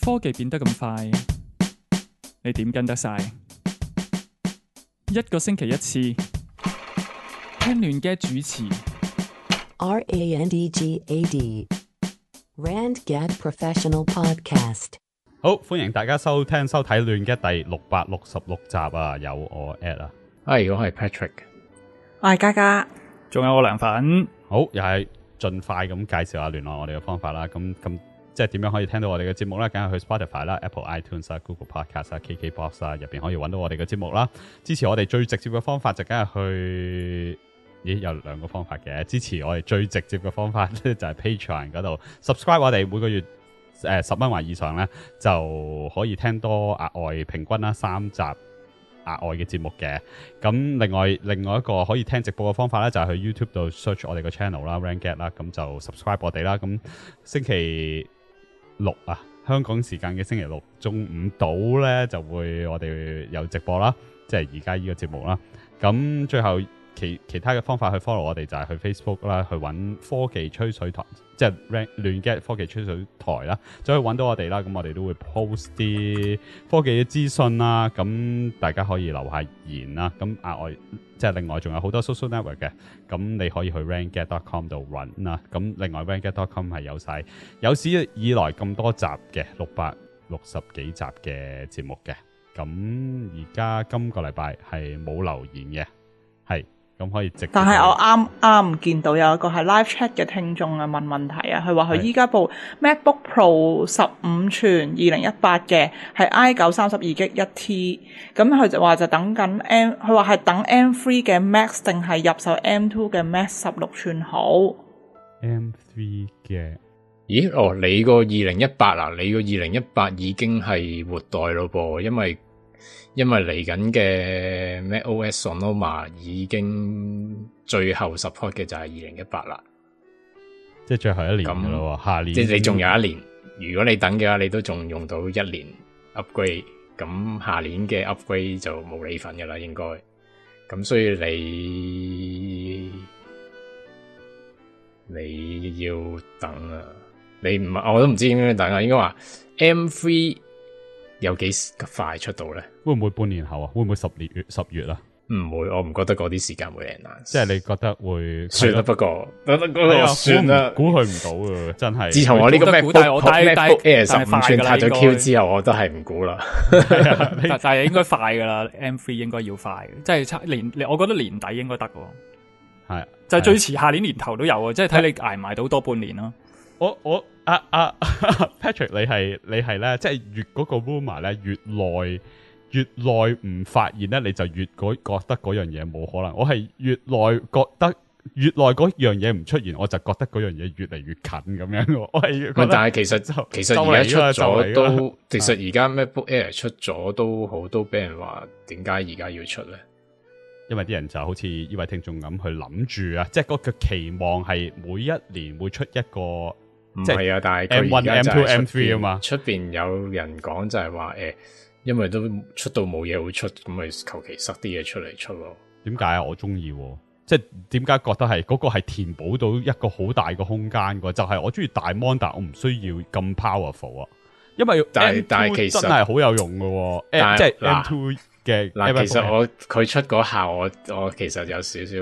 科技變得咁快，你點跟得晒？一個星期一次，聽亂嘅主持。R A N D G A D RandGad Professional Podcast。好，歡迎大家收聽收睇亂嘅第六百六十六集啊！有我 at 啊，哎、yes，我係 Patrick，我係嘉嘉，仲有我梁粉。喇喇好，又係盡快咁介紹下聯絡我哋嘅方法啦。咁咁。即係點樣可以聽到我哋嘅節目呢？梗係去 Spotify 啦、Apple iTunes 啊、Google Podcast 啊、KKBox 啊，入邊可以搵到我哋嘅節目啦。支持我哋最直接嘅方法就梗係去，咦有兩個方法嘅，支持我哋最直接嘅方法咧，就係 Patreon 嗰度 subscribe 我哋每個月誒十蚊或以上咧，就可以聽多額外平均啦三集額外嘅節目嘅。咁另外另外一個可以聽直播嘅方法咧，就係去 YouTube 度 search 我哋嘅 channel 啦，Ranket 啦，咁就 subscribe 我哋啦。咁星期。六啊，香港時間嘅星期六中午到咧，就會我哋有直播啦，即係而家呢個節目啦。咁最後。其其他嘅方法去 follow 我哋就係去 Facebook 啦，去揾科技吹水台，即係 rand 亂 gad 科技吹水台啦，就可以揾到我哋啦。咁我哋都會 post 啲科技嘅資訊啦，咁大家可以留下言啦。咁額外即係另外仲有好多 social network 嘅，咁你可以去 randgad.com dot 度揾。咁另外 randgad.com 係有晒有史以來咁多集嘅六百六十幾集嘅節目嘅。咁而家今個禮拜係冇留言嘅，係。咁可以直，但係我啱啱見到有一個係 Live Chat 嘅聽眾啊問問題啊，佢話佢依家部 MacBook Pro 十五寸二零一八嘅，係 i 九三十二 G 一 T，咁佢就話就等緊 M，佢話係等 M 三嘅 Max 定係入手 M two 嘅 Max 十六寸好？M 三嘅？咦，哦，你個二零一八啦，你個二零一八已經係活代咯噃，因為。因為嚟緊嘅 MacOS Sonoma 已經最後 support 嘅就係二零一八啦，即係最後一年咁喎。下年即係你仲有一年，如果你等嘅話，你都仲用到一年 upgrade。咁下年嘅 upgrade 就冇你份噶啦，應該。咁所以你你要等啊，你唔係，我都唔知點樣等啊。應該話 M 三有幾快出到咧？會唔會半年後啊？會唔會十年月十月啊？唔會，我唔覺得嗰啲時間會 end 即係你覺得會算啦？不過，算啦，那個，估佢唔到啊！到真係。自從我呢個咩股帶我帶帶 Air 十寸踏咗 Q 之後，我都係唔估啦。但係、啊、 應該快噶啦，M3 應該要快，即、就、係、是、年。我覺得年底應該得喎。係就是、最遲、啊、下年年頭都有啊！即係睇你挨埋到多半年咯。我我啊啊 Patrick，你係你係咧，即係越嗰個 rumor 咧越耐。越耐唔發現咧，你就越嗰覺得嗰樣嘢冇可能。我係越耐覺得越耐嗰樣嘢唔出現，我就覺得嗰樣嘢越嚟越近咁樣。我係唔係？但係其實其實而家出咗都，其實而家 MacBook Air 出咗都好，都俾人話點解而家要出咧？因為啲人就好似呢位聽眾咁去諗住啊，即係嗰個期望係每一年會出一個。即係啊，但係佢而家就係 M2、M3 吖嘛，出面出面有人講就係話誒。哎因為都出到冇嘢會出，咁咪求其塞啲嘢出嚟出咯。點解啊？我中意即係點解覺得係嗰個係填補到一個好大個空間嘅，就係、是、我中意大 mon，但係我唔需要咁 powerful 啊。因為 M two 真係好有用嘅，即係 M two 嘅嗱。其實我佢出嗰下，我我其實有少少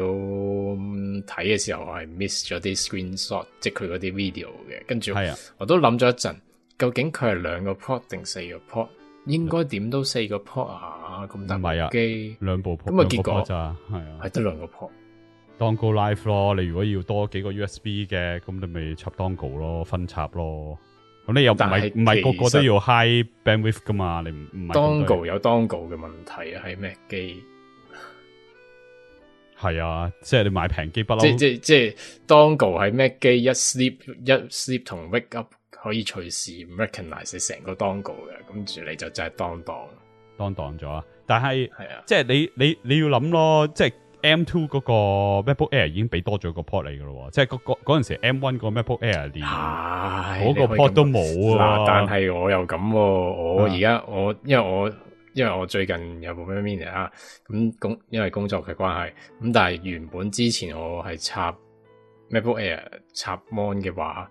睇嘅時候，我係 miss 咗啲 screen shot，即係佢嗰啲 video 嘅。跟住，係啊，我都諗咗一陣，究竟佢係兩個 port 定四個 port？應該點都四個 port 啊，咁得唔係啊？機兩部咁啊，結果係啊，係得兩個 port。Dongle life 咯，你如果要多幾個 USB 嘅，咁你咪插 Dongle 咯，分插咯。咁你又唔係唔係個個都要 high bandwidth 噶嘛？你唔係係 Dongle 有 Dongle 嘅問題啊？係 Mac 機？係 啊，即係你買平機不嬲。即即即 Dongle 係 Mac 機？一 sleep 一 sleep 同 wake up。可以隨時 recognize 成個當告嘅，跟住你就真係當當當當咗啊，那個那個，啊，啊！但係啊，即係你你你要諗咯，即係 M two 嗰個 MacBook Air 已經俾多咗個 port 嚟嘅咯，即係嗰個嗰時 M one 個 MacBook Air 連嗰個 port 都冇啊！但係我又咁，我而家我因為我因為我最近有部 mini 啊，咁工因為工作嘅關係，咁但係原本之前我係插 MacBook Air 插 mon 嘅話。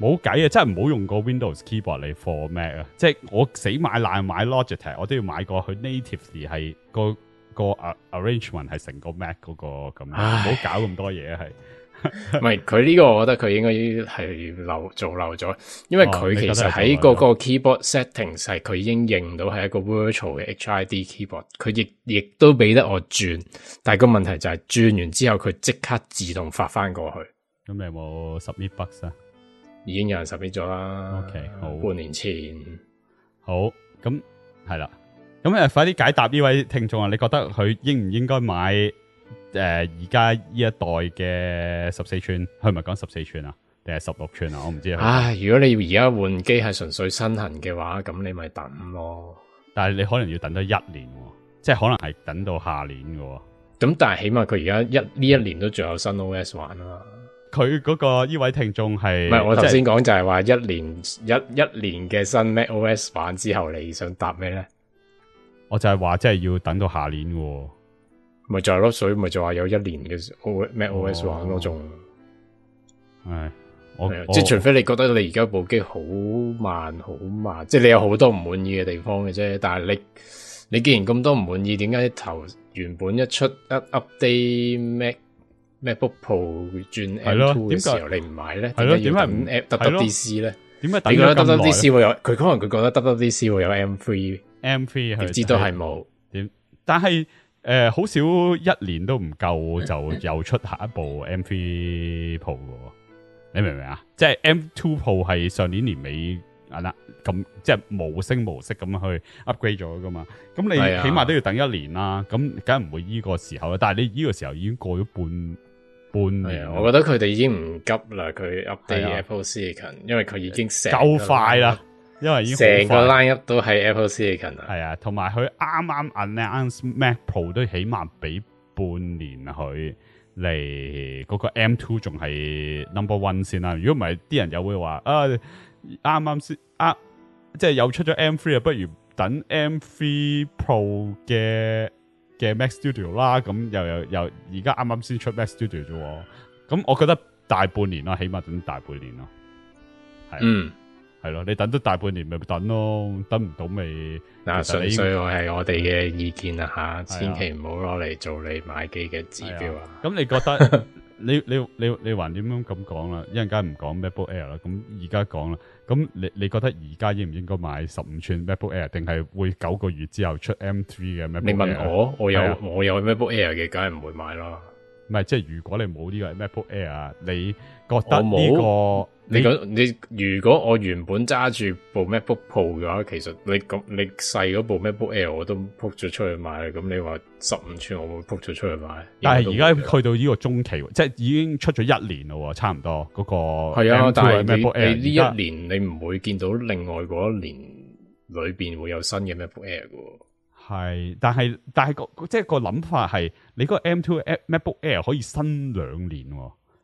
冇計啊！真係唔好用個 Windows keyboard 嚟 for Mac 啊。即係我死買爛買 Logitech，我都要買過個佢 native 係個個、啊、arrangement 係成個 Mac 嗰個咁，唔好搞咁多嘢係、啊。唔係佢呢個，我覺得佢應該係漏做漏咗，因為佢其實喺、哦、個 keyboard settings 係佢已經認到係一個 virtual 嘅 HID keyboard。佢亦亦都俾得我轉，但係個問題就係轉完之後佢即刻自動發翻過去。咁你有冇 submit bugs 啊？已經有人識別咗啦。OK，好，半年前，好咁係啦。咁快啲解答呢位聽眾啊，你覺得佢應唔應該買？誒、呃，而家呢一代嘅十四寸，佢唔係講十四寸啊，定係十六寸啊？我唔知。啊，如果你而家換機係純粹身痕嘅話，咁你咪等咯。但係你可能要等多一年，即係可能係等到下年喎。咁、嗯、但係起碼佢而家一呢一年都仲有新 OS 玩啦。佢嗰個呢位聽眾係，唔係我頭先講就係話一年，就是，一一年嘅新 Mac OS 版之後，你想答咩咧？我就係話，即係要等到下年啊。咪就係落水，咪就話有一年嘅 Mac OS 版，哦，我仲係，即係除非你覺得你而家部機好慢好慢，即係，就是，你有好多唔滿意嘅地方嘅啫。但係你你既然咁多唔滿意，點解頭原本一出一 update Mac？咩 book 鋪轉 M two 嘅時候你不，你唔買咧？點解要 M WWDC 咧？點解等咁耐？你覺得 WWDC 會有佢可能佢覺得 WWDC 會有 M three M three，點知都係冇點？但係誒，好、呃、少一年都唔夠就又出下一部 M three 鋪嘅，你明唔明啊？即係 M two 鋪係上年年尾啊啦，咁、嗯、即係無聲無息咁去 upgrade 咗噶嘛？咁你起碼都要等一年啦。咁梗係唔會呢個時候啦。但係你呢個時候已經過咗半。半年、啊、我覺得佢哋已經唔急啦。佢 update Apple Silicon，因為佢已經成夠快啦，因為成個，個 line up 都喺 Apple Silicon。係啊，同埋佢啱啱 announce Mac Pro 都起碼俾半年佢嚟嗰個 M2 仲係 number one 先啦。如果唔係，啲人又會話啊，啱啱先啊，即係又出咗 M3 啊，不如等 M3 Pro 嘅。嘅 Mac Studio 啦，咁又又又而家啱啱先出 Mac Studio 啫，咁我覺得大半年啦，起碼等大半年咯，嗯，係咯，你等咗大半年咪等咯，等唔到咪嗱，所以以係我哋嘅意見啊。吓，千祈唔好攞嚟做你買機嘅指標啊，咁你覺得？ 你你你你還點樣咁講啦？一陣間唔講 MacBook Air 啦，咁而家講啦。咁你你覺得而家應唔應該買十五寸 MacBook Air？定係會九個月之後出 M3 嘅 MacBook Air？你問我，我有我有 MacBook Air 嘅，梗係唔會買囉。唔係，即係如果你冇呢個 MacBook Air，啊，你覺得呢、這個？你咁，你如果我原本揸住部 MacBook Pro 嘅話，其實你咁，你細嗰部 MacBook Air 我都撲咗出去買，咁你話十五寸我會撲咗出去買？但係而家去到呢個中期，即係已經出咗一年咯，差唔多嗰個。係啊，但係 MacBook Air 呢一年你唔會見到另外嗰一年裏邊會有新嘅 MacBook Air 嘅。係，但係但係個即係個諗法係，你個 M2 MacBook Air 可以新兩年，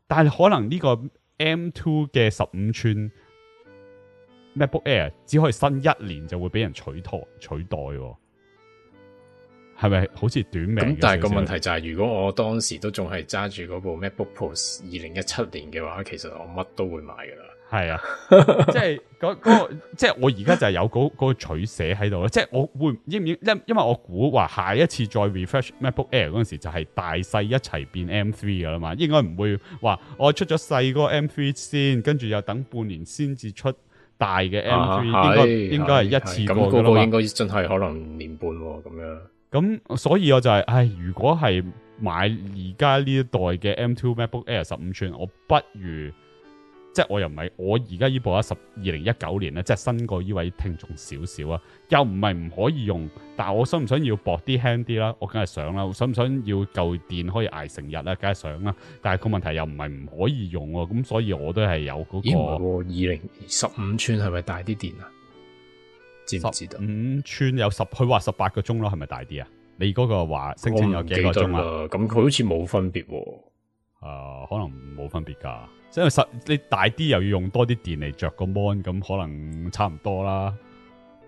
但係可能呢個。M two 嘅十五寸 MacBook Air 只可以新一年就會俾人取代取代，係咪好似短命？咁但係個問題就係、係，如果我當時都仲係揸住部 MacBook Pro 二零一七年嘅話，其實我乜都會買噶啦。係啊， 即係嗰、嗰個，即係我而家就係有嗰、嗰個嗰個取捨喺度咯。即係我會應唔應因，因為我估話下一次再 refresh MacBook Air 嗰陣時，就係大細一齊變 M3 噶啦嘛。應該唔會話我出咗細個 M3 先，跟住又等半年先至出大嘅 M3，啊。應該應該係一次過嘅咯。咁嗰個應該真係可能年半咁、哦、樣。咁所以我就係、是，唉，如果係買而家呢一代嘅 M2 MacBook Air 十五寸，我不如。即係我又唔係，我而家依部啊，十二零一九年咧，即係新過依位聽眾少少啊，又唔係唔可以用，但係我想唔想要薄啲輕啲啦，我梗係想啦，想唔想要夠電可以挨成日啦，梗係想啦，但係個問題又唔係唔可以用喎，咁所以我都係有嗰個二零十五寸係咪大啲電啊？知唔知道？五寸有十，佢話十八個鐘咯，係咪大啲啊？你嗰個話聲稱有幾個鐘啊？咁佢好似冇分別喎，呃，可能冇分別噶。因為十你大啲又要用多啲電嚟着個 mon，咁可能差唔多啦。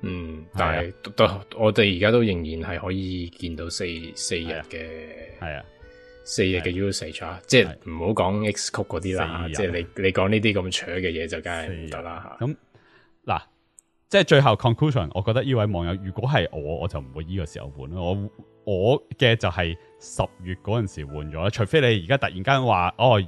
嗯，但係、啊、都，都我哋而家都仍然係可以見到四四日嘅，係啊，四日嘅、啊啊、usage，是、啊是啊、即係唔好講 Xcode 嗰啲啦。即係你你講呢啲咁扯嘅嘢就梗係唔得啦。咁嗱，即係最後 conclusion，我覺得呢位網友如果係我，我就唔會呢個時候換啦。我我嘅就係十月嗰陣時換咗，除非你而家突然間話哦。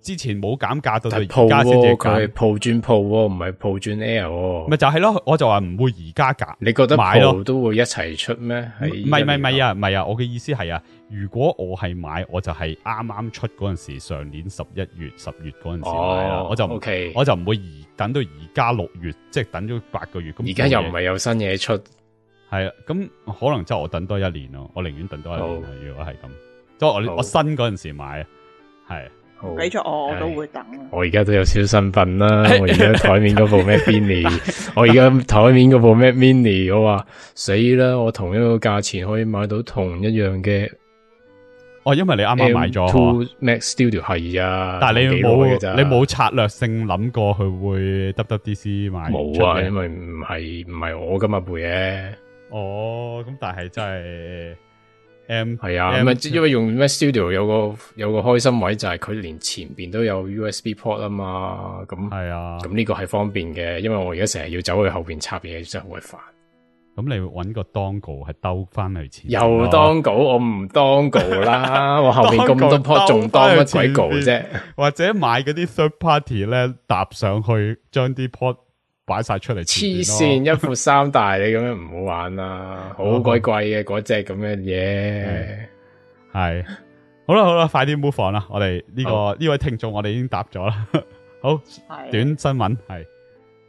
之前冇減價到而家先跌價，鋪轉鋪唔係鋪轉 L，咪就係、是、咯。我就話唔會而家減，你覺得買咯都會一齊出咩？唔係唔係唔係啊唔係啊！我嘅意思係啊，如果我係買，我就係啱啱出嗰陣時，上年十一月十月嗰陣時買、哦、我就唔、okay. 我就唔會而等到而家六月，即、就、係、是、等咗八個月。咁而家又唔係有新嘢出，係啊。咁可能即係我等多一年咯。我寧願等多一年。如果係咁，即我我新嗰陣時買啊，係。俾咗我，我都會等。我而家都有少少身份啦，我而家台面嗰部 Mac Mini，我而家台面嗰部 Mac Mini，我話死啦，我同一個價錢可以買到同一樣嘅。哦，因為你啱啱買咗 Mac Studio 係啊，但係你冇，你冇策略性諗過佢會 WWDC 買。冇啊，因為唔係唔係我今日背嘢。哦，咁但係真係。係啊、M2，因為用 Mac Studio 有個有個開心位就係佢連前邊都有 USB port 啊嘛，咁係啊，咁呢個係方便嘅，因為我而家成日要走去後邊插嘢真係、嗯、會煩。咁你搵個當狗係兜翻嚟前又當狗？我唔當狗啦， 我後邊咁多 port 仲當乜鬼狗啫？或者買嗰啲 third party 咧搭上去將啲 port。擺晒出嚟，黐線，一闊三大， 你咁樣唔好玩啦，啊！好鬼貴嘅嗰隻咁嘅嘢，係、哦嗯、好啦好啦，快啲 move on 啦，這個！我哋呢個呢位聽眾我哋已經答咗啦， 好短新聞，係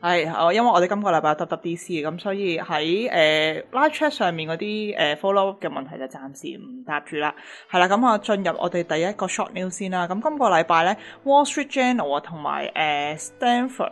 係，我因為我哋今個禮拜 WWDC，咁所以喺誒、呃、Live Chat 上面嗰啲誒 Follow 嘅問題就暫時唔答住啦。係啦，咁我進入我哋第一個 Short News 先啦。咁今個禮拜咧，Wall Street Journal 啊，同埋誒 Stanford。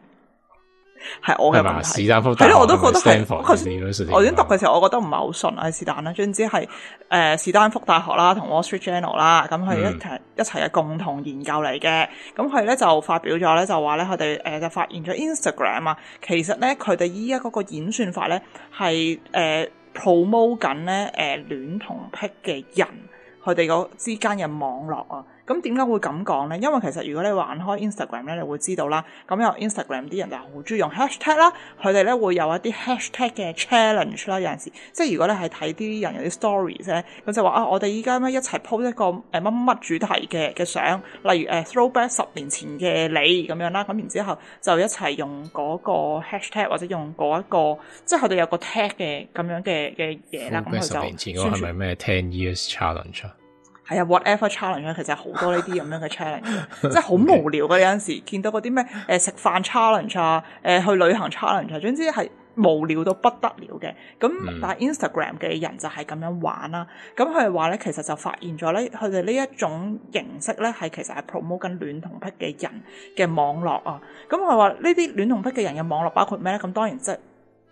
係我嘅問題，係咯，我都覺得係。我已經讀嘅時候，我覺得唔係好順啊。是但啦，總之係誒，史、呃、丹福大學啦，同 Wall Street Journal 啦，咁佢一齊、嗯、一齊嘅共同研究嚟嘅。咁佢咧就發表咗咧，就話咧佢哋誒就發現咗 Instagram 啊，其實咧佢哋依家嗰個演算法咧係誒 promote 緊咧誒戀童癖嘅人，佢哋個之間嘅網絡啊。咁點解會咁講咧？因為其實如果你玩開 Instagram 咧，你會知道啦。咁有 Instagram 啲人就好中意用 hashtag 啦，佢哋咧會有一啲 hashtag 嘅 challenge 啦。有陣時即係如果你係睇啲人有啲 stories 咁就話啊，我哋依家咩一齊 po 一個誒乜乜乜主題嘅嘅相，例如、啊、throwback 十年前嘅你咁樣啦。咁然之後就一齊用嗰個 hashtag 或者用嗰、那個、一個即係佢哋有個 tag 嘅咁樣嘅嘅嘢啦。咁十年前嗰個係咪咩 ten years challenge？啊、whatever challenge 其實好多呢啲咁樣嘅 challenge，即係好無聊嘅。有陣時見到嗰啲咩誒食飯 challenge 啊、呃，去旅行 challenge，總之係無聊到不得了嘅。咁但係 Instagram 嘅人就係咁樣玩啦。咁佢哋話咧，其實就發現咗咧，佢哋呢一種形式咧，係其實係 promote 緊戀童癖嘅人嘅網絡啊。咁佢話呢啲戀童癖嘅人嘅網絡包括咩咧？咁當然即係。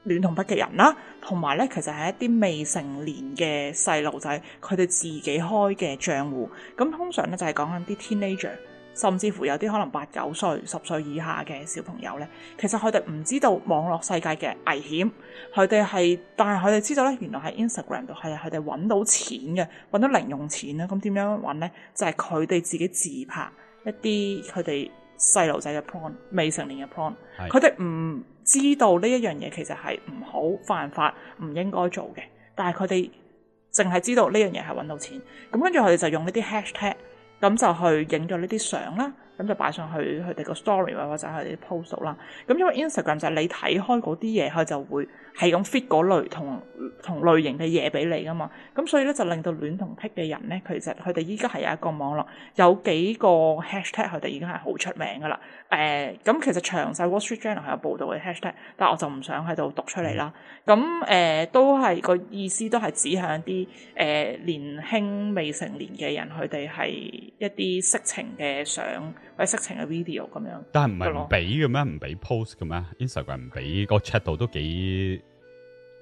戀童癖嘅人啦，同埋咧，其實係一啲未成年嘅細路仔，佢哋自己開嘅賬戶，咁通常咧就係講緊啲 teenager，甚至乎有啲可能八九歲、十歲以下嘅小朋友咧，其實佢哋唔知道網絡世界嘅危險，佢哋係，但係佢哋知道咧，原來喺 Instagram 度係佢哋揾到錢嘅，揾到零用錢。咁點樣揾咧？就係佢哋自己自拍一啲佢哋。細路仔嘅 porn，未成年嘅 porn，佢哋唔知道呢一樣嘢其實係唔好，犯法，唔應該做嘅，但係佢哋淨係知道呢樣嘢係揾到錢，咁跟住佢哋就用呢啲 hashtag，咁就去影咗呢啲相啦。咁就擺上去佢哋個 story 或者佢哋啲 post 啦。咁因為 Instagram 就係你睇開嗰啲嘢，佢就會係咁 fit 嗰類同同類型嘅嘢俾你噶嘛。咁所以咧就令到戀童癖嘅人咧，其實佢哋依家係有一個網絡，有幾個 hashtag 佢哋已經係好出名噶啦。誒、呃，咁其實詳細 Wall Street Journal 係有報導嘅 hashtag，但係我就唔想喺度讀出嚟啦。咁、嗯、誒、呃、都係、嗰個意思，都係指向啲誒、呃、年輕未成年嘅人，佢哋係一啲色情嘅相。係色情嘅 video 咁樣，但係唔係唔俾嘅咩？唔俾 post 嘅咩？Instagram 唔俾、個尺度都幾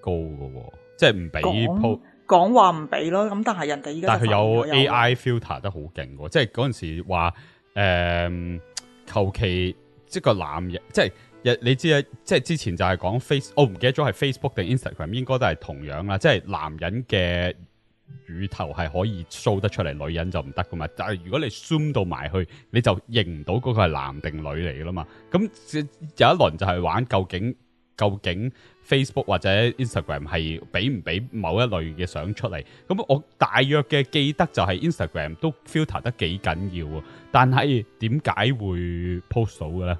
高嘅，即係唔俾 post 講話唔俾咯。咁但係人哋依家，但係佢有 AI filter 得好勁嘅，即係嗰陣時話誒，求其即個男人，即係你知啊，即係之前就係講 face，我、哦、唔記得咗係 Facebook 定 Instagram，應該都係同樣啦，即係男人嘅。乳頭係可以 show 得出嚟，女人就唔得噶嘛。但係如果你 zoom 到埋去，你就認唔到嗰個係男定女嚟噶嘛。咁有一輪就係玩究竟究竟 Facebook 或者 Instagram 係俾唔俾某一類嘅相出嚟。咁我大約嘅記得就係 Instagram 都 filter 得幾緊要，但係點解會 post 到嘅咧？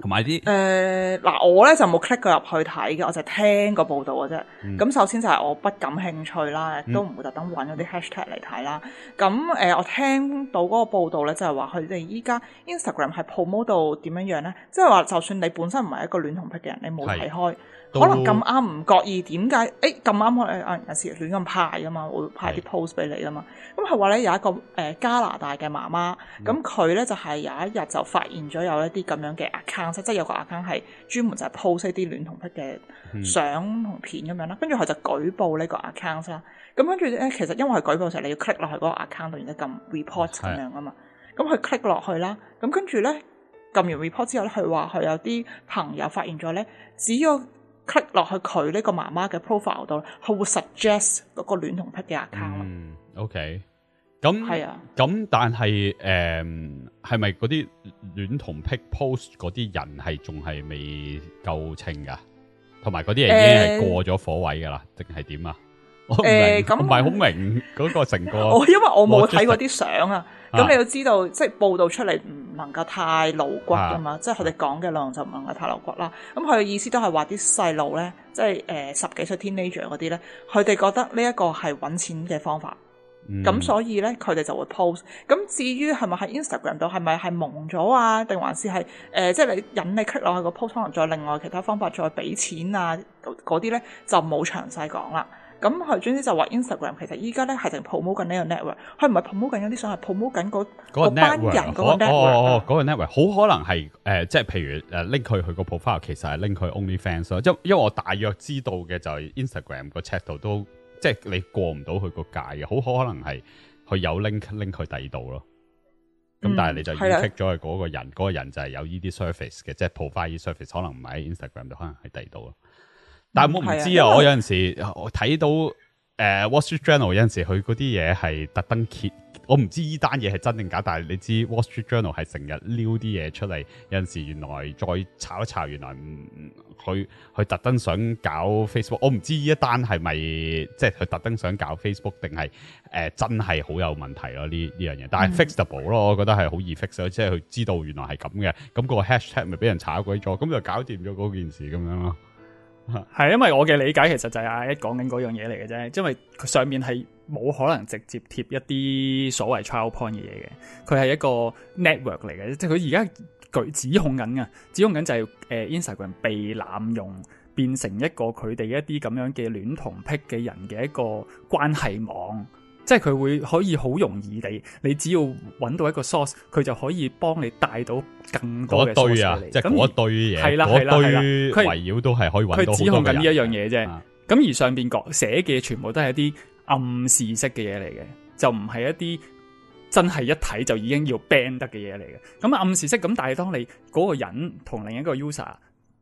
同埋啲，誒，嗱，我咧就冇 click 佢入去睇嘅，我就，我就聽個報道嘅啫。咁、嗯、首先就係我不感興趣啦，亦都唔會特登揾咗啲 hashtag 嚟睇啦。咁、嗯，誒、呃，我聽到嗰個報道咧，就係話佢哋依家 Instagram 係 promote 到點樣樣咧，即係話就算你本身唔係一個戀童癖嘅人，你冇睇開。可能咁啱唔覺意，點解？誒咁啱我有時亂咁派㗎嘛，會派啲 post 俾你㗎嘛。咁係話咧有一個誒、呃、加拿大嘅媽媽，咁佢咧就係、是、有一日就發現咗有一啲咁樣嘅 account，即係有個 account 係專門就 post 一啲戀童癖嘅相同片咁、嗯、樣啦。跟住佢就舉報呢個 account 啦。咁跟住咧，其實因為佢舉報嘅時候你要 click 落去嗰個 account 度，然之咁撳 report 咁樣啊嘛。咁佢 click 落去啦，咁跟住咧撳完 report 之後咧，佢話佢有啲朋友發現咗咧，只要 click 落去佢呢個媽媽嘅 profile 度佢會 suggest 嗰個戀童癖嘅 account 嗯，OK，咁係啊，咁但係誒，係咪嗰啲戀童癖 post 嗰啲人係仲係未夠稱噶？同埋嗰啲人已經係過咗火位噶啦，定係點啊？我唔明，唔係好明嗰、欸嗯嗰個成個。因為我冇睇過嗰啲相啊。咁你要知道，啊、即係報道出嚟唔能夠太露骨噶嘛，啊、即係佢哋講嘅內容就唔能夠太露骨啦。咁佢嘅意思都係話啲細路咧，即係誒、呃、十幾歲 teenager 嗰啲咧，佢哋覺得呢一個係揾錢嘅方法，咁、嗯、所以咧佢哋就會 post。咁至於係咪喺 Instagram 度，係咪係蒙咗啊，定還是係誒、呃，即係你引你 click 落去個 post，可能再另外其他方法再俾錢啊，嗰啲咧就冇詳細講啦。咁、嗯，佢總之就話 Instagram 其實依家呢係成 promo 緊呢個 network，佢唔係 promo 緊嗰啲，想係 promo 緊嗰個單人嗰 network、那個那個那個。哦，嗰、那個 network 好、啊那個、可能係、呃，即係譬如拎佢去個 profile，其實係拎佢 OnlyFans 囉。因為我大約知道嘅就係 Instagram 個 chat 度都，即係你過唔到佢個界嘅，好可能係佢有 link 佢第二度囉。咁、嗯、但係你就已經 check 咗佢嗰個人，嗰、那個、人就係有呢啲 surface 嘅，即係 profile，surface 可能唔喺 Instagram 度，可能喺第二度囉。但係我唔知啊，我有陣時睇到誒、呃、，Wall Street Journal 有陣時佢嗰啲嘢係特登揭，我唔知呢單嘢係真定假。但係你知 Wall Street Journal 係成日撩啲嘢出嚟，有陣時原來再炒一炒，原來唔佢佢特登想搞 Facebook，我唔知呢一單係咪即係佢特登想搞 Facebook 定係誒真係好有問題咯、啊？呢呢樣嘢，但係 fixable 咯，我覺得係好易 fix 咗，即係佢知道原來係咁嘅，咁、那個 hashtag 咪俾人炒鬼咗，咁就搞掂咗嗰件事咁樣咯。係， 係因為我嘅理解其實就係阿一講緊嗰樣嘢嚟嘅啫，因為佢上面係冇可能直接貼一啲所謂 child point 嘅嘢嘅，佢係一個 network 嚟嘅，即係佢而家舉指控緊啊，指控緊就係誒 Instagram 被濫用，變成一個佢哋一啲咁樣嘅戀童癖嘅人嘅一個關係網。即係佢會可以好容易地，你只要揾到一個 source，佢就可以幫你帶到更多嘅嘢嚟咁我對嘢，嚟。即係嗰堆嘢，嗰堆圍繞都係可以揾到。佢指控緊呢一樣嘢啫。咁、啊啊、而上面講寫嘅全部都係一啲暗示式嘅嘢嚟嘅，就唔係一啲真係一睇就已經要 ban 得嘅嘢嚟嘅。咁暗示式咁，但係當你嗰個人同另一個 user，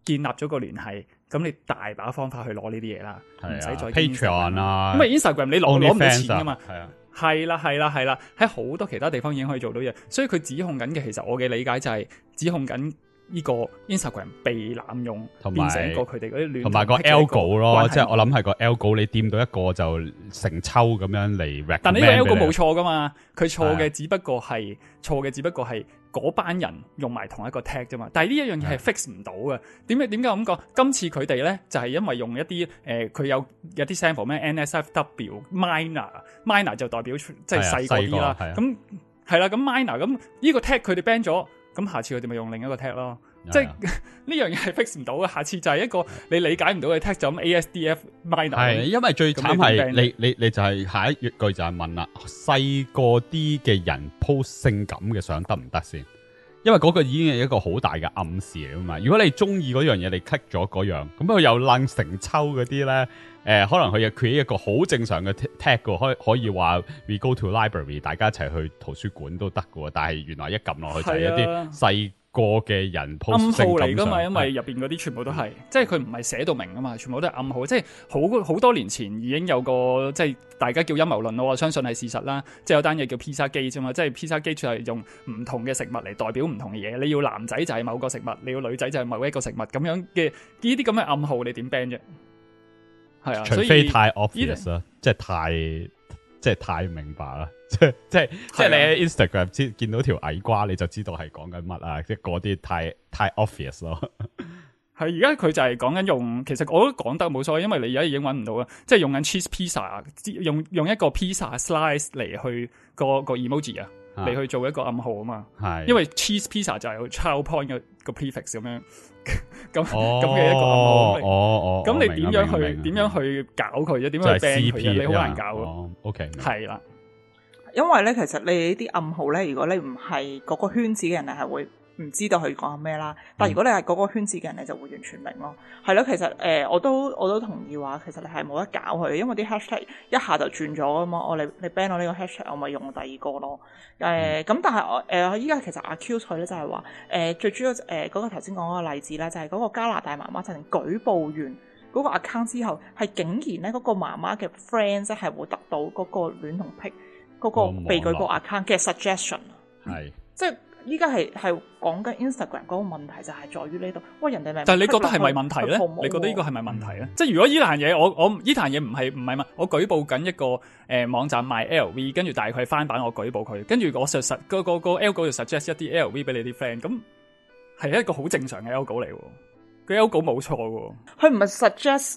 建立咗個聯繫，咁你大把方法去攞呢啲嘢啦，唔使、啊、再 Instagram 啦，咁啊 Instagram 你攞攞唔到錢噶嘛，係啊，係啦係啦係啦，喺好、啊啊啊啊、多其他地方已經可以做到嘢，所以佢指控緊嘅，其實我嘅理解就係指控緊呢個 Instagram 被濫用，變成一個佢哋嗰啲亂，同埋個 algo 咯，即係我諗係個 algo 你掂到一個就成抽咁樣嚟，但呢個 algo 冇錯噶嘛，佢錯嘅只不過係錯嘅只不過係。嗰班人用埋同一個 tech 啫嘛，但係呢一樣嘢係 fix 唔到嘅。點解點解我咁講？今次佢哋咧就係因為用一啲呃，佢有有啲 sample 咩 NSFW minor minor 就代表即係細個啲啦。咁係啦，咁 minor 咁呢個 tech 佢哋 ban 咗，咁下次佢哋咪用另一個 tech 咯。即係呢樣嘢係 fix 唔到嘅，下次就係一個你理解唔到嘅 tag，就咁 A S D F。minor 係，因為最慘係你你你就係下一句就係問啦，細個啲嘅人 post 性感嘅相得唔得先？因為嗰個已經係一個好大嘅暗示嚟嘛。如果你中意嗰樣嘢，你 click 咗嗰樣，咁佢又爛成抽嗰啲咧。誒、呃，可能佢又 create 一個好正常嘅 tag 嘅，可可以話 we go to library，大家一齊去圖書館都得嘅。但係原來一撳落去就係一啲細個嘅人鋪成暗號嚟噶嘛，因為入邊嗰啲全部都係，即係佢唔係寫到明噶嘛，全部都係暗號，即係好好多年前已經有個即係大家叫陰謀論咯，我相信係事實啦。即係有單嘢叫披薩機啫嘛，即係披薩機就係用唔同嘅食物嚟代表唔同嘅嘢。你要男仔就係某個食物，你要女仔就係某一個食物咁樣嘅，呢啲咁嘅暗號你，你點 ban 啫？係啊，除非太 obvious 即係太即係太明白啦。 即係即係即係你喺 Instagram、啊、見到條矮瓜，你就知道係講緊乜啊！即係嗰啲太太 obvious 咯。係而家佢就係講緊用，其實我都講得冇所謂，因為你而家已經揾唔到啦。即係用緊 cheese pizza，用用一個 pizza slice 嚟去個個 emoji 啊，嚟去做一個暗號啊嘛。係，因為 cheese pizza 就係有 child point 嘅個 prefix 咁樣咁咁嘅一個暗號。哦哦咁你點樣去點樣去搞佢？即係點樣去佢你好難搞啊、哦、！OK，係啦。因為咧，其實你呢啲暗號咧，如果你唔係嗰個圈子嘅人，係會唔知道佢講咩啦、嗯。但如果你係嗰個圈子嘅人，你就會完全明咯。係咯，其實誒、呃，我都我都同意話，其實你係冇得搞佢，因為啲 hash tag 一下就轉咗啊嘛。我你你 ban 我呢個 hash tag，我咪用第二個咯。咁、嗯呃，但係我依家、呃、其實 accuse 佢咧就係話誒最主要誒嗰、呃那個頭先講嗰個例子咧，就係、是、嗰個加拿大媽媽趁舉報完嗰個 account 之後，係竟然咧嗰個媽媽嘅 friend 即係會得到嗰個戀童癖。那個被舉報嘅 account 嘅 suggestion，係即係依家係係講緊 Instagram 嗰個問題就係在於呢度，喂，人哋咪但係你覺得係咪問題咧？你覺得呢個係咪問題咧、嗯？即係如果依壇嘢我我依壇嘢唔係唔係問我舉報緊一個誒、呃、網站賣 LV，跟住大概翻版我舉報佢，跟住我實實、嗰個個個 algo 就 suggest 一啲 LV 俾你啲 friend，咁係一個好正常嘅 algo 嚟，個 algo 冇錯喎，佢唔係 suggest。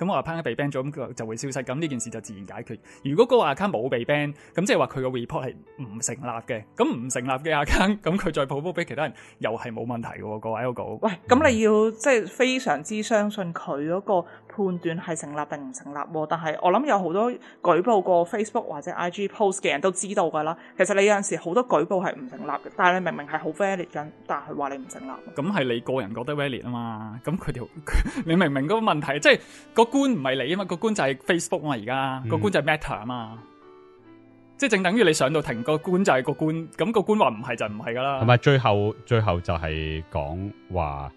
咁我阿 p account 被 ban 咗，咁佢就會消失，咁呢件事就自然解決。如果嗰個 account 冇被 ban，咁即係話佢個 report 係唔成立嘅，咁唔成立嘅 account，咁佢再曝光俾其他人，又係冇問題嘅喎。各位阿 Eugene 喂，咁你要即係、就是、非常之相信佢嗰、那個。判斷係成立定唔成立喎？但係我諗有好多舉報過 Facebook 或者 IG post 嘅人都知道㗎啦。其實你有陣時好多舉報係唔成立嘅，但係你明明係好 valid，但係佢話你唔成立。咁係你個人覺得 valid 啊嘛？咁佢條你明唔明嗰個問題，即係個官唔係你啊嘛？個官就係 Facebook 啊，而家個官就係 Meta 啊嘛。即係正等於你上到庭，個官就係個官，咁個官話唔係就唔係㗎啦。係咪最後最後就係講話？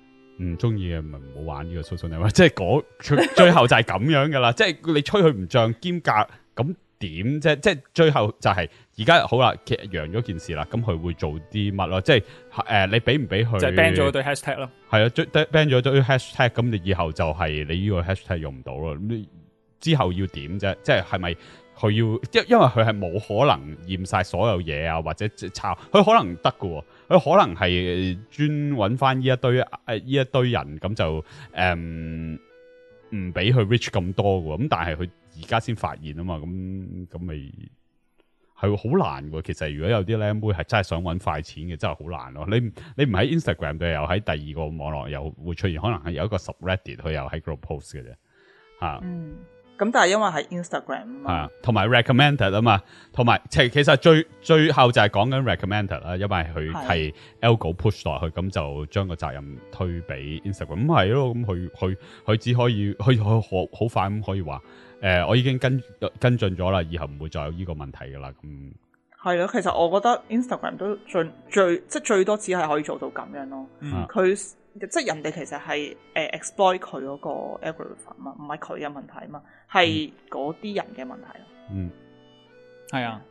唔中意嘅咪唔好玩呢個 social network，即係嗰，最後就係咁樣噶啦， 即係你吹佢唔漲兼隔咁點啫？即係最後就係而家好啦，其實揚咗件事啦，咁佢會做啲乜咯？即係誒、呃，你俾唔俾佢？即係 ban 咗對 hashtag 咯，係啊，ban 咗對 hashtag，咁你以後就係你呢個 hashtag 用唔到啦，咁你之後要點啫？即係係咪？佢要，因因為佢係冇可能驗晒所有嘢啊，或者即係佢可能得噶，佢可能係專揾翻呢一堆呢、啊、一堆人咁就，誒、嗯，唔俾佢 reach 咁多噶，咁但係佢而家先發現啊嘛，咁咁咪係好難噶。其實如果有啲靚妹係真係想揾快錢嘅，真係好難咯。你你唔喺 Instagram 度，又喺第二個網絡又會出現，可能係有一個 subreddit 佢又喺 group post 嘅啫，吓、嗯。咁但係因為係 Instagram 啊，同埋 recommended 啊嘛，同埋其其實最最後就係講緊 recommended 啦，因為佢係 algo push 落去，咁、啊、就將個責任推俾 Instagram，咁係咯，咁佢佢佢只可以佢以可好快咁可以話，誒、呃，我已經跟跟進咗啦，以後唔會再有呢個問題噶啦咁。係咯，其實我覺得 Instagram 都最最即係最多只係可以做到咁樣咯。佢即係人哋其實係誒 exploit 佢嗰個 algorithm 啊，唔係佢嘅問題啊嘛，係嗰啲人嘅問題咯。嗯，係啊，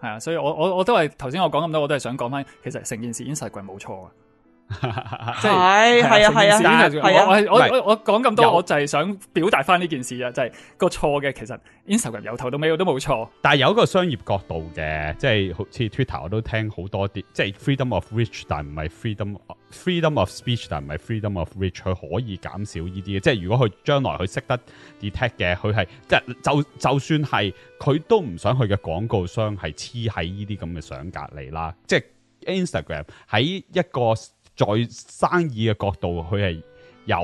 係啊、呃嗯，所以我我我都係頭先我講咁多，我都係想講翻，其實成件事 Instagram 冇錯啊。即係係啊係啊，但係我我我我講咁多，我就係想表達翻呢件事啊，就係個錯嘅，其實 Instagram 由頭到尾我都冇錯。但係有一個商業角度嘅，即係好似 Twitter 我都聽好多啲，即係 freedom of reach 但唔係 freedom freedom of speech，但唔係 freedom of reach 佢可以減少呢啲即係如果佢將來佢識得 detect 嘅，佢係即係就就算係佢都唔想去嘅廣告商係黐喺呢啲咁嘅相隔籬啦。即係 Instagram 喺一個。在生意嘅角度，佢係有，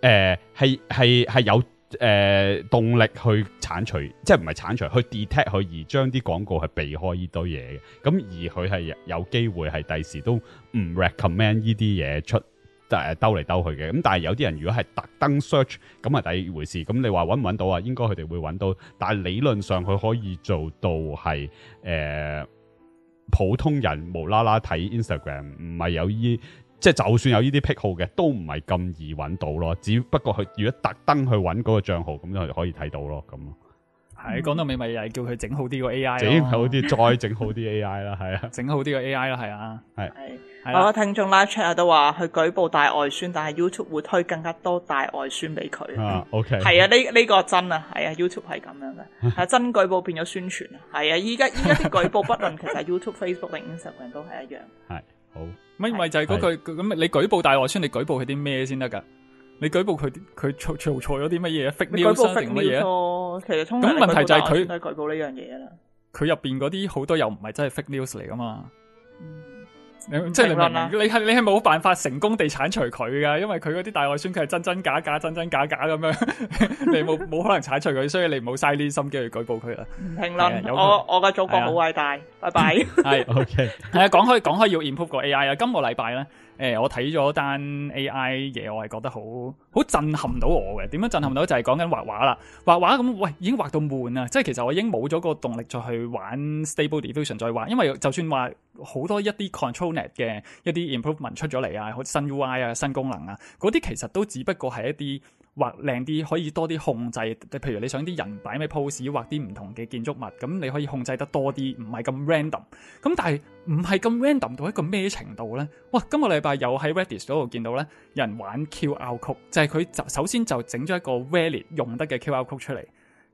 誒係係係有誒、呃、動力去鏟除，即係唔係鏟除，去 detect 佢而將啲廣告係避開呢堆嘢嘅。咁而佢係有機會係第時都唔 recommend 呢啲嘢出誒、呃、兜嚟兜去嘅。咁但係有啲人如果係特登 search，咁係第二回事。咁你話搵唔搵到啊？應該佢哋會搵到，但係理論上佢可以做到係誒。呃普通人無啦啦睇 Instagram，唔係有依即係就算有依啲癖好嘅，都唔係咁易揾到咯。只不過佢如果特登去揾嗰個帳號，咁就可以睇到咯。咁，係、嗯、講到尾咪又係叫佢整好啲個 AI，整好啲再整好啲 AI 啦，係 啊，整好啲個 AI 啦，係啊，係。我個聽眾拉 chat 都話佢舉報大外宣，但係 YouTube 會推更加多大外宣俾佢。啊、uh,，OK，係啊，呢、這、呢個真啊，係啊，YouTube 係咁樣嘅，係 真舉報變咗宣傳啊，係啊，依家依家舉報不論其實 YouTube、 Facebook 定 Instagram 都係一樣。係好，咪咪就係嗰句咁，你舉報大外宣，你舉報佢啲咩先得噶？你舉報佢佢做做錯咗啲乜嘢？fake news 定乜嘢？咁、啊、問題就係佢，佢入邊嗰啲好多又唔係真係 fake news 嚟噶嘛？嗯即你即係你，你係你係冇辦法成功地鏟除佢噶，因為佢嗰啲大外孫佢係真真假假、真真假假咁樣， 你冇冇可能鏟除佢，所以你唔好嘥呢啲心機去舉報佢啦。評論，我我嘅祖國好偉大，拜拜。係 OK，係啊，講開講開要 improve 個 AI 啊，今個禮拜呢。誒、欸，我睇咗單 AI 嘢，我係覺得好好震撼到我嘅。點樣震撼到？就係講緊畫畫啦，畫畫咁，喂，已經畫到悶啊！即係其實我已經冇咗個動力再去玩 Stable Diffusion 再畫，因為就算話好多一啲 ControlNet 嘅一啲 improvement 出咗嚟啊，好似新 UI 啊、新功能啊，嗰啲其實都只不過係一啲。畫靚啲可以多啲控制，譬如你想啲人擺咩 pose，畫啲唔同嘅建築物，咁你可以控制得多啲，唔係咁 random。咁但係唔係咁 random 到一個咩程度咧？哇！今個禮拜又喺 r e d d i s 嗰度見到咧，有人玩 QL 曲，就係佢首先就整咗一個 v a l i e 用得嘅 QL 曲出嚟，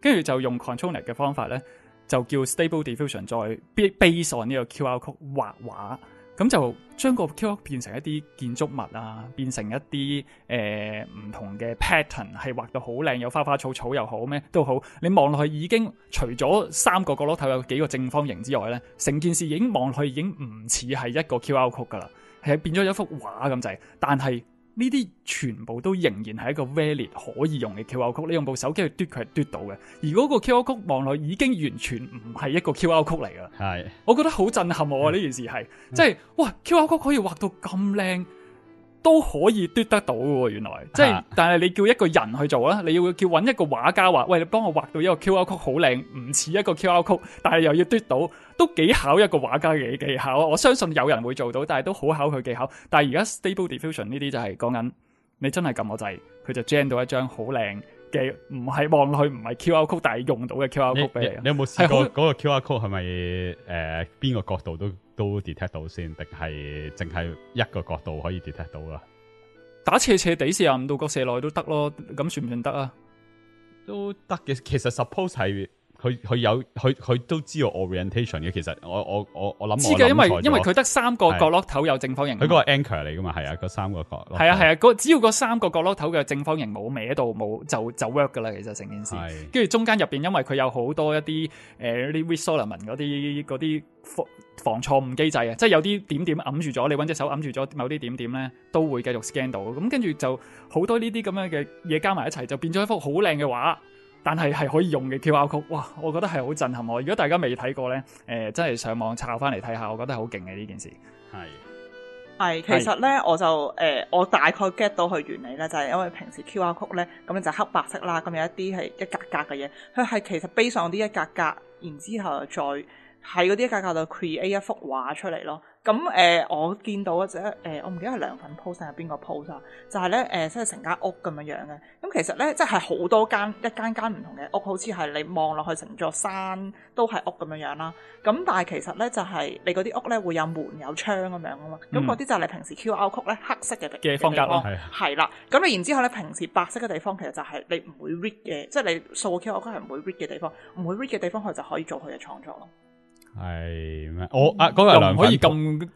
跟住就用 c o n t r o l l e r 嘅方法咧，就叫 stable diffusion 再 base on 呢個 QL 曲畫畫。咁就將個 QR 變成一啲建築物啊，變成一啲誒唔同嘅 pattern，係畫到好靚，有花花草草又好咩都好。你望落去已經除咗三個角落頭有幾個正方形之外咧，成件事已經望落去已經唔似係一個 QR code 噶啦，係變咗一幅畫咁滯。但係，呢啲全部都仍然係一個 value 可以用嘅 Q R 曲，你用部手機去嘟，佢係嘟到嘅。而嗰個 Q R 曲望落已經完全唔係一個 Q R 曲嚟嘅。我覺得好震撼我啊！呢件事係，即係哇，Q R 曲可以畫到咁靚。都可以嘟得到嘅喎，原來即係，但係你叫一個人去做咧，你要叫揾一個畫家畫，喂，你幫我畫到一個 QR，Code 好靚，唔似一個 QR Code，但係又要嘟到，都幾考一個畫家嘅技巧啊！我相信有人會做到，但係都好考佢技巧。但係而家 Stable Diffusion 呢啲就係講緊，你真係撳個掣，佢就 generate 到一張好靚嘅，唔係望落去唔係 QR Code，但係用到嘅 QR Code，俾你。你有冇試過嗰、嗰個 QR Code 係咪誒邊個角度都？都 detect 到先，定係淨係一個角度可以 detect 到啊？打斜斜地四十五度角射落去都得咯，咁算唔算得啊？都得嘅，其實 suppose 係。佢佢有佢佢都知道 orientation 嘅，其實我我我我諗知嘅，因為因為佢得三個角落頭有正方形，佢嗰個 anchor 嚟噶嘛，係啊，嗰三個角落頭係啊係啊，只要嗰三個角落頭嘅正方形冇歪到冇就就 work 噶啦，其實成件事，跟住中間入邊，因為佢有好多一啲誒嗰啲 Reed-Solomon 文嗰啲嗰啲防錯錯誤機制啊，即係有啲點點揞住咗，你揾隻手揞住咗某啲點點咧，都會繼續 scan 到，咁跟住就好多呢啲咁樣嘅嘢加埋一齊，就變咗一幅好靚嘅畫。但係係可以用嘅 QR code，哇！我覺得係好震撼我。如果大家未睇過呢、呃，真係上網查翻嚟睇下，我覺得好勁嘅呢件事。係係，其實呢，我就、呃、我大概 get 到佢原理啦，就係、是、因為平時 QR code 呢，咁就黑白色啦，咁有一啲係一格格嘅嘢，佢係其實背上啲一格格，然之後再喺嗰啲一格格度 create 一幅畫出嚟咯。咁誒、呃，我見到或者、呃、我唔記得係涼粉鋪定係邊個鋪咋、就是呃，就係咧即係成間屋咁樣樣嘅。咁其實咧，即係好多間一間間唔同嘅屋，好似係你望落去成座山都係屋咁樣樣啦。咁但係其實咧，就係、是、你嗰啲屋咧會有門有窗咁樣啊嘛。咁嗰啲就係你平時 Q R 曲咧黑色嘅嘅方，方格咯、啊，係啦。咁你然之後咧，平時白色嘅地方其實就係你唔會 read 嘅，即、就、係、是、你掃 Q R 曲係唔會 read 嘅地方，唔會 read 嘅地方佢就可以做佢嘅創作咯。係咩？我啊嗰個係又唔可以咁，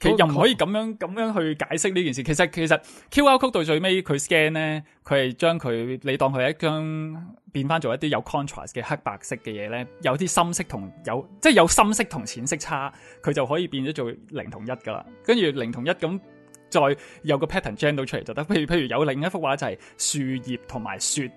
佢又唔可以咁樣咁樣，樣去解釋呢件事。其實其實，QR code 到最尾佢 scan 咧，佢係將佢你當佢一張變翻做一啲有 contrast 嘅黑白色嘅嘢咧，有啲深色同有即係有深色同淺色差，佢就可以變咗做零同一噶啦。跟住零同一咁再有個 pattern scan 到出嚟就得。譬如譬如有另一幅畫就係樹葉同埋雪，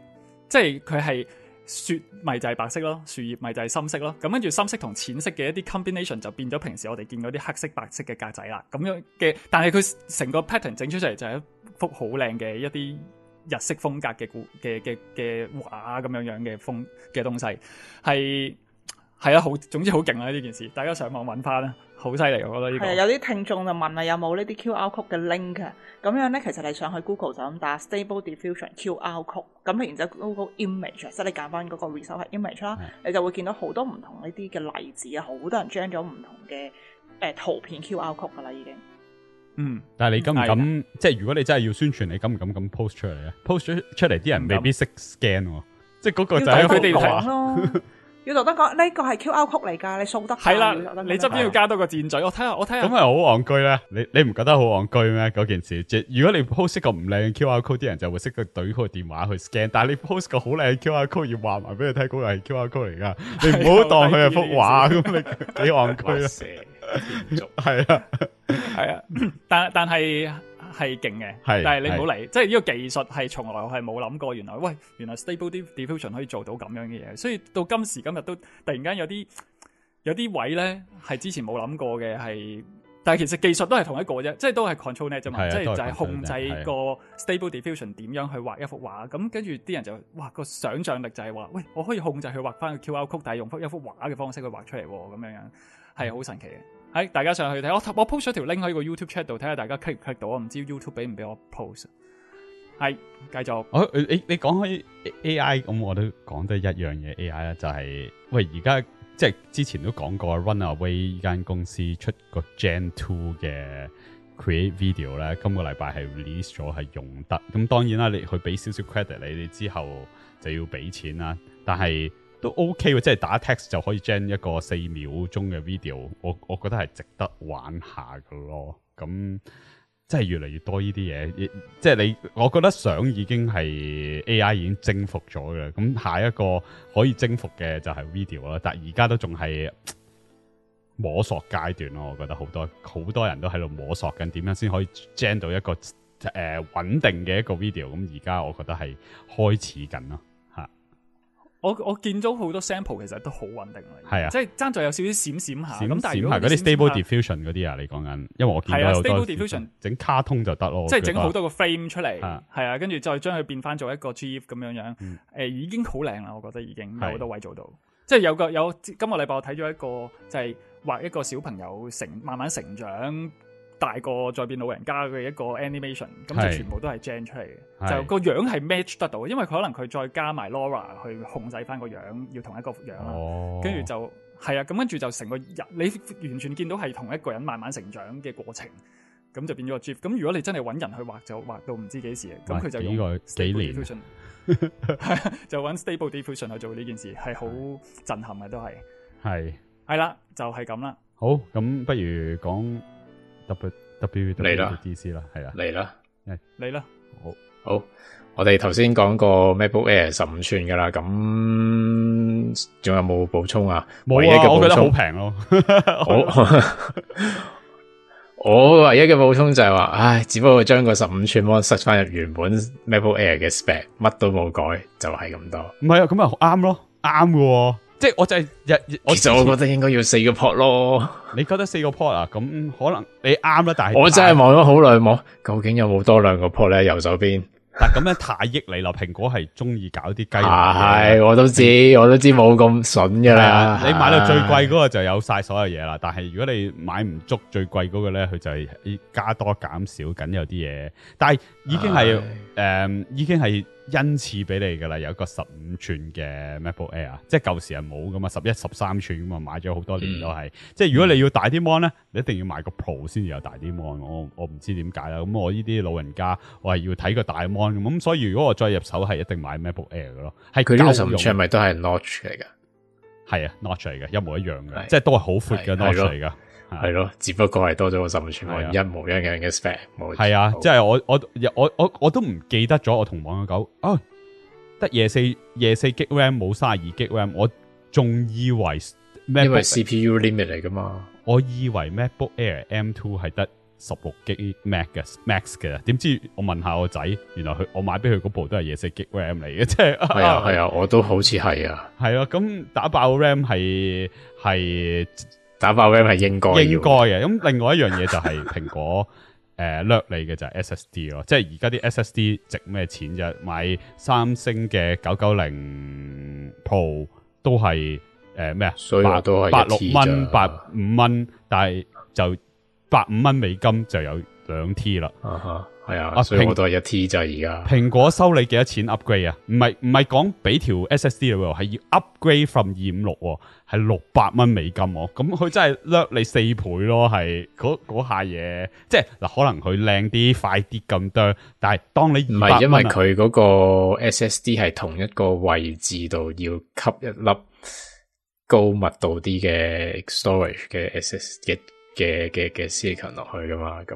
即係佢係。雪咪就係白色咯，樹葉咪就係深色咯，咁跟住深色同淺色嘅一啲 combination 就變咗平時我哋見嗰啲黑色白色嘅格仔啦，咁樣嘅，但係佢成個 pattern 整出嚟就係一幅好靚嘅一啲日式風格嘅古嘅嘅嘅畫咁樣樣嘅風嘅東西，係係啊，好，總之好勁啊呢件事，大家上網揾返啦。好犀利，我覺得呢個有啲聽眾就問啊，有冇呢啲 Q R 曲嘅 link 啊？咁樣咧，其實你上去 Google 就咁打 stable diffusion Q R 曲，咁然之後 Google image，即係你揀翻嗰個 research image 啦，你就會見到好多唔同呢啲嘅例子啊！好多人 join 咗唔同嘅誒圖片 Q R 曲噶啦，已經嗯。但係你敢唔敢？即係如果你真係要宣傳，你敢唔敢咁 post 出嚟啊？post 出出嚟啲人未必識 scan 喎，即係嗰個就係佢哋話咯。要做得個呢個係 QR code 嚟㗎，你數得係啦。你側邊要加多個箭嘴，我睇下，我睇下。咁係好戇居啦，你你唔覺得好戇居咩？嗰件事，即如果你 post 個唔靚 QR code，啲人就會識得懟個電話去 scan。但係你 post 個好靚 QR code，要畫埋俾你睇，嗰個係 QR code 嚟㗎，你唔好當佢係幅畫咁，你幾戇居啊？係啊，係啊，但但係。係勁嘅，但係你唔好理，即係呢個技術係從來係冇諗過，原來喂，原來 Stable Diffusion 可以做到咁樣嘅嘢，所以到今時今日都突然間有啲有啲位咧係之前冇諗過嘅，係，但係其實技術都係同一個啫，即係都係 ControlNet 啫嘛，即係就係、是、控制個 Stable Diffusion 點樣去畫一幅畫，咁跟住啲人就哇、個想像力就係、是、話，喂，我可以控制佢畫返個 QR code，但係用一幅一幅畫嘅方式去畫出嚟喎，咁樣樣係好神奇嘅。嗯係，大家上去睇我我 post 咗條 link 喺個 YouTube chat 度，睇下大家 get 唔 get 到，我唔知 YouTube 俾唔俾我 post？係繼續，誒、哦欸、你講講開 AI 咁，我都講得一樣嘢 AI 就係、是、喂，而家即係之前都講過 Runway a 呢間公司出個 Gen Two 嘅 Create Video 咧，今個禮拜係 release 咗係用得。咁當然啦，你去俾少少 credit 你，你之後就要俾錢啦。但係。都 OK 喎，即係打 text 就可以 gen 一個四秒鐘嘅 video，我我覺得係值得玩下嘅咯。咁即係越嚟越多呢啲嘢，即係你，我覺得相已經係 AI 已經征服咗嘅，咁下一個可以征服嘅就係 video 啦。但係而家都仲係摸索階段咯，我覺得好多好多人都喺度摸索緊，點樣先可以 gen 到一個誒、呃、穩定嘅一個 video。咁而家我覺得係開始緊啦。我我見到好多 sample 其實都好穩定嘅，係啊，即係爭在有少少閃閃下咁。但係如果嗰啲 stable diffusion 嗰啲啊，你講緊，因為我係啊 stable diffusion 整卡通就可以了得咯，即係整好多個 frame 出嚟，係啊，啊，啊，跟住再將佢變翻做一個 GIF 咁樣樣，誒、嗯呃、已經好靚啦，我覺得已經好多位置做到，係即係有個有今個禮拜我睇咗一個就係、係、畫一個小朋友成慢慢成長。大個再變老人家嘅一個 animation，咁就全部都係 generate 嘅，就個樣係 match 得到，因為佢可能佢再加埋 Laura 去控制翻個樣，要同一個樣啦、哦啊，跟住就係啊，咁跟住就成個人，你完全見到係同一個人慢慢成長嘅過程，咁就變咗個 GIF。咁如果你真係揾人去畫，就畫到唔知幾時嘅，咁佢就用 stable 就揾 stable diffusion 去做呢件事，係好震撼嘅都係。係係啦，就係咁啦。好，咁不如講嚟啦，D C 啦，係啦，嚟啦，嚟啦，好，好，我哋頭先講過 MacBook Air 十五寸噶啦，咁仲有冇補充啊？冇啊，我覺得好平咯。我我唯一嘅補充就係話，唉，只不過將個十五寸 Mon 塞翻入原本 MacBook Air 嘅 spec，乜都冇改，就係咁多。唔係啊，咁啊啱咯，啱噶。即係我就係日日，其實我覺得應該要四個 port 咯。你覺得四個 port 啊？咁可能你啱啦，但係我真係望咗好耐，望究竟有冇多兩個 port 咧？右手邊，但咁樣太益你啦。蘋 果係中意搞啲雞肋嘅。係，我都知、嗯，我都知冇咁筍噶啦。你買到最貴嗰個就有晒所有嘢啦。但係如果你買唔足最貴嗰個咧，佢就係加多減少緊有啲嘢。但係已經係誒、嗯，已經係。恩賜俾你噶啦，有一個十五寸嘅 MacBook Air，即係舊時係冇噶嘛，十一十三寸咁嘛，買咗好多年都係、嗯。即係如果你要大啲 mon 咧，你一定要買個 Pro 先至有大啲 mon。我我唔知點解啦。咁我呢啲老人家我係要睇個大 mon 咁，所以如果我再入手係一定買 MacBook Air 咯。係佢呢個十五寸咪都係 Notch 嚟噶，係啊，Notch 嚟嘅，一模一樣嘅，即係都係好闊嘅 Notch 嚟噶。係咯、啊啊，只不過係多咗個十五寸、啊，一模一樣嘅 spec。係啊，即係、就是、我我我我我都唔記得咗我同網友講啊，得夜四夜四 G RAM 冇卅二 G RAM，我仲以為 Macbook，因為 C P U limit 嚟噶嘛，我以為 MacBook Air M Two 係得十六 G Max Max 嘅，點知道我問下我仔，原來佢我買俾佢嗰部都係夜四 G RAM 嚟嘅，即係係啊係啊，啊，我都好似係啊，係啊，咁打爆 RAM 係係。打包尾係應該應該嘅，咁另外一樣嘢就係蘋果誒掠嚟嘅就係 SSD 咯，即係而家啲 SSD 值咩錢啫？買三星嘅九九零 Pro 都係誒咩啊？八都係八六蚊，八五蚊，但係就八五蚊美金就有兩 T 啦。Uh-huh. 係啊，蘋、啊、果都係一 T 咋而家。蘋果收你幾多錢 upgrade 啊？唔係唔係講俾條 SSD 喎，係要 upgrade from 二五六，係六百蚊美金喎、哦。咁、嗯、佢、嗯嗯嗯嗯嗯、真係掠你四倍咯，係嗰嗰下嘢。即係嗱，可能佢靚啲、快啲咁多，但係當你唔係、啊、因為佢嗰個 SSD 係同一個位置度要吸一粒高密度啲嘅 storage 嘅 SS 嘅嘅嘅嘅 s e c 落去噶嘛咁。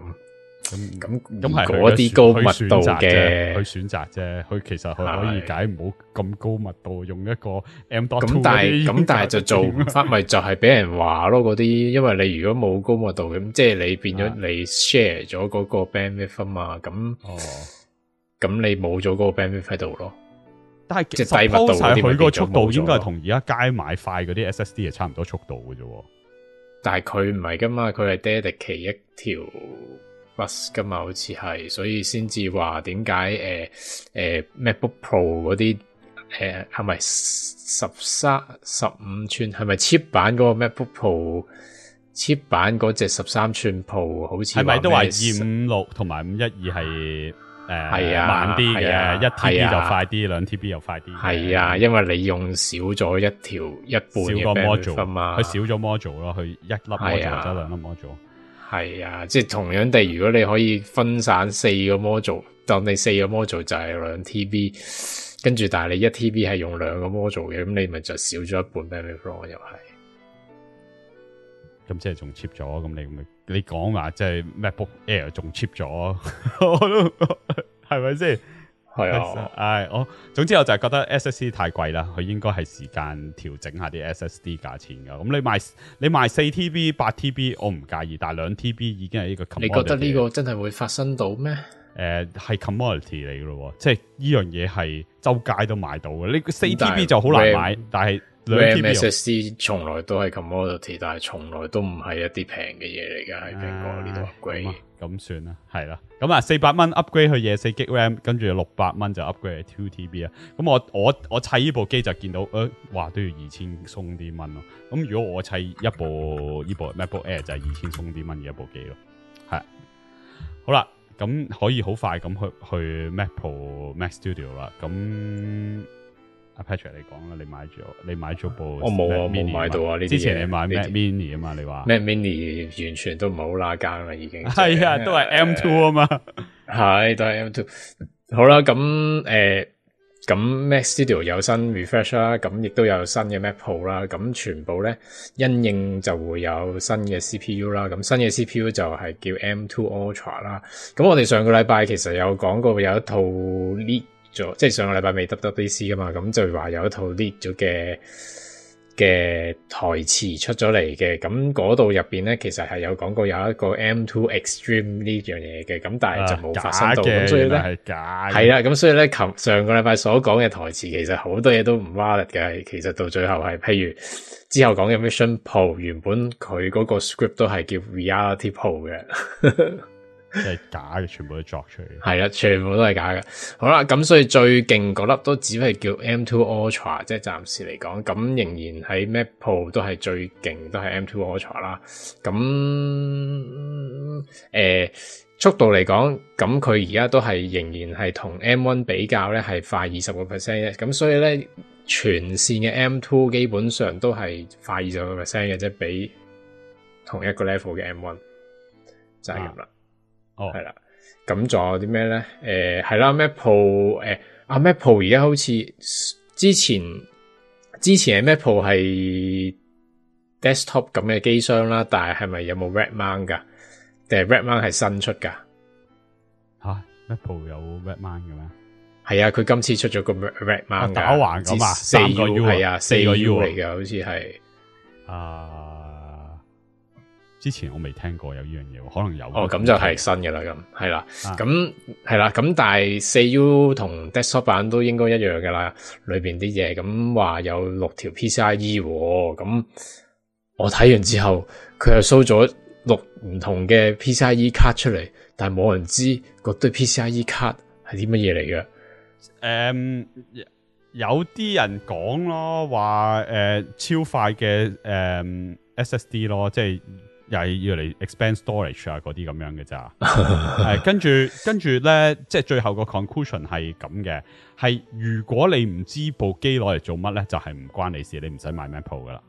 咁咁咁係嗰啲高密度嘅，去選擇啫。佢其實佢可以解唔好咁高密度，用一個 M.2 咁但係咁 但係就做翻，咪就係俾人話咯。嗰啲，因為你如果冇高密度，咁即係你變咗你 share 咗嗰個 bandwidth 啊嘛。咁哦，咁 你冇咗嗰個 bandwidth 喺度咯。但係即係低密度，佢個速度應該係同而家街買快嗰啲 SSD 係差唔多速度嘅啫。但係佢唔係噶嘛，佢係 dedicated 一條。不嘅好似係，所以先至話點解誒誒 MacBook Pro 嗰啲誒係咪十三十五寸係咪 cheap 版嗰個 MacBook Pro cheap 版嗰隻十三寸 Pro 好似係咪都話二五六同埋五一二係誒慢啲嘅一 TB 就快啲，兩 TB 又快啲。係啊，啊，因為你用少咗一條一半個 module，佢少咗 module 咯，佢一粒 module 或者兩粒 module 係啊，即係同樣地，如果你可以分散四個 module，當你四個 module 就係兩 TB，跟住但係你一 TB 係用兩個 module 嘅，咁你咪就少咗一半 memory flow 又係。咁即係仲 cheap 咗，咁你咪你講話即係 MacBook Air 仲 cheap 咗，係咪先？係啊，唉、哎，我總之我就係覺得 S S D 太貴啦，佢應該係時間調整下啲 S S D 價錢噶。咁你賣你賣四 T B 八 T B 我唔介意，但係兩 T B 已經係呢個。你覺得呢個真係會發生到咩？誒、呃，係 commodity 嚟咯，即係呢樣嘢係周街都買到嘅。呢四 T B 就好難買，但係兩 T B。S S D 從來都係 commodity，但係從來都唔係一啲平嘅嘢嚟噶，喺蘋果呢度係貴。咁算啦，係啦，咁啊四百蚊 upgrade 去廿四 G RAM，跟住六百蚊就 upgrade 去 Two TB 啊，咁、嗯、我我我砌呢部機就見到，誒、呃，哇都要二千鬆啲蚊咯，咁、嗯嗯、如果我砌一部呢 部、部 MacBook Air 就係二千鬆啲蚊嘅一部機咯，係，好啦，咁、嗯、可以好快咁去去 Mac Pro Mac Studio 啦，咁、嗯。Patrick，你講啦，你買咗，你買咗部、哦，我冇啊，冇買到啊，你啲之前你買 Mac Mini 啊嘛，你話 Mac Mini 完全都唔好拉更啊，已經、就係。係啊，都係 M two 啊嘛。係、啊，都係 M two。啊、M2 好啦、啊，咁誒，咁、呃、Mac Studio 有新 refresh 啦，咁亦都有新嘅 Mac Pro 啦，咁全部咧因應就會有新嘅 CPU 啦，咁新嘅 CPU 就係叫 M two Ultra 啦。咁我哋上個禮拜其實有講過有一套呢。即係上個禮拜未得得 WWDC 噶嘛，咁就話有一套 lift 咗嘅嘅台詞出咗嚟嘅，咁嗰度入邊咧其實係有講過有一個 M2 Extreme 呢樣嘢嘅，咁但係就冇發生到，咁、啊、所以咧係假，係啦、啊，咁所以咧琴上個禮拜所講嘅台詞，其實好多嘢都唔 valid 嘅，其實到最後係，譬如之後講嘅 Mission Pro，原本佢嗰個 script 都係叫 Reality Pro 嘅。 即係假嘅，全部都作出嚟。係 啦，全部都係假嘅。好啦，咁所以最勁嗰粒都只係叫 M2 Ultra，即係暫時嚟講，咁仍然喺 Mac Pro 都係最勁，都係 M2 Ultra 啦。咁誒、呃，速度嚟講，咁佢而家都係仍然係同 M1 比較咧，係快二十個 percent 嘅。咁所以咧，全線嘅 M2 基本上都係快二十個 percent 嘅，即係比同一個 level 嘅 M1 就係咁啦。啊哦，係、欸、啦，咁仲有啲咩咧？誒、啊，係啦，Mac Pro，誒，阿 Mac Pro 而家好似之前，之前係 Mac Pro 係 desktop 咁嘅機箱啦，但係係咪有冇 Redman 噶？定係 Redman 係新出噶？吓，Mac Pro 有 Redman 嘅咩？係啊，佢今次出咗個 Redman 打橫咁啊，四個 U 啊，四個 U 嚟嘅，好似係啊。之前我未聽過有呢樣嘢，可能有那東西哦，咁就係新嘅啦，咁係啦，咁係啦，咁但係四 U 同 desktop 版都應該一樣嘅啦，裏邊啲嘢，咁話有六條 PCIe，咁我睇完之後佢又 show 咗六唔同嘅 PCIe 卡出嚟，但係冇人知嗰堆 PCIe 卡係啲乜嘢嚟嘅。誒、嗯，有啲人講咯，話誒、呃、超快嘅誒、呃、SSD 咯，即係。又係要嚟 expand storage 啊，嗰啲咁樣嘅咋、 哎？跟住跟住咧，即係最後個 conclusion 係咁嘅，係如果你唔知部機攞嚟做乜咧，就係、是、唔關你事，你唔使買 m a p l 噶啦。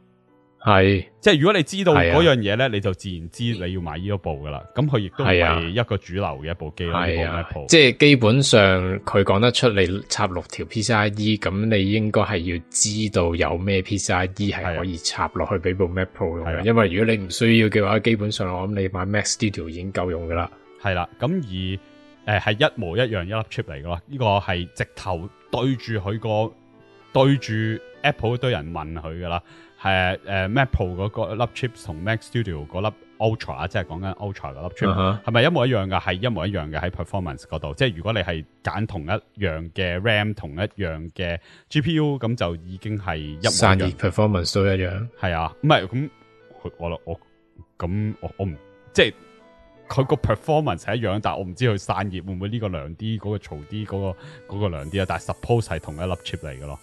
係，即係如果你知道嗰樣嘢咧，你就自然知你要買呢一部噶啦。咁佢亦都唔係一個主流嘅一部機咯。係啊、即係、啊就是、基本上佢講得出你插六條 PCIe，咁你應該係要知道有咩 PCIe 係可以插落去俾部 Mac Pro、啊、因為如果你唔需要嘅話，基本上我諗你買 Mac Studio 已經夠用噶啦。係啦、啊，咁而誒係、呃、一模一樣一粒 chip 嚟噶啦，呢個係直頭對住佢、嗰個對住 Apple 堆人問佢噶啦。誒、啊呃、Mac Pro 嗰個粒 chips 同 Mac Studio 嗰粒 Ultra，即係講緊 Ultra 嗰粒 chip，係、uh-huh. 咪一模一樣嘅？係一模一樣嘅喺 performance 嗰度，即係如果你係揀同一樣嘅 RAM、同一樣嘅 GPU，咁就已經係一模一樣的。散熱 performance 都一樣，係啊，唔係咁，我我我咁我我唔即係佢個 performance 係一樣，但係我唔知佢散熱會唔會呢個涼啲，嗰、嗰個嘈啲，嗰、嗰個嗰、嗰個、涼啲啊。但係 suppose 係同一粒 chip 嚟嘅咯。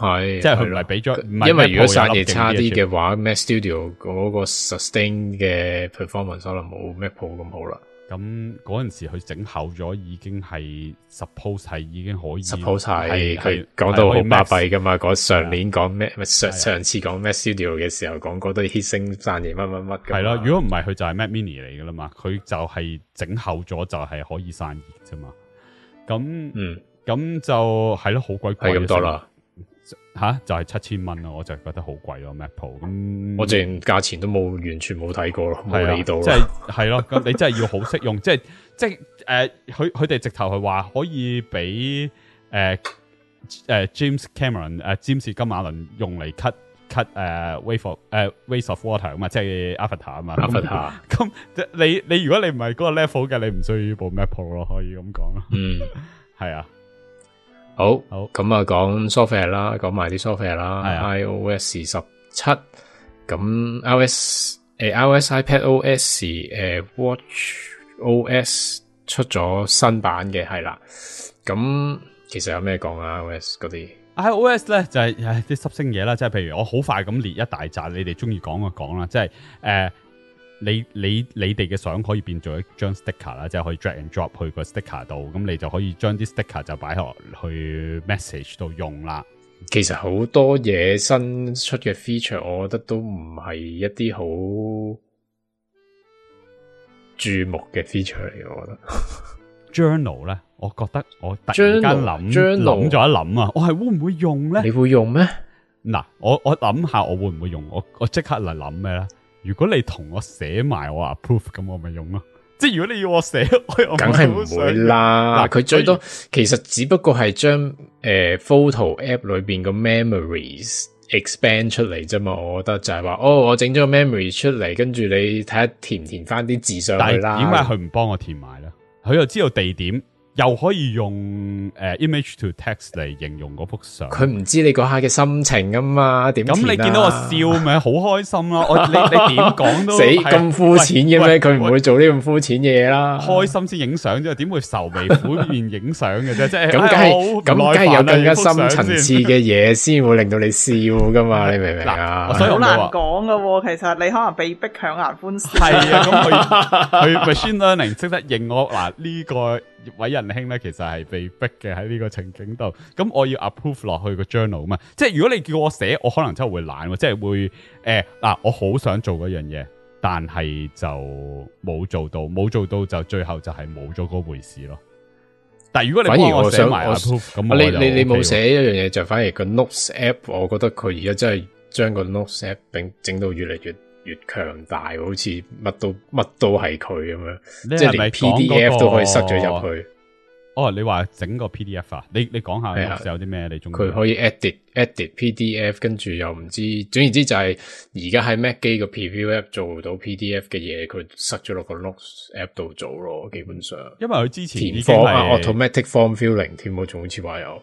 係，即係佢唔係俾咗，因為如果散熱差啲嘅話，Mac Studio 嗰個 sustain 嘅 performance 可能冇 Mac Pro 咁好啦。咁嗰陣時佢整厚咗，已經係 suppose 係已經可以，suppose 係佢講到好巴閉噶嘛。嗰上年講咩，唔係上上次講 Mac Studio 嘅時候講過都 heat 升散熱乜乜乜。係咯，如果唔係佢就係 Mac Mini 嚟噶啦嘛，佢就係整厚咗就係可以散熱啫嘛。咁，嗯，咁就係咯，好鬼貴咁多啦。吓就係七千蚊咯，我就覺得好貴咯。Mac Pro 咁，我之前價錢都冇完全冇睇過咯，冇理到。即係係咯，就是啊、 你真係要好識用，即係即係誒，佢佢哋直頭係話可以俾誒誒 James Cameron 誒占士金馬倫用嚟 cut cut 誒 wave 誒 waves of water 啊嘛，即係 Avatar 啊嘛。Avatar。咁即係你你如果你唔係嗰個 level 嘅，你唔需要部 Mac Pro 咯，可以咁講咯。嗯，係啊。好，好，咁啊，講 software 啦，講埋啲 software 啦，iOS 十七，咁 iOS 誒 iOS iPad OS 誒 Watch OS 出咗新版嘅係啦，咁其實有咩講啊？iOS 嗰啲，iOS 咧就係誒啲濕星嘢啦，即係譬如我好快咁列一大扎，你哋中意講就講啦，即係誒。你你你哋嘅相可以變做一張 sticker 啦，即係可以 drag and drop 去個 sticker 度，咁你就可以將啲 sticker 就擺落去 message 度用啦。其實好多嘢新出嘅 feature，我覺得都唔係一啲好注目嘅 feature 嚟，我覺得 journal 咧，我覺得我突然間諗咗一諗啊，我係會唔會用咧？你會用咩？嗱，我我諗下我會唔會用？我我即刻嚟諗咩咧？如果你同我寫埋我 approve，咁我咪用咯，即 係如果你要我寫，我梗係唔會啦。嗱、啊，佢最多、呃、其實只不過係將誒 photo app 裏邊個 memories expand 出嚟啫嘛，我覺得就係話哦，我整咗個 memory 出嚟，跟住你睇下填唔填翻啲字上去啦？點解佢唔幫我填埋咧？佢又知道地點。又可以用誒 image to text 嚟形容嗰幅相，佢唔知你嗰下嘅心情㗎嘛？點？咁你見到我笑咪好開心咯！我你你點講都死咁膚淺嘅咩？佢唔會做呢咁膚淺嘅嘢啦！開心先影相啫，點會愁眉苦面影相嘅啫？即係咁梗係咁梗係有更加深層次嘅嘢先會令到你笑噶嘛？你明唔明啊？所以好難講噶喎，其實你可能被逼強顏歡笑。係啊，咁佢佢佢 machine learning 識得認我嗱呢個，位人兄呢，其實係被逼嘅，喺呢個情景度。咁我要 approve 落去個 journal 嘛，即係如果你叫我寫，我可能真係會懶，即係會誒嗱、欸啊，我好想做一樣嘢，但係就冇做到，冇做到就最後就係冇咗嗰回事咯。但係如果你幫我寫 app，反而我想埋 approve，咁你你你冇寫一樣嘢就反而個 notes app，我覺得佢而家真係將個 notes app 並整到越嚟越。越強大，好似乜都乜都係佢咁樣，你是即係連 PDF、那個、都可以塞咗入去。哦，你話整個 PDF 啊？你你講下有啲咩？你佢可以 edit edit PDF，跟住又唔知，總言之就係而家喺 Mac 機個 Preview App 做到 PDF 嘅嘢，佢塞咗落個 Notes App 度做咯。基本上，因為佢之前填放啊，Automatic Form Filling，添，仲好似話有。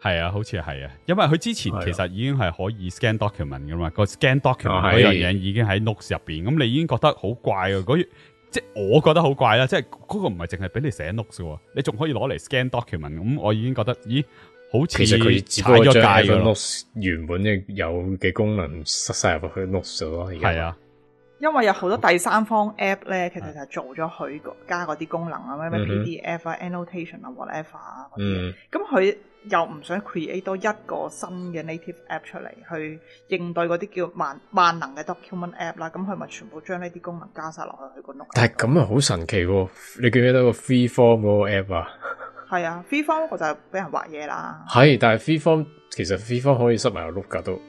係啊，好似係啊，因為佢之前其實已經係可以 scan document 噶嘛，啊個 scan document 嗰、啊、樣嘢已經喺 Notes 入邊，咁、啊、你已經覺得好怪啊。嗰、嗰個、即係我覺得好怪啦，即係嗰個唔係淨係俾你寫 Notes 啫，你仲可以攞嚟 scan document，咁我已經覺得，咦，好似佢踩咗界咯。其實佢 notes 原本有嘅功能塞晒入去 Notes 啊，係啊。因為有好多第三方 app 咧，其實就做咗佢加嗰啲功能啊，咩咩 PDF 啊、annotation 啊 whatever 啊嗰啲，咁佢又唔想 create 多一個新嘅 native app 出嚟去應對嗰啲叫萬萬能嘅 document app 啦，咁佢咪全部將呢啲功能加晒落去佢個碌。但係咁啊，好神奇喎！你記唔記得個 freeform 嗰個 app 啊？係啊，freeform 嗰個就係俾人畫嘢啦。係，但係 freeform 其實 freeform 可以塞埋入碌噶都。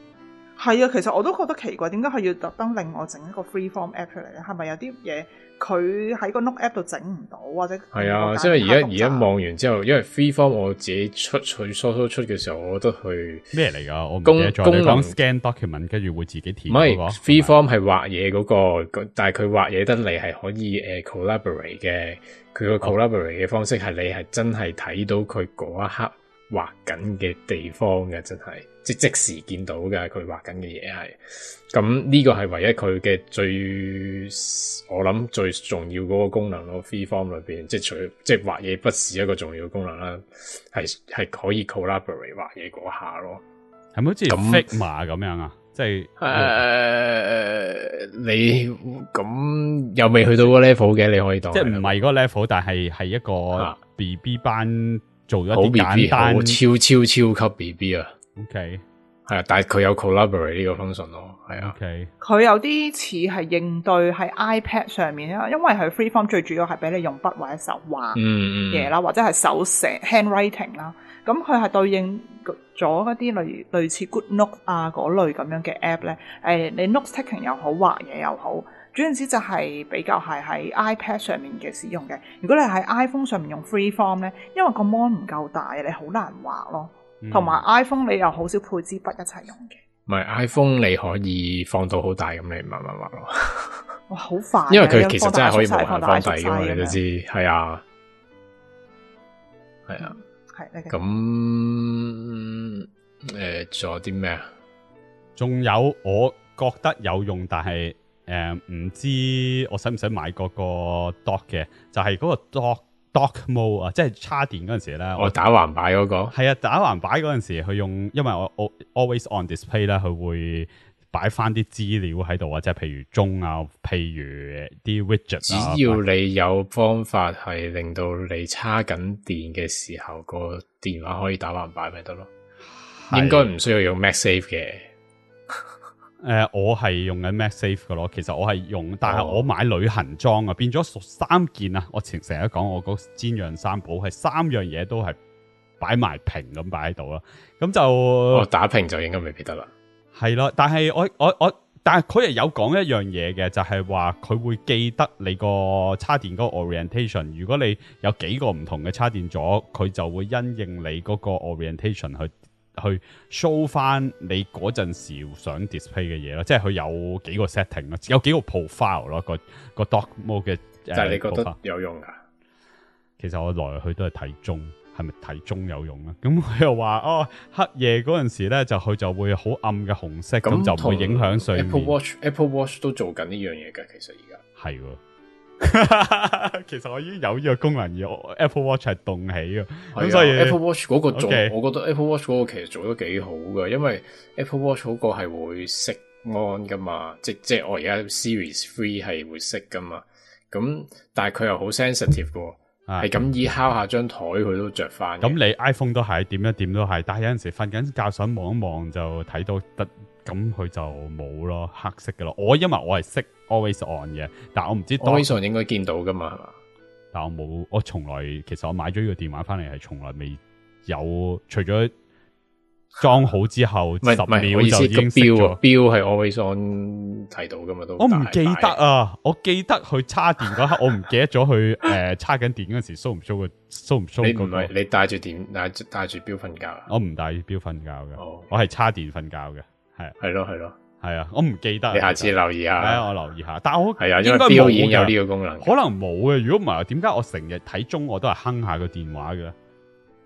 係啊，其實我都覺得奇怪，點解佢要特登令我整一個 freeform app 出嚟咧？係咪有啲嘢佢喺個 note app 度整唔到或者？係啊，即係而家而家望完之後，因為 freeform 我自己出佢初初出嘅時候，我覺得佢咩嚟噶？我功能 scan document 跟住會自己填。唔係 freeform 係畫嘢嗰個，是是東西那個、是但係佢畫嘢得嚟係可以誒 collaborate 嘅。佢個 collaborate 嘅方式係你係真係睇到佢嗰一刻畫緊嘅地方嘅，真係。即即時見到嘅佢畫緊嘅嘢係，咁呢個係唯一佢嘅最我諗最重要嗰個功能咯。Freeform 裏邊，即係除即係畫嘢，不是一個重要功能啦，係係可以 collaborate 畫嘢嗰下咯，係咪好似 Figma 咁樣啊？Uh, 即係誒，uh, 你咁又未去到個 level 嘅，你可以當即唔係嗰個 level，但係係一個 B B 班做一啲好 b 超超超級 B B 啊！OK，係啊，但係佢有 collaborate 呢個 function 咯，係啊。OK，佢有啲似係應對喺 iPad 上面啦，因為佢 Freeform 最主要係俾你用筆或者手畫嘢啦，或者係手寫 handwriting 啦。咁佢係對應咗一啲類似、啊、那類似 GoodNote 啊嗰類咁樣嘅 app 咧、嗯。誒、欸，你 note-taking 又好，畫嘢又好，總之就係比較係喺 iPad 上面嘅使用嘅。如果你喺 iPhone 上面用 Freeform 咧，因為個 mon 唔夠大，你好難畫咯。同、嗯、埋 iPhone 你又好少配支筆一齊用嘅，唔係 iPhone 你可以放到好大咁，你慢慢畫咯。 哇，好煩、啊，因為佢其實真係可以無限放大嘅嘛，你都知係啊，係啊，係、嗯。咁誒，仲、okay 呃、有啲咩啊？仲有我覺得有用，但係誒唔知我使唔使買嗰個 Dock 嘅？就係、是、嗰個 Dock。Dock mode 是、那個、是啊，即係叉電嗰陣時咧，我打橫擺嗰個係啊，打橫擺嗰陣時，佢用因為我 always on display 咧，佢會擺翻啲資料喺度啊，即係譬如鐘啊，譬如啲 widget、啊、只要你有方法係令到你叉緊電嘅時候，個電話可以打橫擺咪得咯，應該唔需要用 MagSafe 嘅。 誒、呃，我係用緊 MagSafe 嘅咯，其實我係用，但係我買旅行裝啊、哦，變咗熟三件啊！我成成日講我嗰煎釀三寶係三樣嘢都係擺埋平咁擺喺度啦，咁就、哦、打平就應該未必得啦。係咯，但係我我我，但係佢係有講一樣嘢嘅，就係話佢會記得你個叉電嗰個 orientation。如果你有幾個唔同嘅叉電座，佢就會因應你嗰個 orientation 去。去 show 翻你嗰陣時想 display 嘅嘢咯，即係佢有幾個 setting 咯，有幾個 profile 咯，個個 dark mode 嘅就係、你覺得有用啊？其實我來來去都係睇鐘，係咪睇鐘有用咧、啊？咁佢又話哦，黑夜嗰陣時咧就佢就會好暗嘅紅色，咁就會影響上 Apple Watch，Apple Watch 都做緊呢樣嘢噶，其實而家係。是的 其實我已經有呢個功能，而 Apple Watch 係動起嘅。咁、啊、所以 Apple Watch 嗰個做，okay. 我覺得 Apple Watch 嗰個其實做得幾好嘅，因為 Apple Watch 嗰個係會熄安噶嘛，即即係我而家 Series Three 係會熄噶嘛。咁但係佢又好 sensitive 嘅，係咁依敲下張台佢都着翻。咁你 iPhone 都係，點一點都係。但係有陣時瞓緊覺想望一望就睇到得。咁佢就冇咯，黑色嘅咯。我因為我係識 always on 嘅，但我唔知 always on 應該見到噶嘛，係嘛？但我冇，我從來其實我買咗呢個電話翻嚟係從來未有，除咗裝好之後十 秒就已經熄咗。標係 always on 睇到噶嘛？都我唔記得啊， 我記得佢插電嗰刻， 我唔記得咗佢誒插緊電嗰時 show 唔 show 個 show 唔 show？你唔係你帶住電帶住帶住標瞓覺啊？我唔帶住標瞓覺嘅，oh, okay. 我係插電瞓覺嘅。係係咯係咯係啊！我唔記得，你下次留意下，我留意下。但係我係啊，應該冇，已經有呢個功能。可能冇嘅，如果唔係，點 解我成日睇鐘我都係哼下個電話嘅？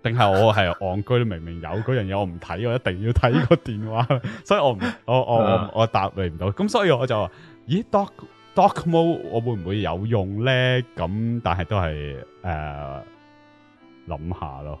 定係我係戇居都明明有嗰樣嘢，我唔睇，我一定要睇個電話，所以我我我 我我，我，我答你唔到。咁所以我就話，咦 Dock Dock Mode 我會唔會有用咧？咁但係都係誒諗下咯。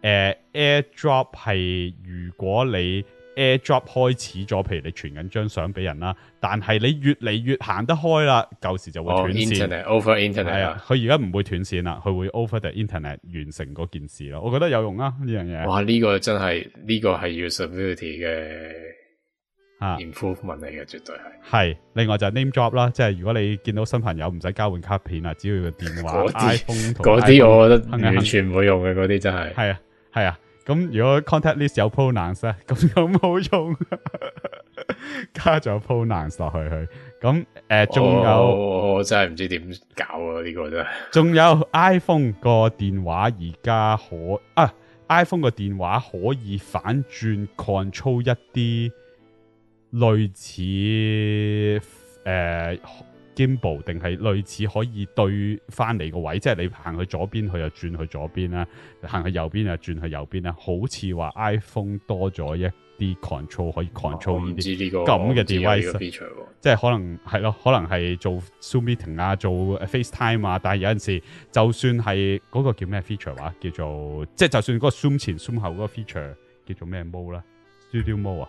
誒、呃、AirDrop 係如果你 AirDrop 開始咗，譬如你傳緊張相俾人啦，但係你越嚟越行得開啦，舊時就會斷線。Oh, Internet. Over Internet，係啊，佢而家唔會斷線啦，佢會 Over the Internet 完成嗰件事咯。我覺得有用啊呢樣嘢。哇，呢、這個真係呢、這個係 usability 嘅啊 improvement 嚟嘅，絕對係。係、啊，另外就係 Name Drop 啦，即係如果你見到新朋友唔使交換卡片啊，只要個電話、 iPhone、嗰啲，我覺得完全唔會用嘅，嗰啲真係。係啊。係啊，咁如果 contact list 有 pronounce 啊，咁有冇用？加咗 pronounce 落去去，咁誒仲有，我真係唔知點搞啊呢個真係。仲有 iPhone 個電話而家可啊，iPhone 個電話可以反轉 control 一啲類似誒。Gimbal 定係類似可以對翻嚟個位，嗯、即係你行去左邊，佢就轉去左邊啦；行去右邊就轉去右邊啦。好似話 iPhone 多咗一啲 control 可以 control 呢啲咁嘅 device，即係可能係咯，可能係做 zoom meeting 啊，做 FaceTime 啊。但係有陣時，就算係嗰個叫咩 feature 話、啊，叫做即係、就是、就算嗰個 zoom 前 zoom 後嗰個 feature 叫做咩 mode 啦 Studio mode 啊。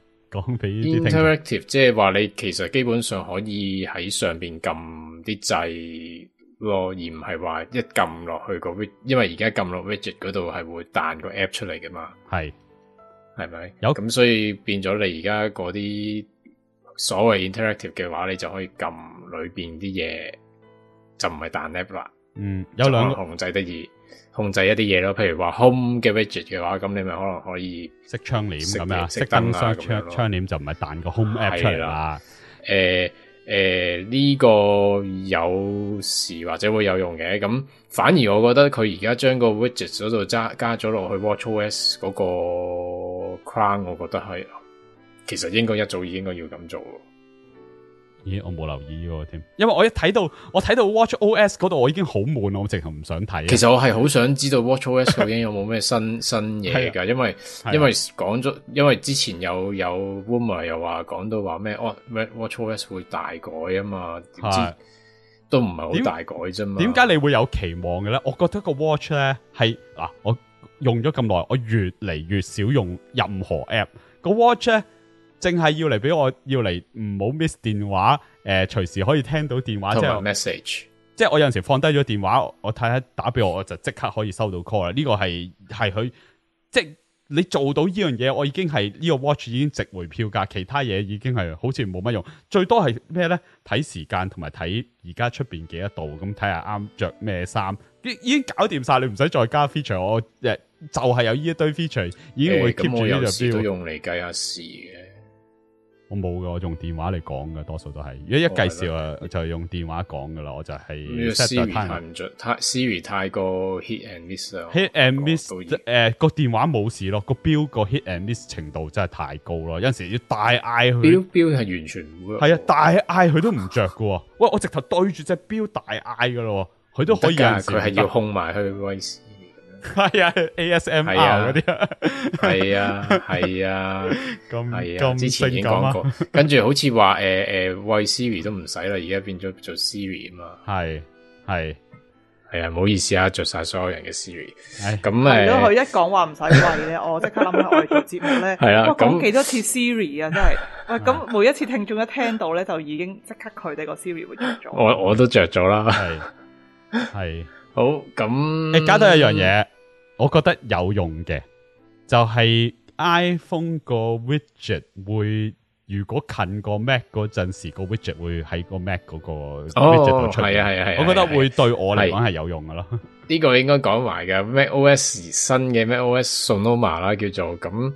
講俾 interactive，即係話你其實基本上可以喺上邊撳啲掣咯，而唔係話一撳落去個 widget 因為而家撳落 widget 嗰度係會彈個 app 出嚟噶嘛，係係咪有咁，所以變咗你而家嗰啲所謂 interactive 嘅話，你就可以撳裏邊啲嘢，就唔係彈 app 啦，嗯，有兩個控制得意控制一啲嘢咯，譬如話 home 嘅 widget 嘅話，咁你咪可能可以熄窗簾咁樣，熄燈窗簾就唔係彈個 home app 出嚟啦。誒、嗯、誒，呢、呃呃這個有時或者會有用嘅。咁反而我覺得佢而家將個 widget 嗰度加加咗落去 watchOS 嗰個 crown 我覺得係其實應該一早已經應該要咁做。咦，我冇留意喎，添。因為我一睇到，我睇到 Watch OS 嗰度，我已經好悶，我直頭唔想睇。其實我係好想知道 Watch OS 究竟有冇咩新 新嘢噶？因為、啊、因為講咗、啊，因為之前有有 woman 又話講到話咩，哦 Watch OS 會大改啊嘛，點知是啊都唔係好大改啫嘛。點解你會有期望嘅咧？我覺得個 Watch 咧係嗱，我用咗咁耐，我越嚟越少用任何 app 個 Watch 咧。淨係要嚟俾我要嚟唔好 miss 電話，誒、呃、隨時可以聽到電話。message，即係我有陣時放低咗電話，我睇下打俾我，我就即刻可以收到 call 啦。呢、這個係係佢，即你做到呢樣嘢，我已經係呢個 watch 已經值回票價，其他嘢已經係好似冇乜用。最多係咩呢？睇時間同埋睇而家出邊幾多度，咁睇下啱着咩衫。已經搞掂晒，你唔使再加 feature。我就係有呢一堆 feature，已經會 keep 住呢隻表。咁我有時都用嚟計下事嘅。我冇噶，我用電話嚟講㗎，多數都係如果一介紹啊，就用電話講噶啦，我就係。嗯、Siri 太唔着，Siri 太過 hit and miss 咯。hit and miss 誒個、呃、電話冇事咯，個標個 hit and miss 程度真係太高囉。有陣時要大嗌佢。標標係完全唔會係啊，大嗌佢都唔着噶， 喂，我直頭對住隻標大嗌噶喎，佢都可以。佢係要控埋去係 啊，A S M R 嗰啲啊，係啊係啊，咁 咁、啊啊啊、之前已經講過，跟 住好似話誒誒喂 Siri 都唔使啦，而家變咗做 Siri 啊嘛，係係係啊，唔好意思啊，着晒所有人嘅 Siri，咁啊，如果佢一講話唔使喂咧， 我即刻諗起我哋做節目咧，哇講幾多次 Siri 啊，真係，咁 每一次聽眾一聽到咧，就已經即刻佢哋個 Siri 會着咗，我我都着咗啦是，係係。 好咁，誒，加多一樣嘢，嗯，我覺得有用嘅，就係、是、iPhone 個 widget 會，如果近 Mac Mac、那個 Mac 嗰陣時個 widget 會喺個 Mac 嗰個 widget 度出嘅。係啊係啊係，我覺得會對我嚟講係有用㗎咯。呢個應該講埋嘅 macOS 新嘅 macOS Sonoma 啦，叫做咁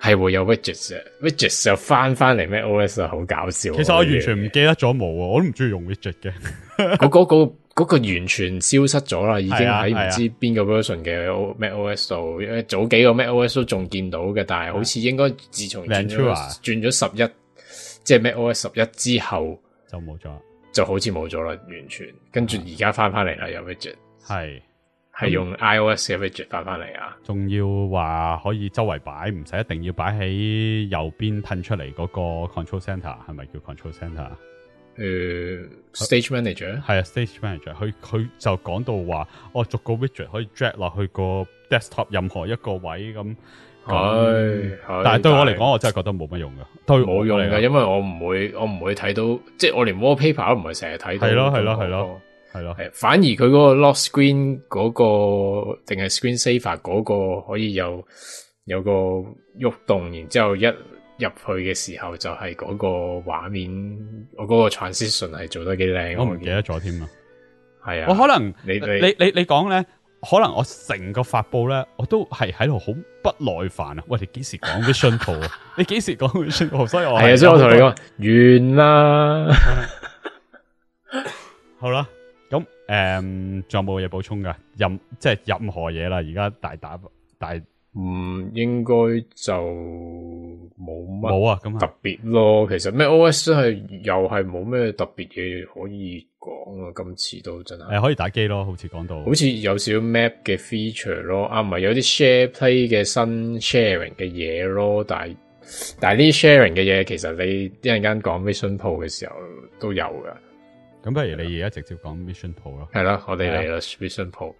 係會有 widgets，widgets 就翻翻嚟 macOS 啊，好搞笑。其實我完全唔記得咗冇啊，我都唔中意用 widget 嘅，我、那、嗰個。那個嗰、那個完全消失咗啦，已經喺唔知邊個 version 嘅 macOS 度，早幾個 macOS 都仲見到嘅，但係好似應該自從轉咗轉咗十一，即係 macOS 十一之後就冇咗，就好似冇咗啦，完全。跟住而家翻翻嚟啦，Widgets 係，係、啊、係用 iOS 嘅 Widgets 返翻翻嚟啊！仲要話可以周圍擺，唔使一定要擺喺右邊褪出嚟嗰個 Control Center，係咪叫 Control Center？誒、呃、stage manager 係啊，是啊，stage manager，佢佢就講到話，我、哦、逐個 widget 可以 drag 落去個 desktop 任何一個位咁。唉、嗯哎，但係對，對我嚟講，我真係覺得冇乜用噶，對冇用嚟噶，因為我唔會，我唔會睇到，即係我連 wallpaper 都唔係成日睇到。係咯，係、那、咯、個，係咯，係咯。反而佢嗰個 lock screen 嗰、那個，定係 screen saver 嗰個，可以有有個喐動，然之後一。入去嘅時候就係嗰個畫面，我嗰個 transition 係做得幾靚，我唔記得咗添啊。係啊，我可能你你你你講咧，可能我成個發布咧，我都係喺度好不耐煩啊。喂，你幾時講嘅信號啊？ 你幾時講嘅信號？所以我係啊，所以我同你講完啦。 好啦，咁誒仲有冇嘢補充噶？任即係、就是、任何嘢啦，而家大打大。唔、嗯、應該就冇乜，冇啊咁特別咯，其實咩 OS 係又係冇咩特別嘢可以講啊，今次都真係誒、欸，可以打機咯，好似講到，好似有少 map 嘅 feature 咯，啊，唔係有啲 share play 嘅新 sharing 嘅嘢咯，但係但係呢 sharing 嘅嘢，其實你一陣間講 Vision Pro 嘅時候都有噶，咁不如你而家直接講 Vision Pro 咯，係啦，我哋嚟啦 Vision Pro。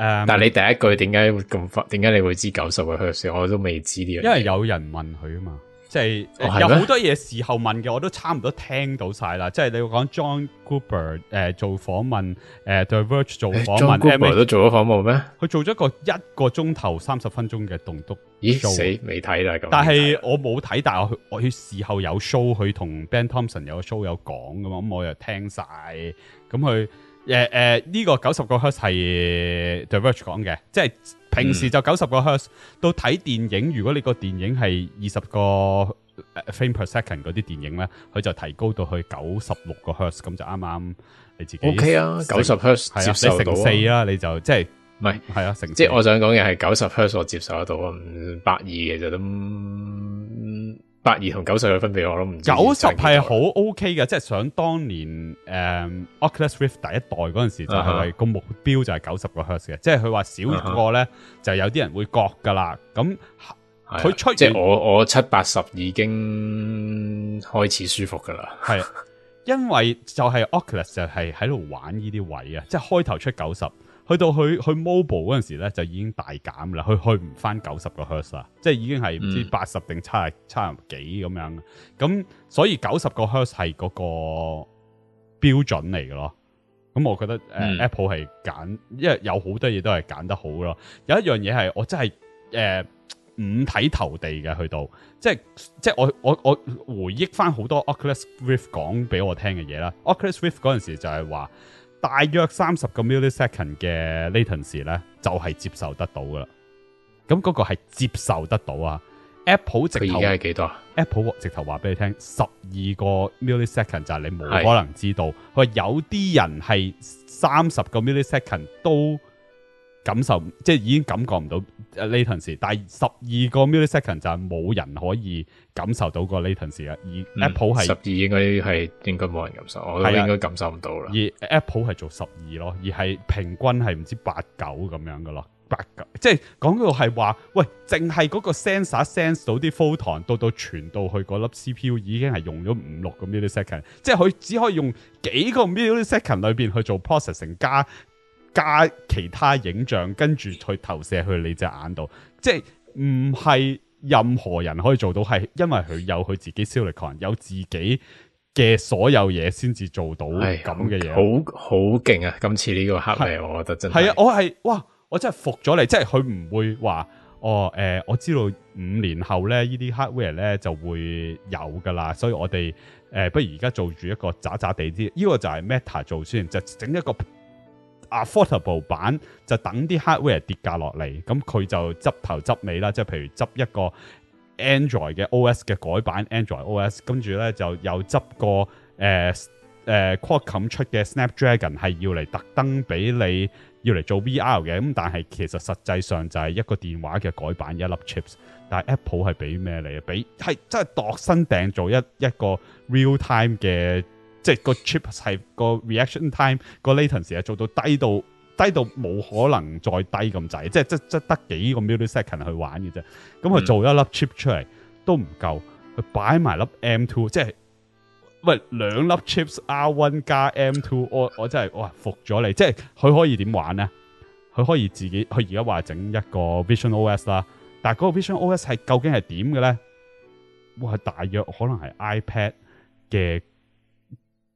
誒，但係你第一句點解會咁發？點解你會知九十個敘事？我都未知呢樣。因為有人問佢啊嘛，即係哦、有好多嘢事後問嘅，我都差唔多聽到晒啦。即係你講 John Cooper 誒做訪問，誒 The Verge 做訪問 John Cooper 都做咗訪問咩？佢做咗個一個鐘頭三十分鐘嘅獨獨咦，show 死未睇啦咁。但係我冇睇，但係我去事後有 show，佢同 Ben Thompson 有 show 有講噶嘛，咁我又聽晒，咁佢。誒誒，呢個九十個赫係 The Verge 講嘅，即係平時就九十個赫、嗯，到睇電影，如果你個電影係二十個 frame per second 嗰啲電影咧，佢就提高到去九十六個赫，咁就啱啱你自己。Okay 啊，九十 Hertz，接受到啦、啊，你就即係唔係係啊，成即係我想講嘅係九十赫我接受得到啊，百二嘅就都。嗯八二同九十嘅分配我都唔，九十係好 OK 嘅，即係想當年誒、嗯、，Oculus Rift 第一代嗰陣時候就係、是、個、uh-huh. 目標就係九十個赫 z 嘅，即係佢話少過咧就有啲人會覺噶啦。咁佢、uh-huh. 出現即係我我七八十已經開始舒服噶啦，係 因為就係 Oculus 就係喺度玩呢啲位啊，即係開頭出九十。去到去去 mobile 嗰陣時咧，就已經大減啦。佢去唔翻九十個 hertz 啦，即係已經係唔知八十定七十幾咁樣。咁所以九十個 hertz 係嗰個標準嚟嘅咯。咁我覺得、呃嗯、Apple 係揀，因為有好多嘢都係揀得好咯。有一樣嘢係我真係誒、呃、五體投地嘅，去到即係即係我我我回憶翻好多 Oculus Rift 講俾我聽嘅嘢啦。Oculus Rift 嗰陣時就係話。大約三十個 millisecond 嘅 latency 咧，就係、是、接受得到噶啦。咁嗰個係接受得到啊。Apple 直頭係幾多？Apple 直頭話俾你聽，十二個 millisecond 就係你冇可能知道。佢話有啲人係三十個 millisecond 都。感受即係已經感覺唔到 latency，但係十二個 millisecond 就係冇人可以感受到個 latency。而 Apple 係十二應該係應該冇人感受，我應該感受唔到啦。而 Apple 係做十二咯，而係平均係唔知八九咁樣噶咯，八九即係講到係話，喂，淨係嗰個 sensor sense 到啲 photon 到到傳到去嗰粒 CPU 已經係用咗五六個 millisecond 即係佢只可以用幾個 millisecond 裏邊去做 processing 加。加其他影像，跟住佢投射去你隻眼度，即係唔係任何人可以做到，係因為佢有佢自己 silicon 有自己嘅所有嘢先至做到咁嘅嘢，好好勁啊！今次呢個黑係，我覺得真係，我係哇，我真係服咗你，即係佢唔會話哦誒、呃，我知道五年後咧呢啲 hardware 咧就會有噶啦，所以我哋誒、呃、不如而家做住一個渣渣地啲，呢、這個就係 Meta 做先，就整一個。Affordable 版就等啲 hardware 跌價落嚟，咁佢就執頭執尾啦。即係譬如執一個 Android 嘅 OS 嘅改版 Android OS，跟住咧就又執個誒誒、呃呃、Qualcomm 出嘅 Snapdragon 係要嚟特登俾你，要嚟做 VR 嘅。咁但係其實實際上就係一個電話嘅改版，一粒 chips 但是 Apple 是。但係 Apple 係俾咩嚟啊？俾係真係度身訂做一一個 real time 嘅。即係個 chips 係個 reaction time 個 latency 係做到低到低到冇可能再低咁滯，即係即即得幾個 milliseconds 去玩嘅啫。咁佢做一粒 chip 出嚟都唔夠，佢擺埋粒 M two，即係喂兩粒 chips R one 加 M two，我我真係哇服咗你。即係佢可以點玩呢？佢可以自己佢而家話整一個 vision OS 啦，但係嗰個 vision OS 係究竟係點嘅呢？哇係大約可能係 iPad 嘅。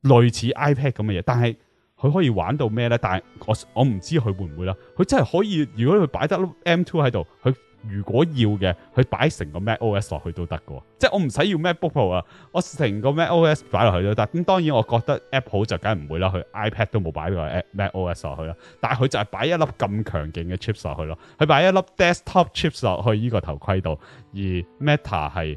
類似 iPad 咁嘅嘢，但係佢可以玩到咩呢？但係我我唔知佢會唔會啦。佢真係可以，如果佢擺得 M2 喺度，佢如果要嘅，佢擺成個 MacOS 落去都得嘅。即係我唔使要 MacBook Pro 啊，我成個 MacOS 擺落去都得。咁當然，我覺得 Apple 就梗係唔會啦。佢 iPad 都冇擺個 MacOS 落去啦，但係佢就係擺一粒咁強勁嘅 chips 落去咯。佢擺一粒 desktop chips 落去呢個頭盔度，而 Meta 係。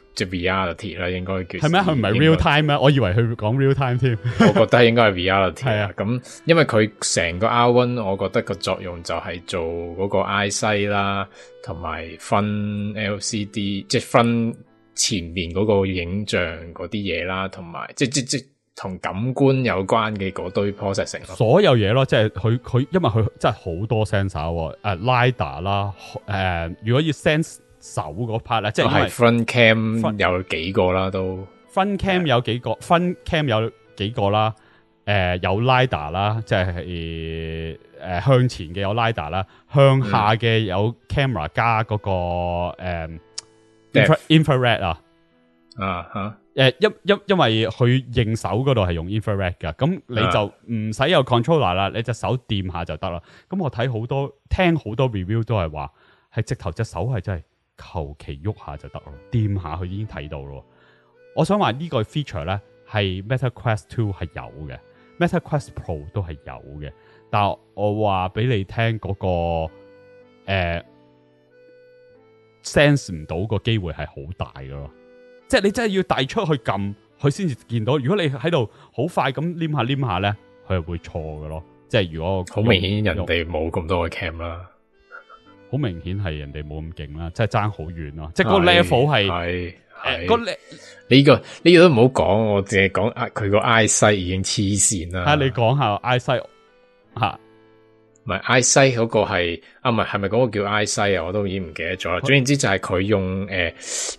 即 reality 啦，應該叫係咩？佢唔係 real time 咩、啊？我以為佢講 real time 添、啊。我覺得應該係 reality。係啊，咁、 啊、因為佢成個 R one，我覺得個作用就係做嗰個 IC 啦，同埋分 LCD，即係分前面嗰個影像嗰啲嘢啦，同、啊、埋即係即即同感官有關嘅嗰堆 processing。所有嘢咯，即係佢佢，因為佢真係好多 sensor，誒 lidar 啦，誒、啊啊，如果要 sense。手嗰 part 啦，即係係 front cam 有幾個啦，都 front cam 有幾個 front cam 有幾個啦，誒有 lidar 啦，即係誒向前嘅有 lidar 啦，向下嘅有 camera 加嗰、嗰個誒、嗯、infra, infrared 啊、uh-huh.，啊吓，誒因因因為佢認手嗰度係用 infrared 嘅，咁、uh-huh. 你就唔使有 controller 啦，你隻手掂下就得啦。咁我睇好多聽好多 review 都係話，係直頭隻手係真係。求其喐下就得咯，掂下佢已經睇到咯。我想話呢個 feature 咧係 Meta Quest Two 係有嘅，Meta Quest Pro 都係有嘅。但係我話俾你聽嗰個誒 sense 唔到個機會係好大嘅咯，即係你真係要帶出去撳佢先至見到。如果你喺度好快咁黏下黏下咧，佢係會錯嘅咯。即係如果好明顯人哋冇咁多嘅 cam 啦。好明顯係人哋冇咁勁啦，即係爭好遠啦，即係個 level 係，誒、欸這個 level 呢個呢個都唔好講，我淨係講啊佢個 EyeSight 已經黐線啦。啊，你講下 EyeSight 吓，唔係 EyeSight 嗰個係啊？唔係係咪嗰個叫 EyeSight 啊？我都已經唔記得咗啦。總然之就係佢用誒，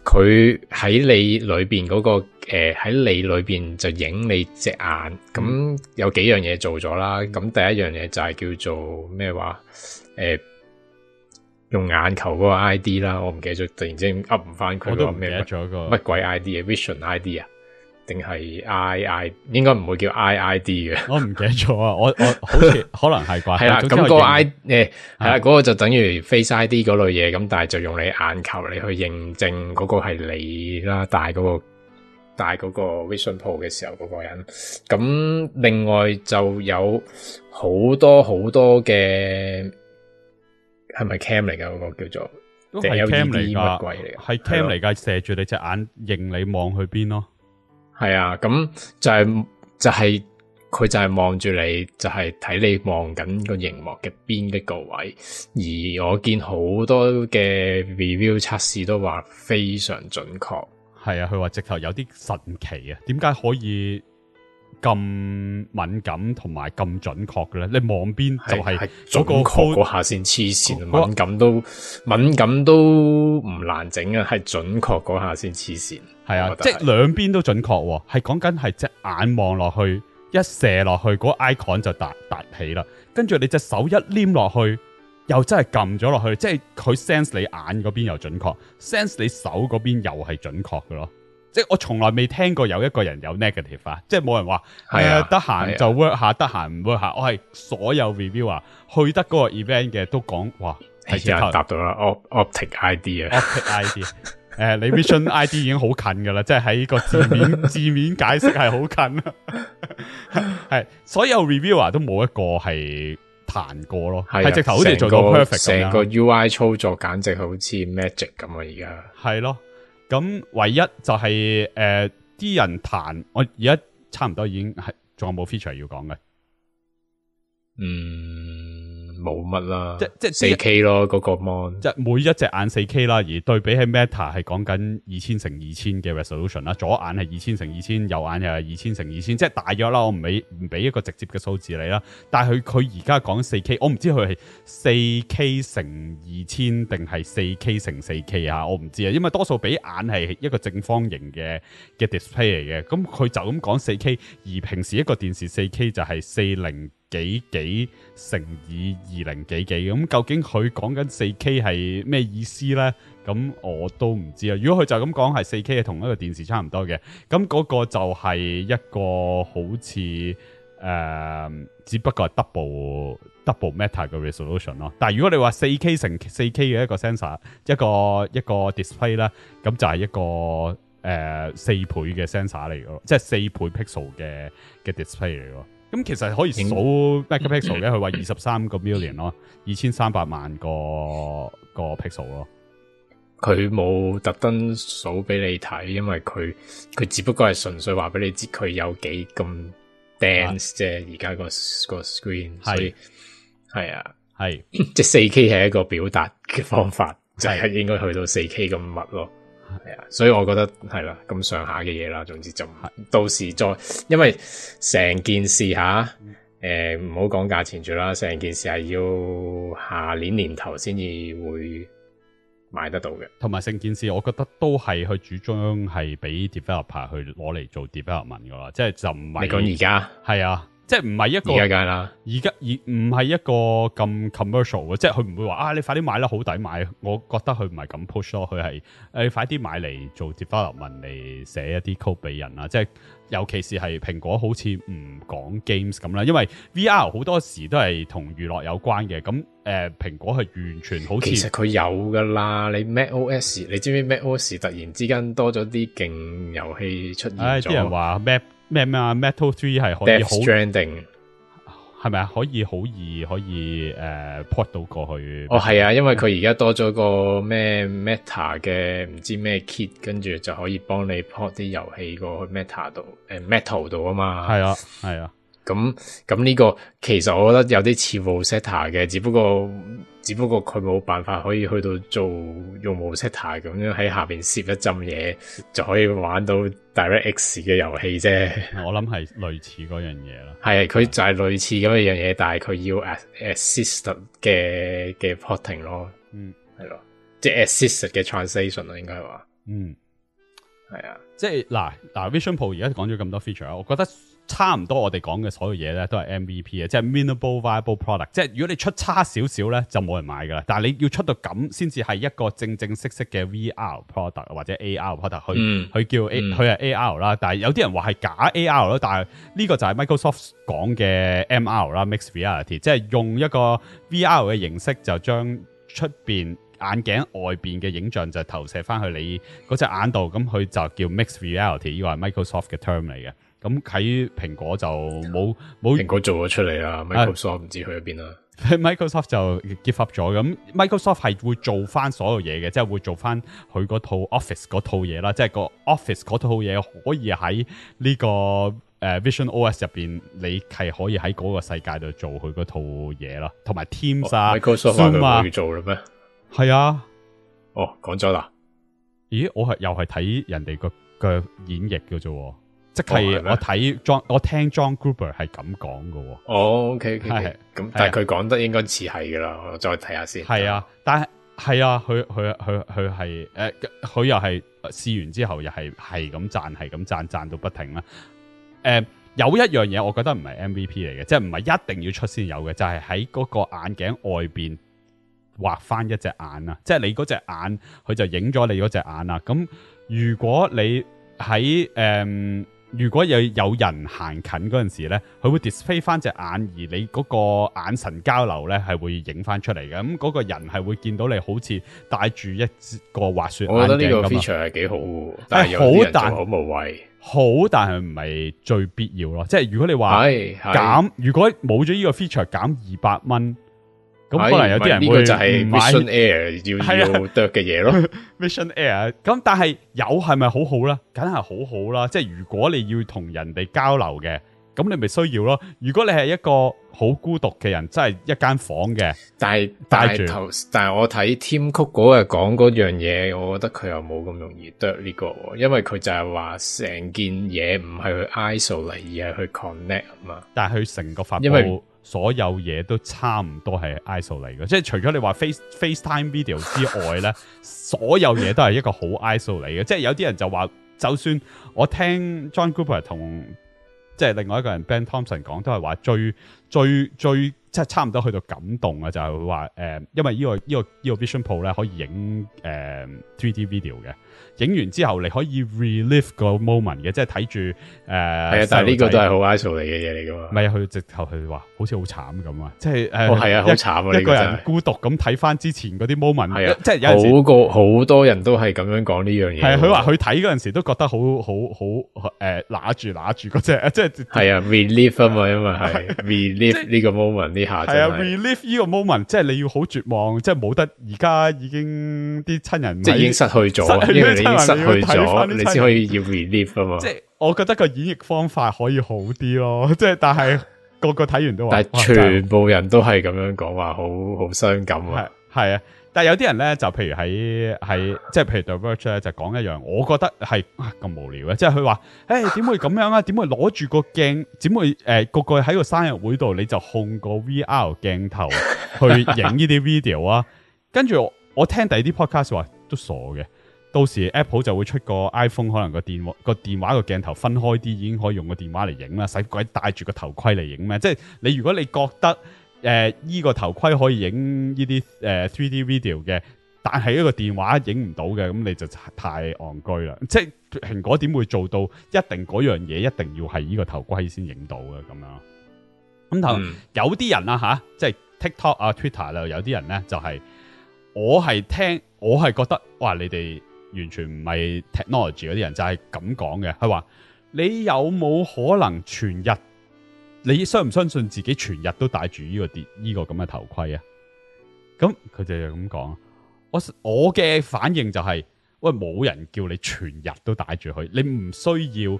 佢、呃、喺你裏邊嗰、那個誒，喺、呃、你裏邊就影你隻眼，咁有幾樣嘢做咗啦。咁第一樣嘢就係叫做咩話誒？呃用眼球嗰個 ID 啦，我唔記得咗，突然之間噏唔翻佢，我都唔記得咗，嗰個乜鬼 ID 啊，Vision ID 啊，定係 I I 應該唔會叫 I I D 嘅，我唔記得咗啊，我我好似 可能係是啩，係 啦，咁嗰個 I 誒係啦，嗰、嗰個嗰個就等於 Face ID 嗰類嘢，咁但係就用你眼球你去認證嗰個係你啦，戴嗰、嗰個戴嗰個 Vision Pro 嘅時候嗰個人，咁另外就有好多好多嘅。係咪 cam 嚟噶？嗰個叫做都係 cam 嚟嘅。係 cam 嚟噶，射住你隻眼，認你望去邊咯。係啊，咁就係、是、就係、是、佢就係望住你，就係、是、睇你望緊個熒幕嘅邊一個位。而我見好多嘅 review 測試都話非常準確。係啊，佢話直頭有啲神奇啊！點解可以？咁敏感同埋咁準確嘅咧？你望邊就係準確嗰下先黐線，敏感都敏感都唔難整啊！係準確嗰下先黐線，係啊！即係兩邊都準確，係講緊係隻眼望落去一射落去，嗰 icon 就凸凸起啦。跟住你隻手一黏落去，又真係撳咗落去，即係佢 sense 你眼嗰邊又準確，sense 你手嗰邊又係準確㗎咯。即係我從來未聽過有一個人有 negative 啊！即係冇人話，係啊，得、呃、閒就 work 下，得閒唔 work 下。我係所有 reviewer 去得嗰個 event 嘅都講，哇，係、哎、直頭答到啦！Optic ID 啊，Optic ID，誒，你 Vision ID 已經好近噶啦，即係喺個字面 字面解釋係好近啊。係 所 reviewer 有 reviewer 都冇一個係彈過咯，係、啊、直頭好似做到 perfect，成個，個，個 UI 操作簡直好似 magic 咁啊！而家係咯。咁唯一就係誒啲人彈，我而家差唔多已經係仲有冇 feature 要講嘅，嗯。冇乜啦，即即四 K 咯，嗰個 mon，即，即每一隻眼四 K 啦，而對比起 Meta 係講緊二千乘二千嘅 resolution 啦，左眼係二千乘二千，右眼又係二千乘二千，即係大約啦，我唔俾唔俾一個直接嘅數字你啦，但係佢佢而家講四 K，我唔知佢係四 K 乘二千定係四 K 乘四 K 啊，我唔知啊，因為多數俾眼係一個正方形嘅嘅 display 嚟嘅，咁佢就咁講四 K，而平時一個電視四 K 就係四零。幾幾乘以二零幾幾咁，究竟佢講緊四 K 係咩意思呢？咁我都唔知啊。如果佢就咁講係四 K 係同一個電視差唔多嘅，咁嗰個就係一個好似誒、呃，只不過係 double double matter 嘅 resolution 咯。但係如果你話四 K 乘四 K 嘅一個 sensor，一個一個 display 啦，咁就係一個誒四、呃、倍嘅 sensor 嚟咯，即係四倍 pixel 嘅嘅 display 嚟咯。咁其實可以數 megapixel 嘅，佢話二十三個 million 咯，二千三百萬個個 pixel 咯。佢冇特登數俾你睇，因為佢佢只不過係純粹話俾你知佢有幾咁 dense 啫。而家個個 screen。係係啊，係即係四 K 係一個表達嘅方法，哦、就係、是、應該去到四 K 咁密咯。係啊，所以我覺得係啦，咁上下嘅嘢啦，總之就唔係，到時再，因為成件事吓，誒唔好講價錢住啦，成件事係要下年年頭先至會買得到嘅，同埋成件事我覺得都係去主張係俾 developer 去攞嚟做 development 㗎啦，即係就唔係。你講而家係啊。即係唔係一個而家而唔係一個咁 commercial 嘅，即係佢唔會話啊，你快啲買啦，好抵買。我覺得佢唔係咁 push 咯，佢係誒快啲買嚟做 development 嚟寫一啲 code 俾人啊！即係尤其是係蘋果好似唔講 games 咁啦，因為 VR 好多時都係同娛樂有關嘅。咁誒，蘋、呃、果係完全好似其實佢有噶啦，你 MacOS 你知唔知 MacOS 突然之間多咗啲勁遊戲出現咗？啲、哎、人話 Mac。咩咩啊？Metal Three 係可以好定係咪啊？可以好易可以誒、uh, port 到過去？哦係啊，因為佢而家多咗個咩 Meta 嘅唔知咩 kit，跟住就可以幫你 port 啲遊戲過去 Meta 度、uh, 誒 Metal 度啊嘛。係啊係啊。咁咁呢個其實我覺得有啲似 Rosetta 嘅，只不過只不過佢冇辦法可以去到做用 Rosetta 咁樣喺下邊攝一浸嘢就可以玩到 DirectX 嘅遊戲啫。我諗係類似嗰樣嘢啦，係 佢就係類似咁樣樣嘢，但係佢要 assist 嘅嘅 porting 咯，嗯，係咯，即係 assist 嘅 translation 啊，應該係話嗯，係啊，即係嗱嗱 Vision Pro 而家講咗咁多 feature 我覺得。差唔多我哋講嘅所有嘢咧，都係 MVP 啊，即係 minimal viable product。即係如果你出差少少咧，就冇人買噶啦。但係你要出到咁先至係一個正正式式嘅 VR product 或者 AR product 佢、嗯、叫 A，佢係 AR 啦。但係有啲人話係假 AR 咯。但係呢個就係 Microsoft 講嘅 MR 啦，Mixed Reality，即係用一個 VR 嘅形式就將出邊眼鏡外邊嘅影像就投射翻去你嗰隻眼度，咁佢就叫 Mixed Reality，呢個係 Microsoft 嘅 term 嚟嘅。咁喺蘋果就冇冇蘋果做咗出嚟啊。Microsoft 唔知去咗邊啦。Microsoft 就 give up 咗，咁，Microsoft 係會做翻所有嘢嘅，即係會做翻佢嗰套 Office 嗰套嘢啦，即係個 Office 嗰套嘢可以喺呢、個誒、呃、VisionOS 入邊，你係可以喺嗰個世界度做佢嗰套嘢啦，同埋 Teams 啊 Microsoft 啊，要做啦咩？係啊，哦，講咗、啊啊哦、啦，咦，我係又係睇人哋個個演繹嘅啫。即係我睇 John、哦、我聽 John Gruber 係咁講嘅。哦，OK，OK、okay, okay. 咁但係佢講得應該似係噶啦。我再睇下先。係啊，但係係啊，佢佢佢佢係誒，佢又係試完之後又係係咁讚，係咁讚讚到不停啦。誒、呃，有一樣嘢，我覺得唔係 MVP 嚟嘅，即係唔係一定要出先有嘅，就係喺嗰個眼鏡外邊畫翻一隻眼啊！即係你嗰隻眼，佢就影、是、咗你嗰隻眼啦。咁如果你喺誒，呃如果有有人行近嗰陣時咧，佢會 display 翻隻眼，而你嗰個眼神交流咧係會影翻出嚟嘅。咁、那、嗰個人係會見到你好似戴住一個滑雪眼鏡咁啊！我覺得呢個 feature 係幾好，但係好無謂，好但係唔係最必要咯。即係如果你話減，如果冇咗呢個 feature 減二百蚊。咁、嗯哎、可能有啲人會，這個、就係 Mission Air 要要啄嘅嘢咯。 Mission Air，咁但係有係咪好好啦？梗係好好啦。即係如果你要同人哋交流嘅，咁你咪需要咯。如果你係一個好孤獨嘅人，即、就、係、是、一間房嘅，但係帶住。但係我睇 Tim Cook 嗰日講嗰樣嘢，我覺得佢又冇咁容易得呢個，因為佢就係話成件嘢唔係去 isolate，而係去 connect 啊嘛。但係佢成個發佈。所有嘢都差唔多係 isolate 嚟嘅，即係除咗你話 face FaceTime video 之外咧， 所有嘢都係一個好 isolate 嚟嘅。即係有啲人就話，就算我聽 John Cooper 同即係另外一個人 Ben Thompson 講，都係話最最最即係差唔多去到感動啊、就係！就係話因為呢、呢個呢、呢個呢、呢個 Vision Pro 咧可以影誒、呃、3D video 嘅。影完之後，你可以 relive 個 moment 嘅，即係睇住誒。係啊，但係呢個都係好 isolate 嚟嘅嘢嚟噶嘛。咪佢直頭佢話好似好慘咁啊！即係誒，係、哦、啊，好慘啊！一個人孤獨咁睇翻之前嗰啲 moment，係啊，即係有陣好多人都係咁樣講呢樣嘢。係啊，佢話佢睇嗰陣時候都覺得好好好誒揦住揦住嗰隻，即係係啊 relive 啊嘛， 因為係是 relive 呢 個 moment 呢、就是、下是。係啊，relive 呢個 moment，即係你要好絕望，即係冇得而家已經啲親人是即是已經失去咗。你失去咗，你先可以要 relive 啊嘛！即 係我覺得個演繹方法可以好啲咯，即係但係個個睇完都話，但係全部人都係咁樣講話，好好傷感啊！係啊，但係有啲人咧，就譬如喺喺即係譬如 The Verge 就講一樣，我覺得係咁無聊嘅，即係佢話誒點會咁樣啊？點 會攞住個鏡？點會誒、呃、個個喺個生日會度，你就控個 V R 鏡頭去影呢啲 video 啊？ 跟住我我聽第二啲 podcast 話都傻嘅。到時 Apple 就會出個 iPhone，可能個電個電話個鏡頭分開啲，已經可以用個電話嚟影啦。使鬼戴住個頭盔嚟影咩？即係你如果你覺得誒依、呃呢個頭盔可以影呢啲3 three D video 嘅，但係呢個電話影唔到嘅，咁你就太戇居啦。即係蘋果點會做到一定嗰樣嘢一定要係依個頭盔先影到嘅咁樣？咁、嗯、有啲人啊，吓，即係 TikTok 啊 Twitter 有啲人呢就係、是、我係聽，我係覺得哇，你哋。完全唔係 technology 嗰啲人，就係咁講嘅。佢話，你有冇可能全日？你相唔相信自己全日都戴住呢個跌呢個咁嘅頭盔啊？咁佢就咁講。我我嘅反應就係喂，冇人叫你全日都戴住佢，你唔需要。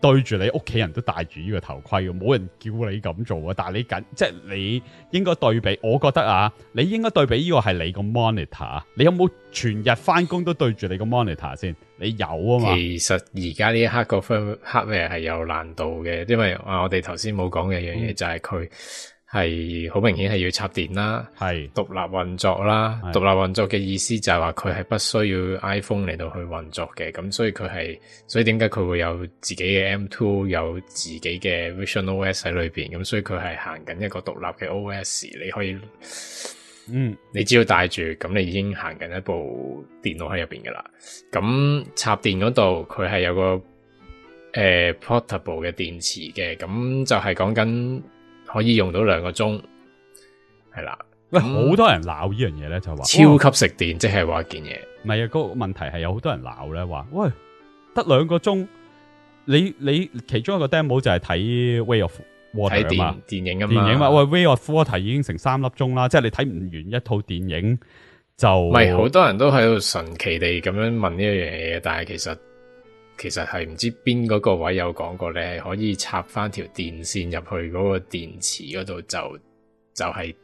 對住你屋企人都戴住呢個頭盔，冇人叫你咁做啊！但係你緊，即係你應該對比，我覺得啊，你應該對比呢個係你個 monitor 啊！你有冇全日翻工都對住你個 monitor 先？你有啊嘛？其實而家呢一刻個 hardware 係有難度嘅，因為啊，我哋頭先冇講嘅一樣嘢，就係佢。係好明顯係要插電啦，係獨立運作啦。獨立運作嘅意思就係話佢係不需要 iPhone 嚟到去運作嘅，咁所以佢係所以點解佢會有自己嘅 M2 有自己嘅 VisionOS 喺裏邊，咁所以佢係行緊一個獨立嘅 OS，你可以，嗯，你只要帶住，咁你已經行緊一部電腦喺入邊噶啦。咁插電嗰度佢係有個誒、呃、Portable 嘅電池嘅，咁就係講緊。可以用到兩個鐘，係啦。喂，好、嗯、多人鬧呢樣嘢咧，就話超級食電，即係話件嘢。唔係啊，個問題係有好多人鬧咧，話喂得兩個鐘，你你其中一個 demo 就係睇《Way of Water》嘛電，電影啊嘛，電影嘛、啊。喂，《Way of Water》已經成三粒鐘啦、啊，即係你睇唔完一套電影就。唔係，好多人都喺度神奇地咁樣問呢樣嘢，但係其實。其實係唔知邊嗰個位有講過咧，可以插翻條電線入去嗰個電池嗰度，就就是、係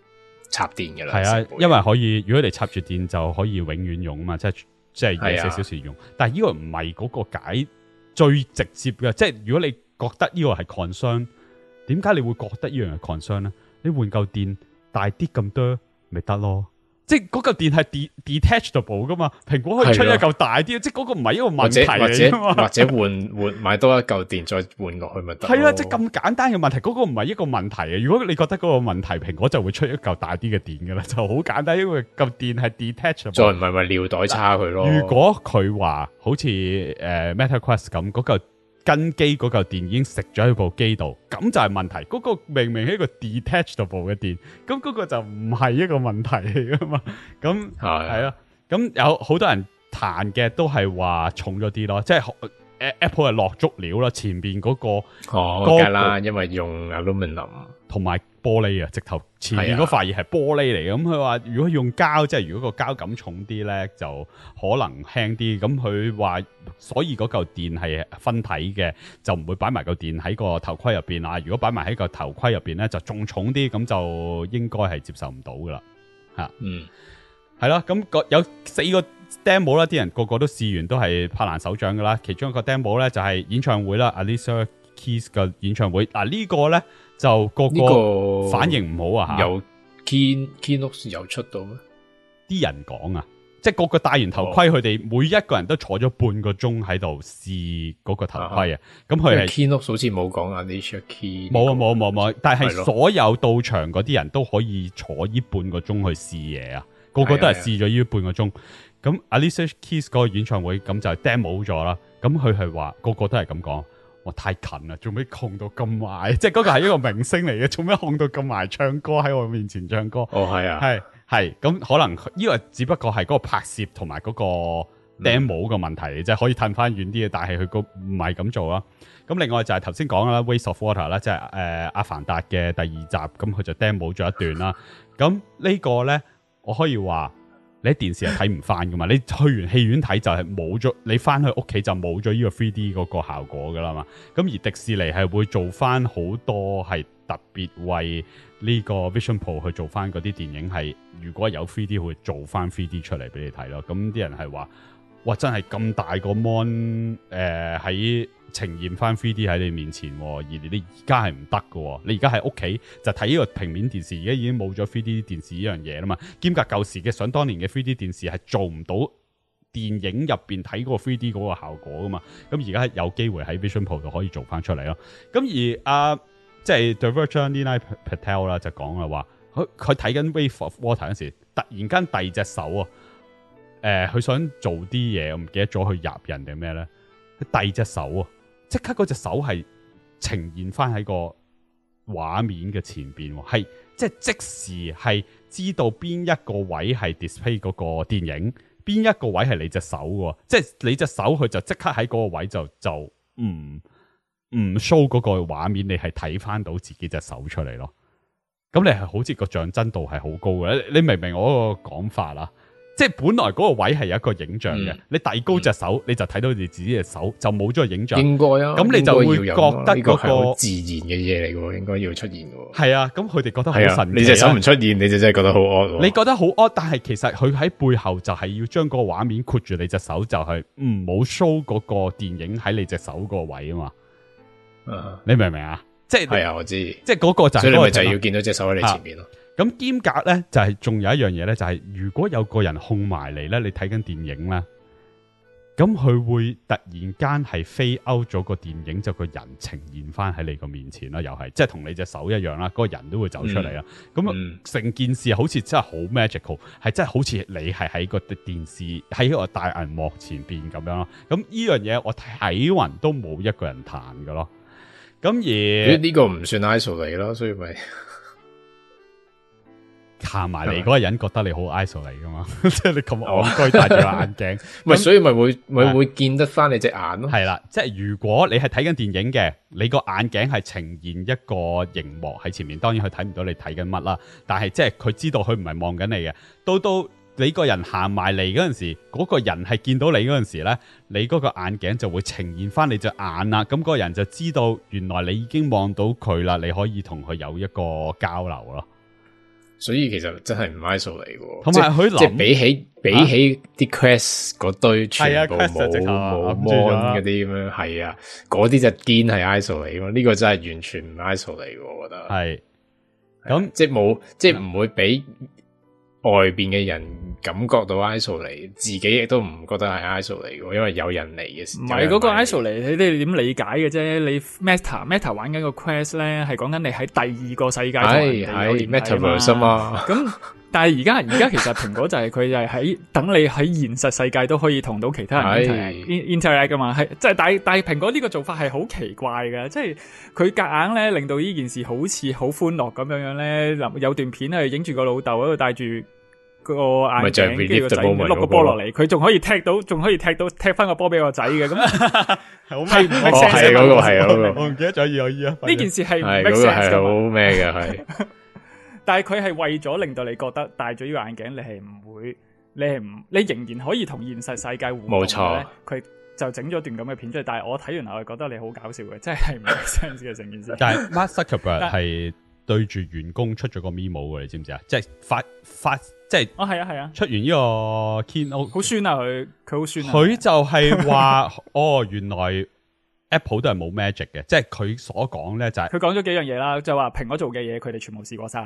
插電噶啦。係啊，因為可以，如果你插住電，就可以永遠用啊嘛，即係即係廿四小時用。啊、但係呢個唔係嗰個解最直接嘅，即係如果你覺得呢個是係 concern，點解你會覺得這個是呢樣係 concern 咧？你換夠電大啲咁多，咪得咯。即係嗰嚿電係 detachable 噶嘛蘋果可以出一嚿大啲，即係嗰個唔係一個問題，或者或者換換買多一嚿電再換落去咪得係啦，即係咁簡單嘅問題，嗰個唔係一個問題啊！如果你覺得嗰個問題，蘋果就會出一嚿大啲嘅電噶啦，就好簡單，因為嚿電係 detachable，再唔係咪尿袋叉佢咯？如果佢話好似誒 Meta Quest 咁嗰嚿。那個根基嗰嚿電已經食咗喺部機度，咁就係問題。嗰、那個明明係一個 detachable 嘅電，咁、那、嗰個就唔係一個問題啊嘛。咁係啊，咁有好多人彈嘅都係話重咗啲咯，即係 Apple 係落足料啦。前面嗰個哦，梗啦，因為用 aluminium 同埋，玻璃啊！直頭前面如果發現係玻璃嚟，咁佢話如果用膠，即係如果個膠感重啲呢，就可能輕啲。咁佢話所以嗰嚿電係分體嘅，就唔會擺埋嚿電喺個頭盔入邊啊。如果擺埋喺個頭盔入邊呢，就仲重啲，咁就應該係接受唔到噶啦。吓、啊，嗯、啊，係、那、啦、個。咁有四個 demo 啦，啲人個個都試完，都係拍爛手掌噶啦。其中一個 demo 呢，就係、是、演唱會啦，Alicia Keys 嘅演唱會。嗱、啊、呢、這個呢。就個個反應唔好啊！吓、這個啊，有 Key, Keynote 有出到咩？啲人講啊，即係個個戴完頭盔，佢、哦、哋每一個人都坐咗半個鐘喺度試嗰個頭盔啊，啊。咁佢係 Keynote 好似冇講啊，呢出 Keynote 冇啊冇冇冇，但係所有到場嗰啲人都可以坐呢半個鐘去試嘢啊。個個都係試咗呢半個鐘。咁 Alicia Keys 嗰個演唱會咁就 demo 咗啦。咁佢係話個個都係咁講。哇太近啦，做咩控到咁埋？ 即係嗰、嗰個係一個明星嚟嘅，做咩控到咁埋？唱歌喺我面前唱歌。哦，係啊，係係咁，可能呢個只不過係嗰個拍攝同埋嗰個 demo 嘅問題嚟啫，嗯就是、可以褪翻遠啲嘅。但係佢個唔係咁做啦。咁另外就係頭先講啦，Waste of Water 啦、就是，即係誒阿凡達嘅第二集，咁佢就 demo 咗一段啦。咁呢個咧，我可以話。你電視係睇唔翻噶嘛？你去完戲院睇就係冇咗，你翻去屋企就冇咗呢個 three D 嗰個效果噶啦嘛。咁而迪士尼係會做翻好多係特別為呢個 Vision Pro 去做翻嗰啲電影係，係如果有 three D 會做翻 three D 出嚟俾你睇咯。咁啲人係話。哇！真係咁大個 mon，誒喺呈現翻 3D 喺你面前、啊，而你而家係唔得喎。你而、啊、家喺屋企就睇呢個平面電視，而家已經冇咗 3D 電視呢樣嘢啦嘛。兼隔舊時嘅，想當年嘅 3D 電視係做唔到電影入面睇嗰個 3D 嗰個效果噶嘛。咁而家係有機會喺 Vision Pro 度可以做翻出嚟咯、啊。咁而阿即係 The Verge's Nilay Patel 啦，就講啊話佢佢睇緊 Wave of Water 嗰時，突然間第二隻手啊！誒、呃，佢想做啲嘢，我唔記得咗佢入人定咩咧？佢第二隻手啊，即刻嗰隻手係呈現翻喺個畫面嘅前邊，係即係即時係知道邊一個位係 display 嗰個電影，邊一個位係你隻手喎。即係你隻手佢就即刻喺嗰個位就就唔唔 show 嗰個畫面，你係睇翻到自己隻手出嚟咯。咁你係好似個像真度係好高嘅，你明唔明我個講法啦即係本來嗰個位係有一個影像嘅、嗯，你遞高隻手、嗯，你就睇到你自己隻手就冇咗個影像。應該啊，咁你就會覺得嗰、那個、啊這個、自然嘅嘢嚟喎，應該要出現嘅。係啊，咁佢哋覺得好神、啊。你隻手唔出現，你就真係覺得好 odd、啊、你覺得好 odd 但係其實佢喺背後就係要將個畫面括住你隻手，就係唔好 show 嗰個電影喺你隻手個位嘛啊嘛。你明唔明啊？即係係啊，我知。即係嗰個就、那個，所以你咪就要見到隻手喺你前面咯。啊咁兼隔呢，就係、是、仲有一樣嘢呢。就係、是、如果有個人控埋嚟呢，你睇緊電影呢，咁佢會突然間係 fade out 咗個電影，就個人呈現翻喺你個面前啦，又係即係同你隻手一樣啦，嗰、那個人都會走出嚟啦。咁、嗯、啊，成件事好似真係、嗯、好 magical，係真係好似你係喺個電視喺個大銀幕前邊咁樣咯。咁呢樣嘢我睇完都冇一個人彈㗎咯。咁而呢、這個唔算 isolated 囉，咯，所以咪。行埋嚟嗰個人覺得你好 isol 嚟噶嘛，即係 你咁戇居戴住眼鏡，唔 係所以咪會咪會見得翻你隻眼咯。係啦，即係如果你係睇緊電影嘅，你個眼鏡係呈現一個熒幕喺前面，當然佢睇唔到你睇緊乜啦。但係即係佢知道佢唔係望緊你嘅。到到你個人行埋嚟嗰陣時，嗰、那個人係見到你嗰陣時咧，你嗰個眼鏡就會呈現翻你隻眼啦。咁、那、嗰個人就知道原來你已經望到佢啦，你可以同佢有一個交流咯。所以其實真係唔 isol 嚟噶，即係比起比起啲 Quest 嗰堆，全部冇冇 mon 嗰啲咁樣，係啊，嗰啲就堅係 isol 嚟噶嘛，呢、這個真係完全唔 isol 嚟噶，我覺得係，咁、啊、即係冇即係唔會俾。嗯外邊嘅人感覺到 isol 嚟，自己亦都唔覺得係 isol 嚟嘅，因為有人嚟嘅時，唔係嗰個 isol 嚟，你哋點理解嘅啫？你 Meta Meta 玩緊個 Quest 咧，係講緊你喺第二個世界同人哋攞 Meta 嘛。咁、啊，但係而家而家其實蘋果就係佢係喺等你喺現實世界都可以同到其他人 interact 噶 In，嘛。即係但係但係蘋果呢個做法係好奇怪嘅，即係佢夾硬咧令到呢件事好似好歡樂咁樣樣咧。有段片係影住個老豆喺度帶住，個眼鏡，跟住個仔碌個波落嚟，佢仲可以踢到，仲可以踢到，踢翻個波俾個仔嘅咁，係唔 make sense 嘅咁。係嗰個係啊，我唔記得咗，依啊依啊，呢件事係唔 make sense 嘅。好咩嘅係？但係佢係為咗令到你覺得戴咗依個眼鏡，你係唔會，你係唔，你仍然可以同現實世界互動。冇錯。佢就整咗段咁嘅片出嚟，但係我睇完後，我覺得你好搞笑嘅，真係唔 make sense 嘅成件事。但係 Mark Zuckerberg 係對住員工出咗個 memo 嘅，你知唔知啊？即係發發。即係哦，係啊，係啊，出完呢個 k 好酸啊佢，佢好酸啊。佢、啊、就係話 哦，原來 Apple 都係冇 magic 嘅，即係佢所講咧就係、是。佢講咗幾樣嘢啦，就係話蘋果做嘅嘢佢哋全部試過晒，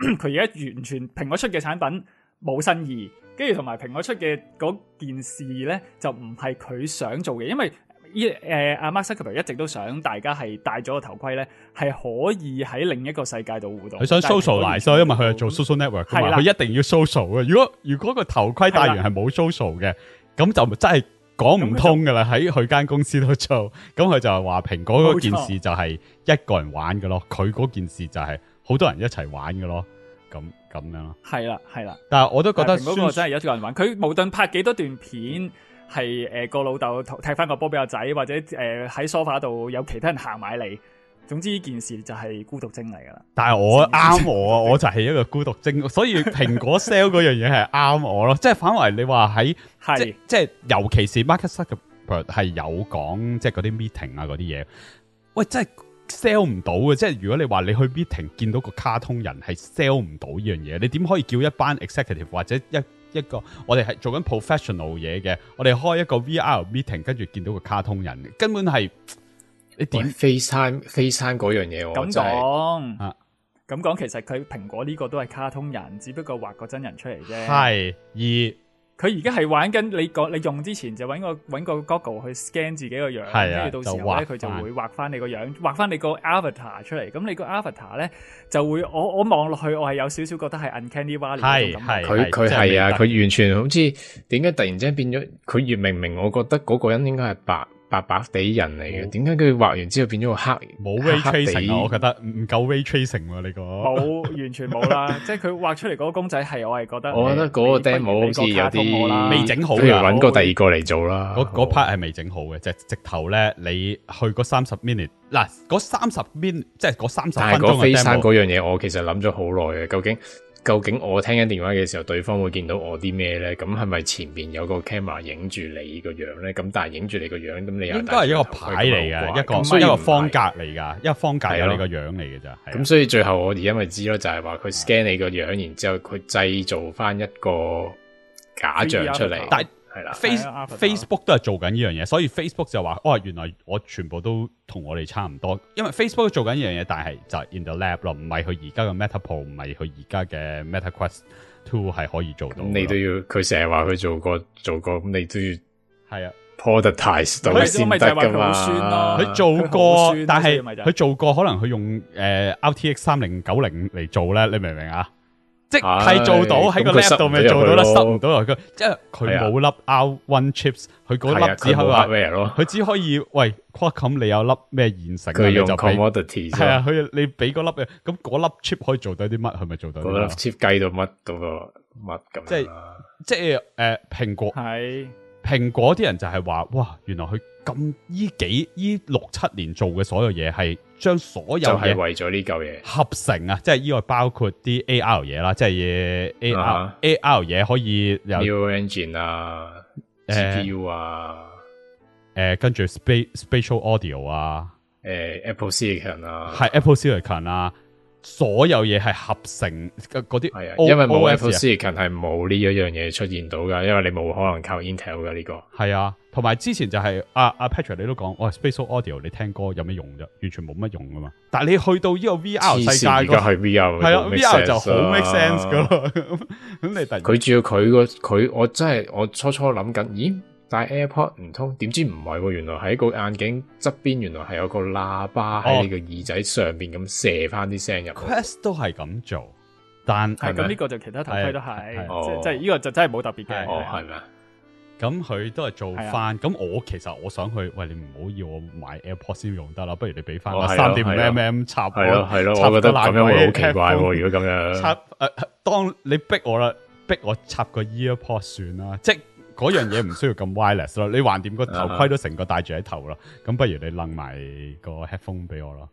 佢而家完全蘋果出嘅產品冇新意，跟住同埋蘋果出嘅嗰件事咧就唔係佢想做嘅，因為。依、嗯、誒，阿 Mark 一直都想大家係戴咗個頭盔咧，係可以喺另一個世界度互動。佢想 social 嚟，所以因為佢係做 social network，佢一定要 social 嘅。如果如果個頭盔戴完係冇 social 嘅，咁就真係講唔通噶啦。喺佢間公司度做，咁佢就係話蘋果嗰件事就係一個人玩㗎咯，佢嗰件事就係好多人一齊玩㗎咯，咁咁樣咯。係啦，係啦。但我都覺得如果真係一個人玩，佢無論拍幾多段片。嗯係誒、呃、個老豆踢翻個波俾個仔，或者誒喺梳化度有其他人行埋嚟。總之呢件事就係孤獨症嚟噶啦。但係我啱我、啊，我就係一個孤獨症， 所以蘋果 sell 嗰樣嘢係啱我咯、啊。 即係反為你話喺即係即係，尤其是 Mark Zuckerberg 係有講即係嗰啲 meeting 啊嗰啲嘢。喂，真係 sell 唔到嘅。即係如果你話你去 meeting 見到個卡通人係 sell 唔到呢樣嘢，你點可以叫一班 executive 或者一？一個，我哋係做緊 professional 嘢嘅，我哋開一個 VR meeting，跟住見到一個卡通人，根本係你點 FaceTime FaceTime 嗰樣嘢？我咁講啊，咁講，其實佢蘋果呢個都係卡通人，只不過畫個真人出嚟啫。係二。而佢而家係玩緊，你你用之前就搵個揾個 Goggle 去 scan 自己個樣，跟住到時候咧佢就，就會畫翻你個樣，畫翻你個 avatar 出嚟。咁你個 avatar 咧就會，我我望落去我係有少少覺得係 uncanny valley 咁，佢佢係啊，佢完全好似點解突然之間變咗？佢越明明，我覺得嗰個人應該係白。白白地人嚟嘅，點解佢畫完之後變咗個黑？冇 ray tracing、啊、我覺得唔夠 ray tracing、啊。你講冇，完全冇啦。 即係佢畫出嚟嗰個公仔係，我係覺得。我覺得嗰個 demo 通啦有好似有啲未整好啊，不如揾個第二個嚟做啦。嗰 part 係未整好嘅。即係直頭咧，你去嗰三十 minute 嗱，嗰三十 min 即係嗰三十分鐘嘅 demo。但係嗰飛山嗰樣嘢，我其實諗咗好耐嘅，究竟。究竟我聽緊電話嘅時候，對方會見到我啲咩咧？咁係咪前面有個 camera 影住你個樣咧？咁但係影住你個樣，咁你又應該係一個牌嚟噶，一個一個方格嚟噶，一個方格有你個樣嚟嘅咋？咁所以最後我哋因為知咯，就係話佢 scan 你個樣，然之後佢製造翻一個假象出嚟。Face Facebook 都係做緊呢樣嘢，所以 Facebook 就話，哇、哦，原來我全部都同我哋差唔多，因為 Facebook 做緊呢樣嘢，但係就係 in the lab 咯，唔係佢而家嘅 Meta Pro，o 唔係佢而家嘅 Meta Quest Two 係可以做到的。你都要佢成日話佢做過做過，咁你都要係啊，productize 咁先得噶嘛？佢做過，他啊、但係佢、就是、做過，可能佢用誒 RTX 三零九零嚟做咧，你明唔明啊？即係做到喺、哎、個 level 度咪做到啦，塞唔到嚟佢，即係佢冇粒 R1 chips，佢嗰粒只可以話，佢、啊、只可以喂 confirm 你有粒咩現成，佢用 commodity 係啊，佢、啊、你俾嗰粒嘅，咁嗰粒 chip 可以做到啲乜？係咪做到、這個？啲、那個？粒 chip 計到乜咁乜咁？即係即係誒，蘋、就是呃、果係蘋果啲人就係話，哇，原來佢咁依幾依六七年做嘅所有嘢係。將所有嘢為咗呢嚿嘢合成、就是是就是、AR，啊，即係呢個包括啲 AR 嘢啦，即係嘢 AR AR 嘢可以有 new engine 啊，GPU、呃、啊，誒、呃，跟住 spatial audio 啊，誒、呃、Apple Silicon 啊，係 Apple Silicon 啊，所有嘢係合成啲，係啊，因為冇 Apple Silicon 有，係冇呢一樣嘢出現到噶，因為你冇可能靠 Intel 噶呢、這個，係啊。同埋之前就係阿阿 Patrick 你都講，我、哦、係 Spatial Audio 你聽歌有咩用啫？完全冇乜用噶嘛！但你去到呢個 VR 世界，而家係 VR，係啊，VR 就好 make sense 噶、啊、喇。咁你突然佢照要佢個佢，我真係我初初諗緊，咦？戴 AirPod 唔通？點知唔係喎？原來喺個眼鏡側邊，原來係有個喇叭喺你個耳仔上面咁、哦、射翻啲聲入。Quest 都係咁做，但係咁呢個就其他頭盔都係，即係係呢個就真係冇特別嘅。哦。咁佢都係做翻，咁、啊、我其實我想去，餵你唔好要我買 AirPods 先用得啦，不如你俾翻我三點五 mm 插嗰、啊啊、插個頭盔 headphone 如果咁樣插，誒、啊，當你逼我啦，逼我插個 earpod 算啦， 即係嗰樣嘢唔需要咁 wireless 咯， 你橫掂個頭盔都成個戴住喺頭啦，咁 不如你攬埋個 headphone 俾我啦，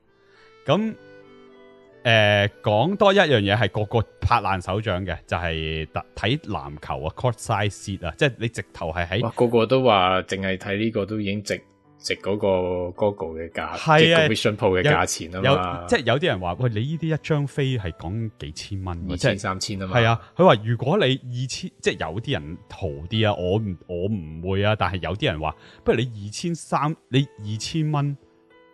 咁。誒、呃，講多一樣嘢係個個拍爛手掌嘅，就係睇籃球啊，court size seat 啊，即係你直頭係喺個個都話淨係睇呢個都已經值值嗰、那個 Google 嘅價，值個 Vision Pro 嘅價錢啊嘛。有有即係有啲人話喂，你呢啲一張飛係講幾千蚊，二千、三千啊嘛。係啊，佢話如果你二千，即係有啲人淘啲啊，我我唔會啊，但係有啲人話，不如你二千三，你二千蚊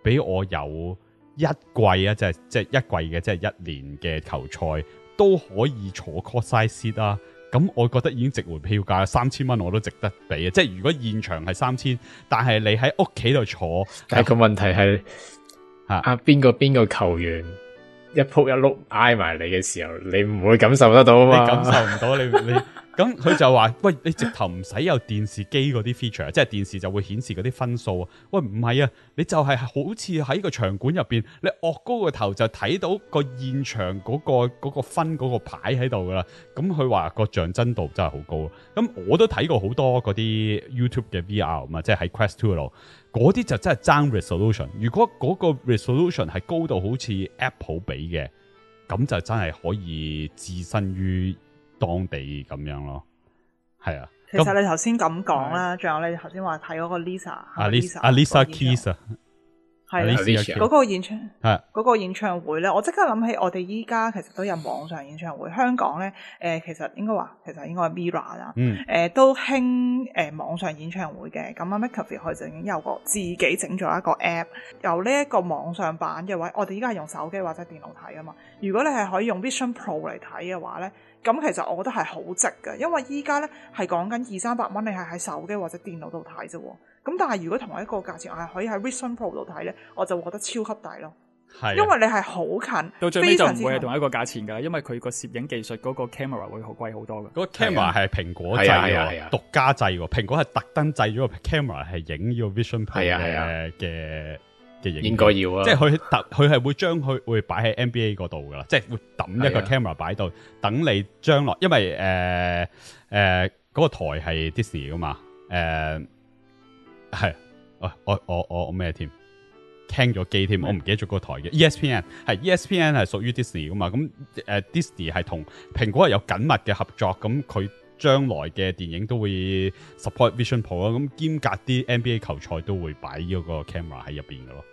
俾我有。一季啊，即係即係一季嘅，即係一年嘅球賽都可以坐 courtside seat 啦。咁我覺得已經值回票價，三千蚊我都值得俾啊！即係如果現場係三千，但係你喺屋企度坐，但係個問題係吓啊邊、啊、個邊個球員一撲一碌挨埋你嘅時候，你唔會感受得到嘛、啊？你感受唔到你你。 咁佢就話，喂，你直頭唔使有電視機嗰啲 feature，即係電視就會顯示嗰啲分數啊？喂，唔係啊，你就係好似喺個場館入邊，你惡高個頭就睇到個現場嗰個嗰個分嗰個牌喺度噶啦。咁佢話個像真度真係好高。咁我都睇過好多嗰啲 YouTube 嘅 VR 啊，即係喺 Quest Two 度，嗰啲就真係爭 resolution。如果嗰個 resolution 係高到好似 Apple 比嘅，咁就真係可以置身於。當地咁樣咯，係啊。其實你頭先咁講啦，仲、啊、有你頭先話睇嗰個 Lisa，阿 Lisa，係啊，嗰個演出，嗰、啊個，那個演唱會咧，我即刻諗起我哋依家其實都有網上演唱會。香港咧，誒、呃，其實應該話，其實應該係 Mirror 啦，誒、呃，都興誒、呃、網上演唱會嘅。咁阿 MakerVille 佢就已經有個自己整咗一個 App，由呢一個網上版嘅話，我哋依家係用手機或者電腦睇啊嘛。如果你係可以用 Vision Pro 嚟睇嘅話咧。咁其實我覺得係好值㗎，因為依家咧係講緊二三百蚊，你係喺手機或者電腦度睇啫喎。咁但係如果同一個價錢，我係可以喺 Vision Pro 度睇咧，我就覺得超級大咯。係、啊，因為你係好近。到最尾就唔會係同一個價錢噶，因為佢個攝影技術嗰個 camera 會好貴好多㗎！嗰、啊嗰個 camera 係蘋果製啊，啊，啊，獨家製喎。蘋果係特登製咗個 camera 係影呢個 Vision Pro 嘅。應該要啊！即係佢特佢係會將佢會擺喺 NBA 嗰度噶啦， 即係會抌一個 camera 擺到等你將來，因為誒誒嗰個台係 Disney 噶嘛，誒、呃、係，我我我我咩添？聽咗機添，我唔記得咗個台嘅 ESPN 係 ESPN 係屬於 Disney 噶嘛？咁誒、呃、Disney 係同蘋果係有緊密嘅合作，咁佢將來嘅電影都會 support Vision Pro 啦，咁兼夾啲 NBA 球賽都會擺咗個 camera 喺入邊噶咯。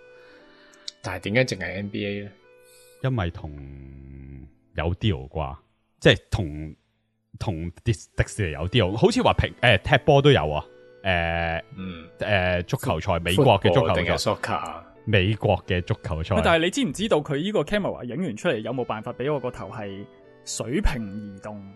但係點解淨係 NBA 咧？因為同有 deal 啩，即係同同迪迪士尼有 deal，好似話平誒、呃、踢波都有啊！誒、呃，嗯，誒、呃、足球賽美國嘅足球嘅 soccer，、嗯、美國嘅足球賽。但係你知唔知道佢呢個 camera 影完出嚟有冇辦法俾我個頭係水平移動？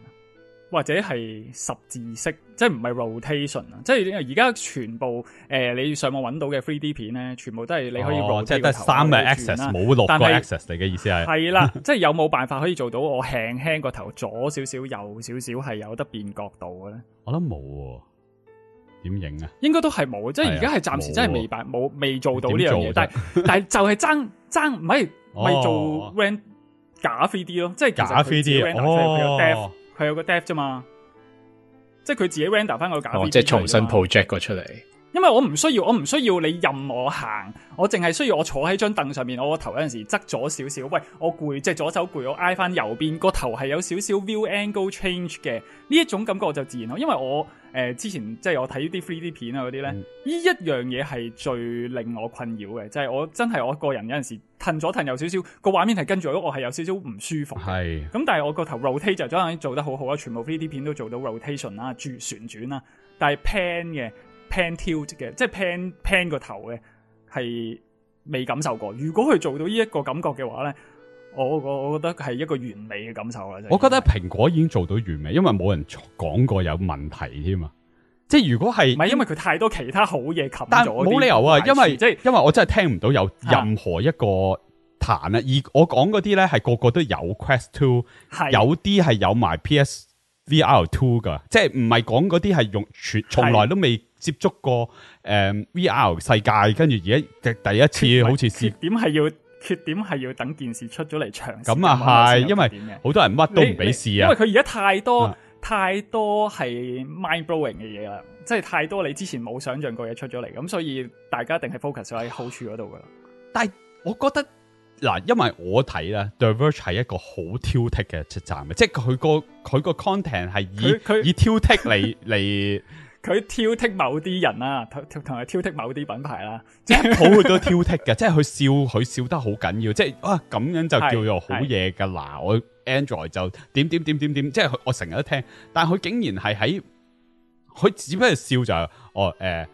或者係十字式，即係唔係 rotation 啊？即係而家全部、呃、你上網揾到嘅 3D 片咧，全部都係你可以。哦，即係得三個 access，冇六個 access。你嘅意思係係啦，即有冇辦法可以做到我輕輕個頭左少少、右少少係有得變角度嘅咧？我諗冇喎，點影啊？應該都係冇，即係而家係暫時真係未辦，冇未做到做呢樣嘢。但係 但係就係爭爭唔係咪做 render 假 3D 咯？即係假 3D、哦佢有個 depth 啫嘛，即係佢自己 render 翻個假 depth、哦，即係重新 project 個出嚟。哦因為我唔需要，我唔需要你任我行，我淨係需要我坐喺張凳上面。我個頭有陣時側咗少少，喂，我攰，即係左手攰，我挨翻右邊，個頭係有少少 view angle change 嘅呢一種感覺就自然咯。因為我誒之前即係我睇啲 three D 片啊嗰啲咧，呢、嗯、一樣嘢係最令我困擾嘅，即係我真係我個人有陣時騰咗騰右少少，個畫面係跟住我，我係有少少唔舒服。咁，但係我個頭 rotate 就真做得好好啊，全部 three D 片都做到 rotation 啦，轉旋轉啦，但係 pan 嘅。Pan tilt 嘅，即、就、係、是、pan pan 個頭嘅係未感受過。如果佢做到呢一個感覺嘅話咧，我我我覺得係一個完美嘅感受啦、就是。我覺得蘋果已經做到完美，因為冇人講過有問題添啊。即係如果係唔係因為佢太多其他好嘢及咗，冇理由啊。因為即係因為我真係聽唔到有任何一個彈啊，而我講嗰啲咧，係個個都有 Quest Two，有啲係有埋 PS VR Two 㗎，即係唔係講嗰啲係用，從從來都未接觸過誒 VR 世界，跟住而家第第一次好似試，缺點係要缺點係要等件事出咗嚟長。咁啊嚇，係因為好多人乜都唔俾試啊。因為佢而家太多太多係 mind blowing 嘅嘢啦，即係太多你之前冇想象過嘢出咗嚟，咁所以大家一定係 focus 喺好處嗰度噶啦。但係我覺得嗱，因為我睇咧，The Verge 係一個好挑剔嘅出站嘅，即係佢個佢個 content 係以以挑剔嚟嚟。佢挑剔某啲人啦、啊，同同埋挑剔某啲品牌啦、啊，即係好好多挑剔嘅， 即係佢笑佢笑得好緊要，即係啊咁樣就叫做好嘢噶啦，我 Android 就點點點點點，即係我成日都聽，但係佢竟然係喺佢只不過笑就係、哦誒誒、呃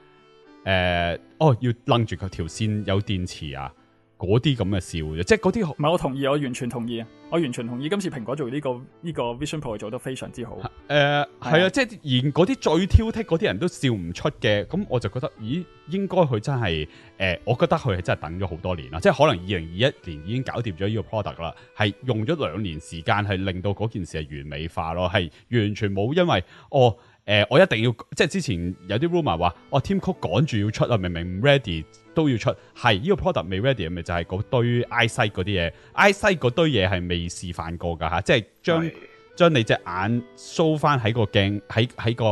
呃、哦要楞住佢條線有電池啊。嗰啲咁嘅笑嘅即係嗰啲唔係，我同意，我完全同意啊！我完全同意今次蘋果做呢、呢個呢、呢個 Vision Pro 做得非常之好。誒、呃，係啊，即係連嗰啲最挑剔嗰啲人都笑唔出嘅，咁我就覺得，咦，應該佢真係誒、呃，我覺得佢係真係等咗好多年啦，即係可能二零二一年已經搞掂咗呢個 product 啦，係用咗兩年時間係令到嗰件事係完美化咯，係完全冇因為哦誒、呃，我一定要即係之前有啲 rumor 話，我、哦、Tim Cook 趕住要出啊，明明唔 ready。都要出，係呢、這個 product 未 ready 咪就係、是、嗰堆 EyeSight 嗰啲嘢 EyeSight 嗰堆嘢係未示範過噶吓，即係將將你隻眼 show 翻喺個鏡喺喺個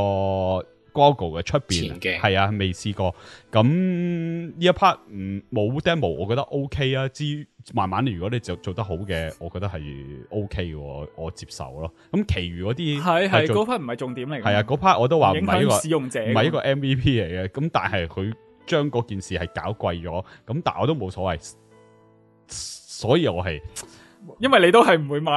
goggle 嘅出邊，係啊未試過。咁呢一 part 唔冇 demo，我覺得 O、OK、K 啊。至於慢慢，如果你就做，做得好嘅，我覺得係 O K 嘅，我接受咯。咁其餘嗰啲係係嗰 part 唔係重點嚟，嘅、啊。係啊嗰 part 我都話唔係呢個使用者，唔係呢個 M V P 嚟嘅。咁但係佢。將嗰件事係搞貴咗，咁但我都冇所謂，所以我係，因為你都係唔會買，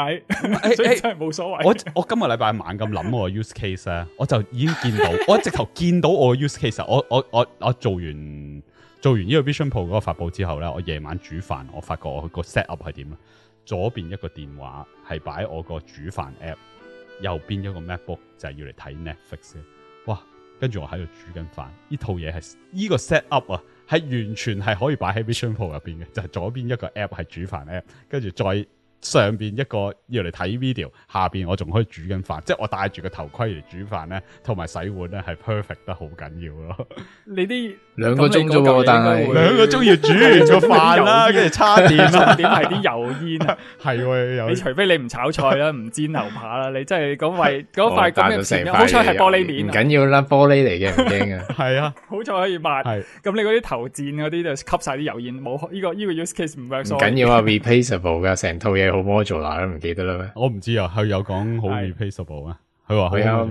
欸、 所以真係冇所謂。我今我今日禮拜晚咁諗我 use case 咧， 我就已經見到，我直頭見到我 use case 我。我我我我做完做完呢個 vision 鋪嗰個發布之後咧，我夜晚煮飯，我發覺我個 set up 係點？左邊一個電話係擺我個煮飯 app，右邊一個 macbook 就係要嚟睇 netflix 跟住我喺度煮緊飯，呢套嘢係呢個 set up 啊，係完全係可以擺喺 Vision Pro 入邊嘅，就係、係、左邊一個 app 係煮飯 app，跟住再。上面一個要嚟睇 video，下面我仲可以煮緊飯，即係我戴住個頭盔嚟煮飯咧，同埋洗碗咧係 perfect 得好緊要咯。你啲兩個鐘啫喎，但係兩個鐘要煮完個飯啦，跟住叉電啦，點係啲油煙？係喎 油煙 你除非你唔炒菜啦，唔煎牛扒啦， 你真係的嗰 那塊嗰 塊咁好彩係玻璃面，唔緊要啦，玻璃嚟嘅唔驚嘅。係 是啊， 好彩可以抹。咁你嗰啲頭漸嗰啲就吸晒啲油煙，冇呢、這個呢、這個 use case 唔 work。唔緊要 啊 replaceable 嘅成套嘢。有 modular 唔記得啦咩？我唔知啊，佢有講好 replaceable 咩？佢話係啊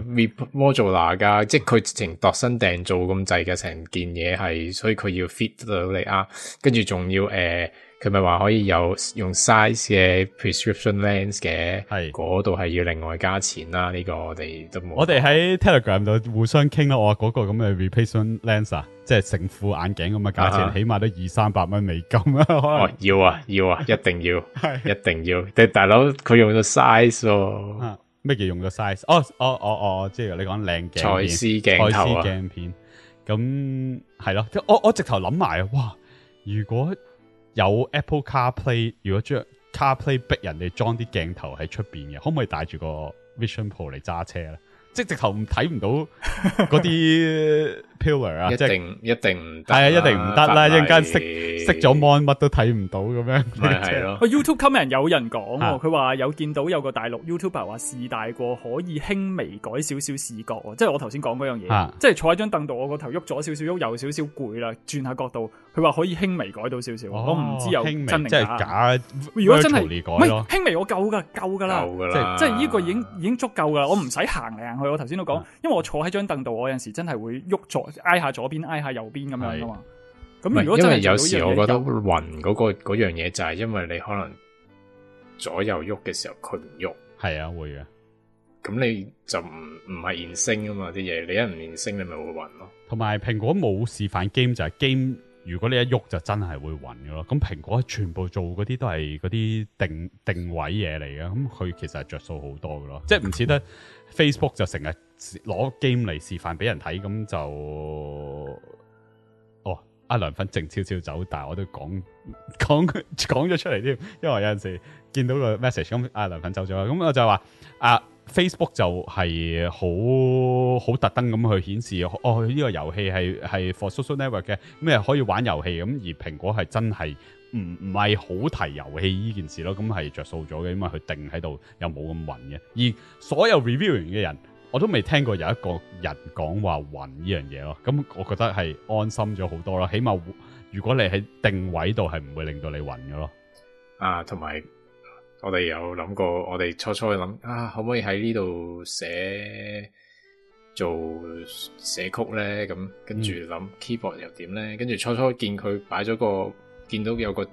，modular 噶即係佢直情度身訂造咁滯嘅成件嘢係，所以佢要 fit 到你啊。跟住仲要誒，佢咪話可以有用 size 嘅 prescription lens 嘅，係嗰度係要另外加錢啦。呢、這個我哋都我哋喺 Telegram 度互相傾咯。我、哦、嗰、那個咁嘅 replacement lens 啊。即係成副眼鏡咁嘅價錢，啊、起碼都二三百蚊美金啊、哦。要啊，要啊，一定要， 一定要。但大佬佢用咗 size 咯、啊，咩、啊、叫用咗 size？哦，哦，哦，哦，即係你講靚鏡，蔡司鏡頭，蔡司鏡片。咁係咯，我我直頭諗埋啊，哇！如果有 Apple CarPlay，如果將 CarPlay 逼人哋裝啲鏡頭喺出邊嘅，可唔可以帶住個 Vision Pro 嚟揸車咧？即係直頭睇唔到嗰啲。Pillar、啊，一定一定唔得，啊、就是，一定唔得啦！一陣間熄熄咗 mon 乜都睇唔到咁樣、 就是、，YouTube comment 有人講，佢、啊、話有見到有個大陸 YouTuber 話視大過可以輕微改少少視覺，即、就、係、是、我頭先講嗰樣嘢、啊，即係坐喺張凳度，我個頭喐咗少少喐，有少少攰啦，轉下角度，佢話可以輕微改到少少、哦，我唔知有真定假，假。如果真係唔係輕微，我夠㗎夠㗎啦、就是，即係呢個已經已經足夠㗎啦，我唔使行嚟行去。我頭先都講，因為我坐喺張凳度，我有陣時真係會喐咗。挨下左邊，挨下右邊咁樣噶嘛？咁如果真係有時我覺得暈嗰、嗰個嗰樣嘢就係因為你可能左右喐嘅時候佢唔喐，係啊會啊。咁你就唔唔係連升啊嘛啲嘢，你一唔連升你咪會暈咯、啊。同埋蘋果冇示範 game 就係 game，如果你一喐就真係會暈噶咯。咁蘋果全部做嗰啲都係嗰啲定定位嘢嚟嘅，咁佢其實係着數好多噶咯，即係唔似得。Facebook 就成日攞 game 嚟示範俾人睇，咁就哦阿梁粉靜悄悄走，但係我都講講講咗出嚟添，因為有陣時見到個 message 咁，阿、啊、梁粉走咗啦，咁我就話啊 Facebook 就係好好特登咁去顯示哦呢、呢個遊戲係係 for social network 嘅咩可以玩遊戲咁，而蘋果係真係。唔唔係好提遊戲呢件事咯，咁係着數咗嘅，因為佢定喺度又冇咁暈嘅。而所有 reviewing 嘅人，我都未聽過有一個人講話暈呢樣嘢咯。咁我覺得係安心咗好多咯，起碼如果你喺定位度係唔會令到你暈嘅咯。啊，同埋我哋有諗過，我哋初初去諗啊，可唔可以喺呢度寫做寫曲咧？咁跟住諗 keyboard 又點咧？跟住初初見佢擺咗個。見到有個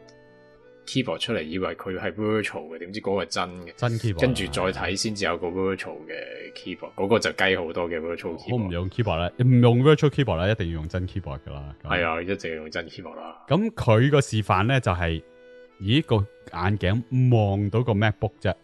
keyboard 出嚟，以為佢係 virtual 嘅，點知嗰個真嘅，真 keyboard。跟住再睇，先至有個 virtual 嘅 keyboard，嗰、那個就計、嗯、好多嘅 virtual。我唔用 keyboard 喇，唔用 virtual keyboard 喇，一定要用真 keyboard 噶啦。係啊，一定要用真 keyboard 啦。咁佢個示範咧就係、是，咦個眼鏡望到個 MacBook 啫，咁、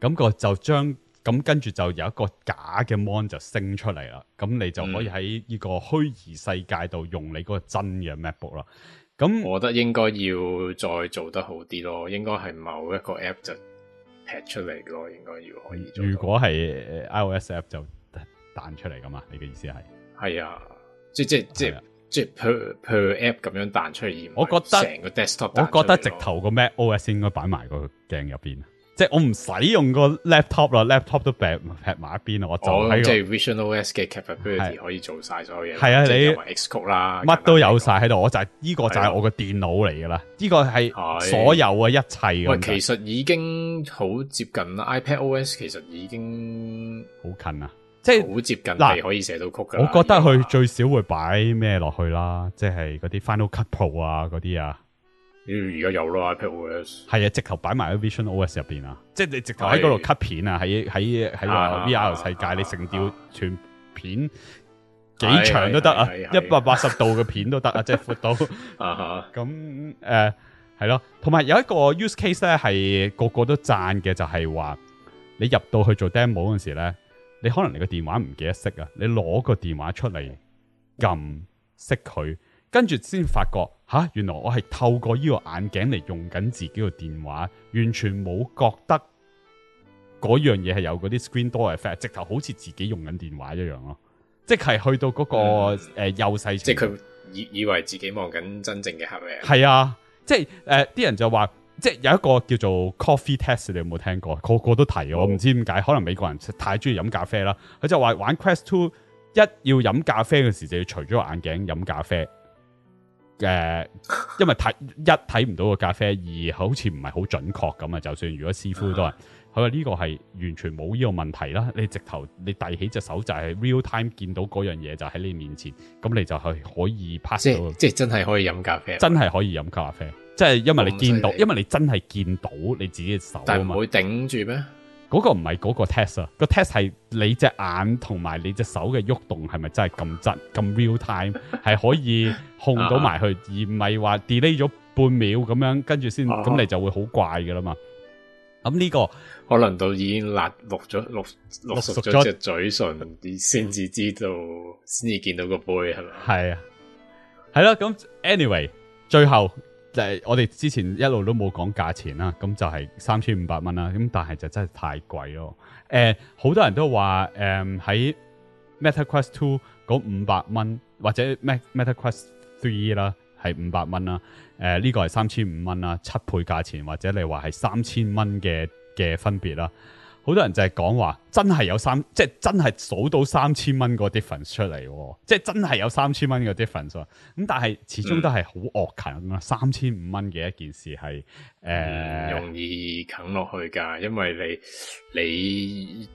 那個就將咁跟住就有一個假嘅 mon 就升出嚟啦，咁你就可以喺呢個虛擬世界度用你嗰個真嘅 MacBook 啦。嗯咁我覺得應該要再做得好啲咯，應該係某一個 app 就踢出嚟咯，應該要可以。如果係 iOS app 就彈出嚟㗎嘛？你嘅意思係？係啊，即係即係即係即係 per per app 咁樣彈出嚟。而我覺得成個 desktop，我覺得直頭個 Mac OS 應該擺埋個鏡入邊。即係我唔使用，用個 laptop 啦，laptop 都劈埋一邊啦，我就喺、那個、哦、Vision OS 嘅 capability 可以做晒所有嘢，係啊，你 Xcode 啦，乜都有晒喺度，我就係呢、這個就係我電腦、啊這個電腦嚟噶啦，呢個係所有嘅一切咁。喂，其實已經好接近 iPad OS，其實已經好近，近啊，即係好接近嗱，可以寫到 code 㗎。我覺得佢最少會擺咩落去啦，即係嗰啲 Final Cut Pro 啊，嗰啲啊。而家有啦 Apple O S 係啊，直頭擺埋喺 Vision O S 入邊啊，即係你直頭喺嗰度 cut 片啊，喺喺喺 VR 世界，你成條全片幾長都得啊，一百八十度嘅片都得啊，即係闊到咁，誒係咯，同、就、埋、是 呃、有一個 use case 咧，係個個都讚嘅，就係、是、話你入到去做 demo 嗰陣時咧，你可能你個電話唔記得熄啊，你攞個電話出嚟撳熄佢，跟住先發覺。吓、啊，原來我係透過呢個眼鏡嚟用緊自己個電話，完全冇覺得嗰樣嘢係有嗰啲 screen door effect，直頭好似自己用緊電話一樣咯。即係去到嗰、那個誒、嗯呃、幼細，即係佢以以為自己望緊真正嘅客嘅。係啊，即係誒，啲、呃、人就話，即係有一個叫做 coffee test，你有冇聽過？個個都提我，唔、哦、知點解，可能美國人太中意飲咖啡啦。佢就話玩 Quest Two 一要飲咖啡嘅時，就要除咗個眼鏡飲咖啡。誒， 因為睇一睇唔到個咖啡，二好似唔係好準確咁啊！就算如果師傅都係，佢話呢個係完全冇呢個問題啦。你直頭你遞起隻手就係、是、real time 見到嗰樣嘢就喺你面前，咁你就係可以 pass 到即係真係可以飲咖啡，真係可以飲咖啡，即係因為你見到，因為你真係見到你自己嘅手但會頂住咩？嗰、嗰個唔係嗰個 test 啊，嗰個 test 係你隻眼同埋你隻手嘅喐動係咪真係咁窒咁 real time，係 可以控到埋去，啊、而唔係話 delay 咗半秒咁樣跟住先，咁、啊、你就會好怪㗎啦嘛。咁呢、呢個可能到已經落落咗落落熟咗隻嘴唇，先至知道先至見到個杯係咪？係啊，係啦咁 anyway，最後。就係我哋之前一路都冇講價錢啦，咁就係三千五百蚊啦，咁但係就真係太貴咯。誒、呃，好多人都話誒喺、呃、Meta Quest Two 嗰五百蚊，或者 Meta Meta Quest Three 啦，係五百蚊啦。誒、呃，呢、這個係三千五蚊啦，七倍價錢，或者你話係三千蚊嘅嘅分別啦。好多人就係講話，真係有三，即係真係數到三千蚊 difference 出嚟，即係真係有三千蚊 difference 喎。咁。但係始終都係好惡啃啊，三千五蚊嘅一件事係誒，呃、容易啃落去噶，因為你你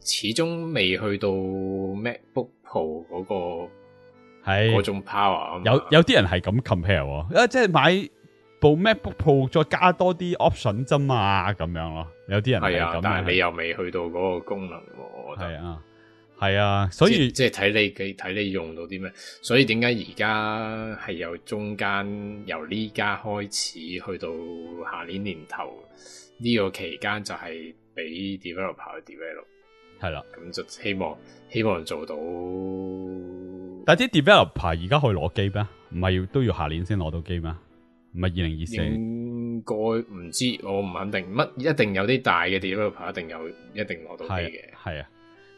始終未去到 MacBook Pro 嗰、嗰個係嗰種 power。有有啲人係咁 compare，啊，即係買部 MacBook Pro 再加多啲 option 啫嘛，咁樣咯。有啲人係啊，但係你又未去到嗰個功能，我覺得係啊，係啊，所以即係睇你睇睇你用到啲咩，所以點解而家係由中間由呢家開始去到下年年頭呢個期間就係俾 developer 去 develop 係啦，咁就希望希望做到，但啲 developer 而家可以攞機咩？唔係要都要下年先攞到機咩？唔係二零二四。應該唔知，我唔肯定乜，一定有啲大嘅。點解佢一定有，一定攞到嘅。係啊，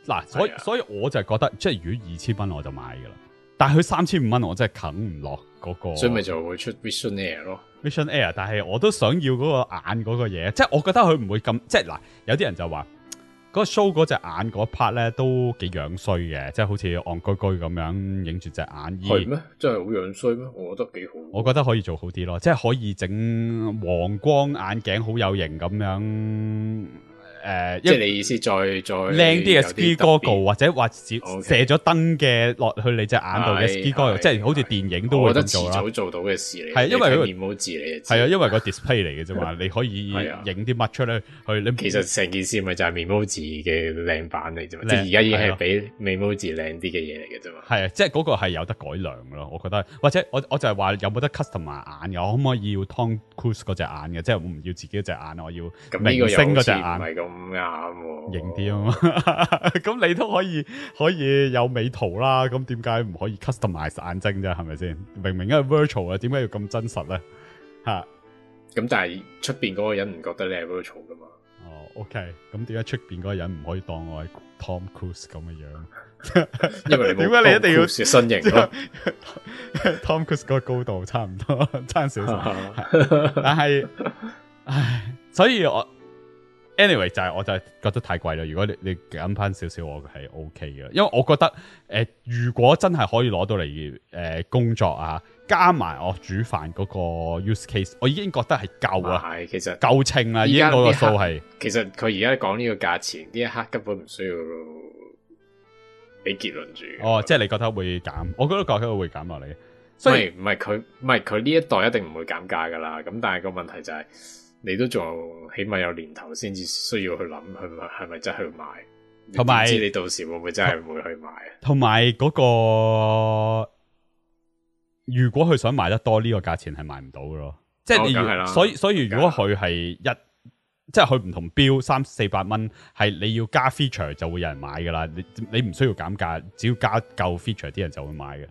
嗱、啊，所以所以我就係覺得，即係如果二千蚊我就買噶啦，但係佢三千五蚊我真係啃唔落嗰個，所以咪就會出 Vision Air 咯，Vision Air。但係我都想要嗰個眼嗰個嘢，即係我覺得佢唔會咁，即係嗱，有啲人就話。嗰、那個、show 嗰隻眼嗰 part 咧都幾樣衰嘅，即係好似戇居居咁樣影住隻眼。係咩？真係好樣衰咩？我覺得幾好，我覺得可以做好啲咯，即係可以整黃光眼鏡，好有型咁樣。誒、嗯，即係你意思再，再再靚啲嘅 ski goggle 或者或者射咗燈嘅落、okay、去你隻眼度嘅 ski goggle，即係好似、就是、電影都會做得，我覺得遲早做到嘅事嚟，係因為個 Memoji 嚟，係啊，因為、啊、因為個 display 嚟嘅啫嘛， 你可以影啲乜出咧？去你其實成件事咪就係 Memoji 嘅靚版嚟啫，即係而家已經係比 Memoji 靚啲嘅嘢嚟嘅啫嘛。係啊，即係嗰個係有得改良嘅咯，我覺得。或者我我就係話有冇得 custom 化眼嘅？我可唔可以要 Tom Cruise 嗰隻眼嘅？即係我唔要自己嗰隻眼，我要明星嗰隻眼。咁、嗯、啱，型啲嘛？咁你都可以可以有美圖啦。咁點解唔可以 customize 眼睛啫？係咪先？明明係 virtual 啊，點解要咁真實咧？吓、嗯、咁但係出邊嗰個人唔覺得你係 virtual 噶嘛？哦，OK。咁點解出邊嗰個人唔可以當我係 Tom Cruise 咁嘅樣？因為你點解你一定要身型、啊、 ？Tom Cruise 個高度差唔多，差少少。 但係是， 唉，所以我。Anyway 就係我就係覺得太貴啦，如果你你減翻少少，我係 OK 嘅，因為我覺得、呃、如果真係可以攞到嚟、呃、工作啊，加埋我煮飯嗰個 use case，我已經覺得係夠啦，係其實夠稱啦，已經嗰個數係。其實佢而家講呢個價錢，呢一刻根本唔需要俾結論住。哦，即係你覺得會減，我覺得個價格會減落嚟。所以唔係佢，唔係佢呢一代一定唔會減價噶啦。咁但係個問題就係。你都仲起碼有年頭先至需要去諗，去咪係咪真係去買？同埋，你知你到時會唔會真係會去買啊？同埋嗰個，如果佢想買得多呢個價錢，係買唔到咯。即係你，所以所以如果佢係一，即係佢唔同標三四百蚊，係你要加 feature 就會有人買噶啦。你你唔需要減價，只要加夠 feature，啲人就會買嘅。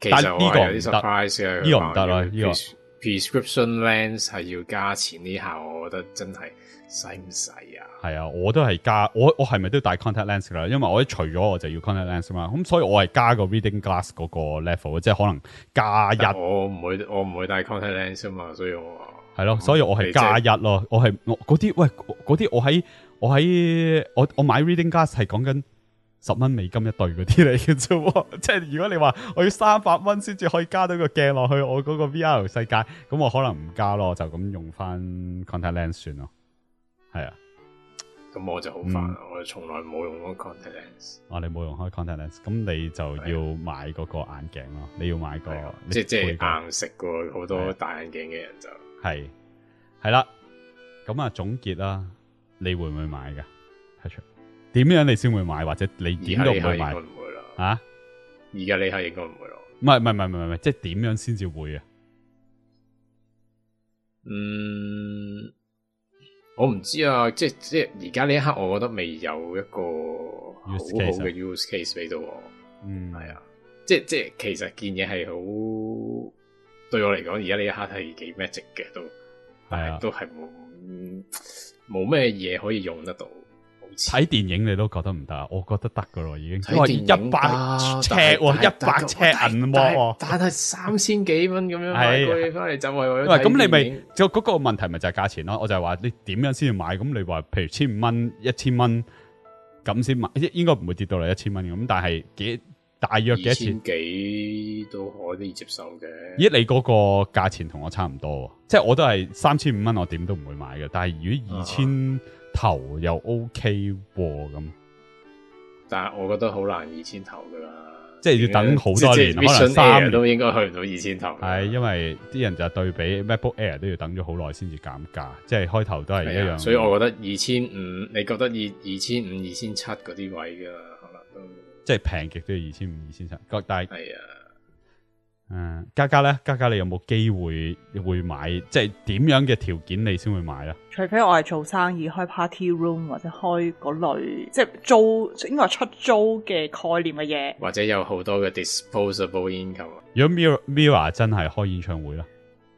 其實呢個有啲 surprise 嘅，呢個唔得啦呢個。prescription lens 係要加錢呢下，我覺得真係使唔使啊？係啊，我都係加，我我係咪都要戴 contact lens 㗎？因為我一除咗我就要 contact lens 啊嘛，咁所以我係加個 reading glass 嗰個 level，即係可能加一。我唔會我唔會戴 contact lens 啊嘛，所以我係咯、啊，所以我係加一咯、就是。我係我嗰啲喂嗰啲我喺我喺我我買 reading glass 係講緊。十蚊美金一對嗰啲嚟嘅啫，即 係如果你話我要三百蚊先至可以加到個鏡落去我嗰個 VR 世界，咁我可能唔加咯，我就咁用翻 contact lens 算咯。係啊，咁我就好煩，嗯，我從來冇用過 contact lens。哦、啊，你冇用開 contact lens，咁你就要買嗰個眼鏡咯，啊。你要買，那個啊你那個，即即硬食過好多戴眼鏡嘅人就係，係啦。咁啊，啊總結啦，你會唔會買噶？點樣你先會買，或者你點都唔會買？唔會啦，吓？而家呢刻應該唔會咯。唔係唔係唔係唔係唔係，即係點樣先至會啊？嗯，我唔知啊，即係即係而家呢一刻，我覺得未有一個好好嘅 use case 畀到、啊、我。嗯，係啊，即係即係其實件嘢係好對我嚟講，而家呢一刻係幾 magic 嘅，都係都係冇冇咩嘢可以用得到。睇電影你都覺得唔得，我覺得得噶咯，已經哇一百尺喎，一百尺銀喎，但係三千幾蚊咁樣買翻嚟走。喂、啊，咁你咪就嗰個問題咪就係價錢咯？我就係話你點樣先至買？咁你話譬如千五蚊、一千蚊咁先買，應該唔會跌到嚟一千蚊咁。但係幾大約幾千幾都可以接受嘅。咦？你嗰個價錢同我差唔多，即係我都係三千五蚊，我點都唔會買嘅。但係如果二千。頭又 OK 喎、啊、咁，但係我覺得好難二千頭噶啦，即係要等好多年，可能三都應該去唔到二千頭。係因為啲人就對比 MacBook Air 都要等咗好耐先至減價，即係開頭都係一樣、啊。所以我覺得二千五，你覺得二二千五、二千七嗰啲位噶，可能都即係平極都要二千五、二千七，個低。係啊。嗯，嘉嘉咧，嘉嘉你有冇機會會買？即係點樣嘅條件你先會買咧？除非我係做生意開 party room 或者開嗰類，即係租，應該出租嘅概念嘅嘢，或者有好多嘅 disposable income。如果 Mirror Mirror 真係開演唱會啦。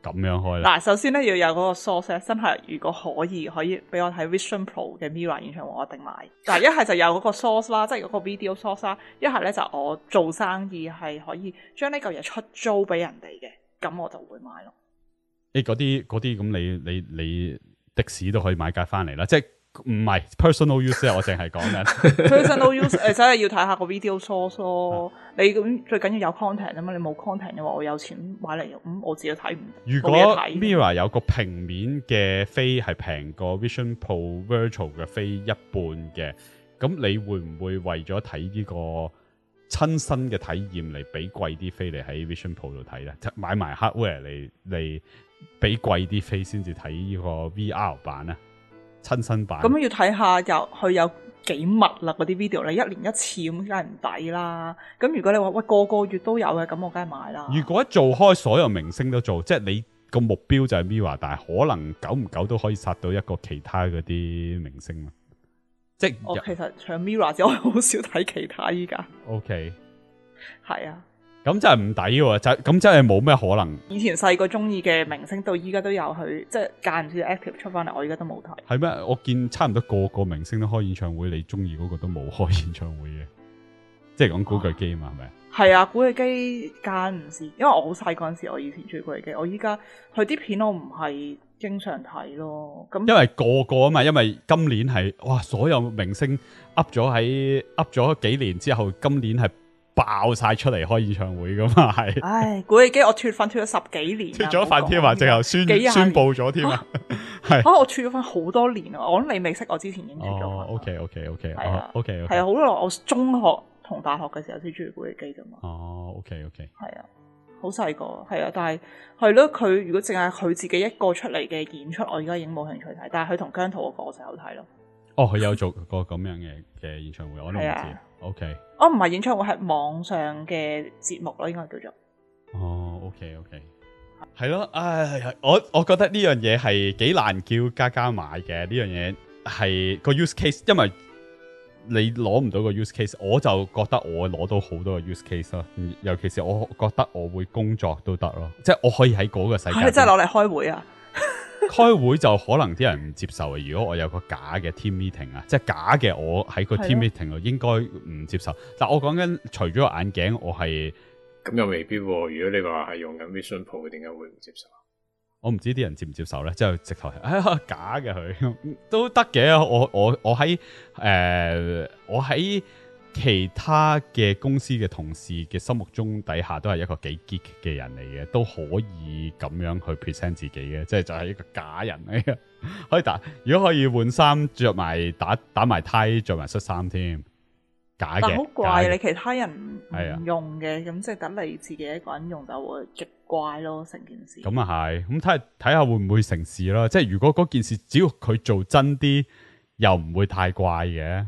咁樣開嗱，首先咧要有嗰個 source，真係如果可以，可以俾我睇 Vision Pro 嘅 Mirror 演唱會，我一定買。嗱，一係就有嗰個 source 啦， 即係嗰個 video source 啦，一係咧就是、我做生意係可以將呢嚿嘢出租俾人哋嘅，咁我就會買咯。誒、欸，嗰啲嗰啲咁，你你你的士都可以買架翻嚟啦，即係。唔係 personal use 啊，我淨係講緊。personal use 誒、 呃，真係要睇下個 video source 咯、哦啊。你咁最緊要有 content 啊嘛，你冇 content 嘅話，我有錢買嚟，咁、嗯、我自己睇唔到。如果 Mirror 有個平面嘅飛係平過 Vision Pro Virtual 嘅飛一半嘅，咁你會唔會為咗睇呢個親身嘅體驗嚟俾貴啲飛嚟喺 Vision Pro 度睇咧？買埋 hardware 嚟嚟俾貴啲飛先至睇呢個 VR 版啊？親身版咁要睇下有佢有幾密啦，嗰啲 video 你一年一次咁，梗係唔抵啦。咁如果你話喂個個月都有嘅，咁我梗係買啦。如果做開所有明星都做，即係你個目標就係 MIRROR，但係可能久唔久都可以殺到一個其他嗰啲明星啊。即係我其實唱 MIRROR 就我好少睇其他依家。OK，係啊。咁真係唔抵喎！就咁真係冇咩可能。以前細個中意嘅明星，到依家都有去，即係間唔時 active 出翻嚟。我依家都冇睇。係咩？我見差唔多個個明星都開演唱會，你中意嗰個都冇開演唱會嘅。即係講古巨基啊嘛，係咪？係啊，古巨基間唔時，因為我好細個嗰陣時，我以前追古巨基，我依家佢啲片我唔係經常睇咯。咁因為個個啊嘛，因為今年係哇，所有明星 up 咗喺 up 咗幾年之後，今年係。爆晒出嚟開演唱會噶嘛係？唉，古巨基我脱粉脱咗十幾年，脱咗份添啊，最後宣宣佈咗添啊，係啊，啊，我脱咗翻好多年啊，我諗你未識我之前已經脱咗。哦，OK OK OK，係啊，OK OK，係啊，好耐我中學同大學嘅時候先中意古巨基啫嘛。哦，OK OK，係啊，好細個係啊，但係係咯，佢，啊，如果淨係佢自己一個出嚟嘅演出，我而家已經冇興趣睇。但係佢同姜濤嗰個我就好睇咯。哦，佢有做過咁樣嘅嘅演唱會，我都唔知。O、okay. K，我唔係演唱會，係網上嘅節目咯，應該叫做。哦，O K，O K，係咯，唉、哎，我我覺得呢樣嘢係幾難叫加加買嘅，呢樣嘢係個 use case，因為你攞唔到個 use case，我就覺得我攞到好多個 use case 咯，尤其是我覺得我會工作都得咯，即係我可以喺嗰個世界，真係攞嚟開會啊。開會就可能啲人唔接受啊！如果我有個假嘅 team meeting 啊，即係假嘅，我喺個 team meeting 啊，應該唔接受。但係我講緊除咗個眼鏡，我係咁又未必、啊。如果你話係用緊 Vision Pro，點解會唔接受？我唔知啲人接唔接受咧，即係直頭係、哎、假嘅佢都得嘅。我我我喺誒，我喺。我其他嘅公司嘅同事嘅心目中底下都係一個幾 geek 嘅人嚟嘅，都可以咁樣去 present 自己嘅，即係就係一個假人嚟嘅。可以打，如果可以換衫，着埋打打埋呔，着埋恤衫，添假嘅好怪。你其他人係啊用嘅，咁即係等你自己一個人用就會極怪咯。成件事咁啊係咁睇下睇下會唔會成事咯？即係如果嗰件事只要佢做真啲，又唔會太怪嘅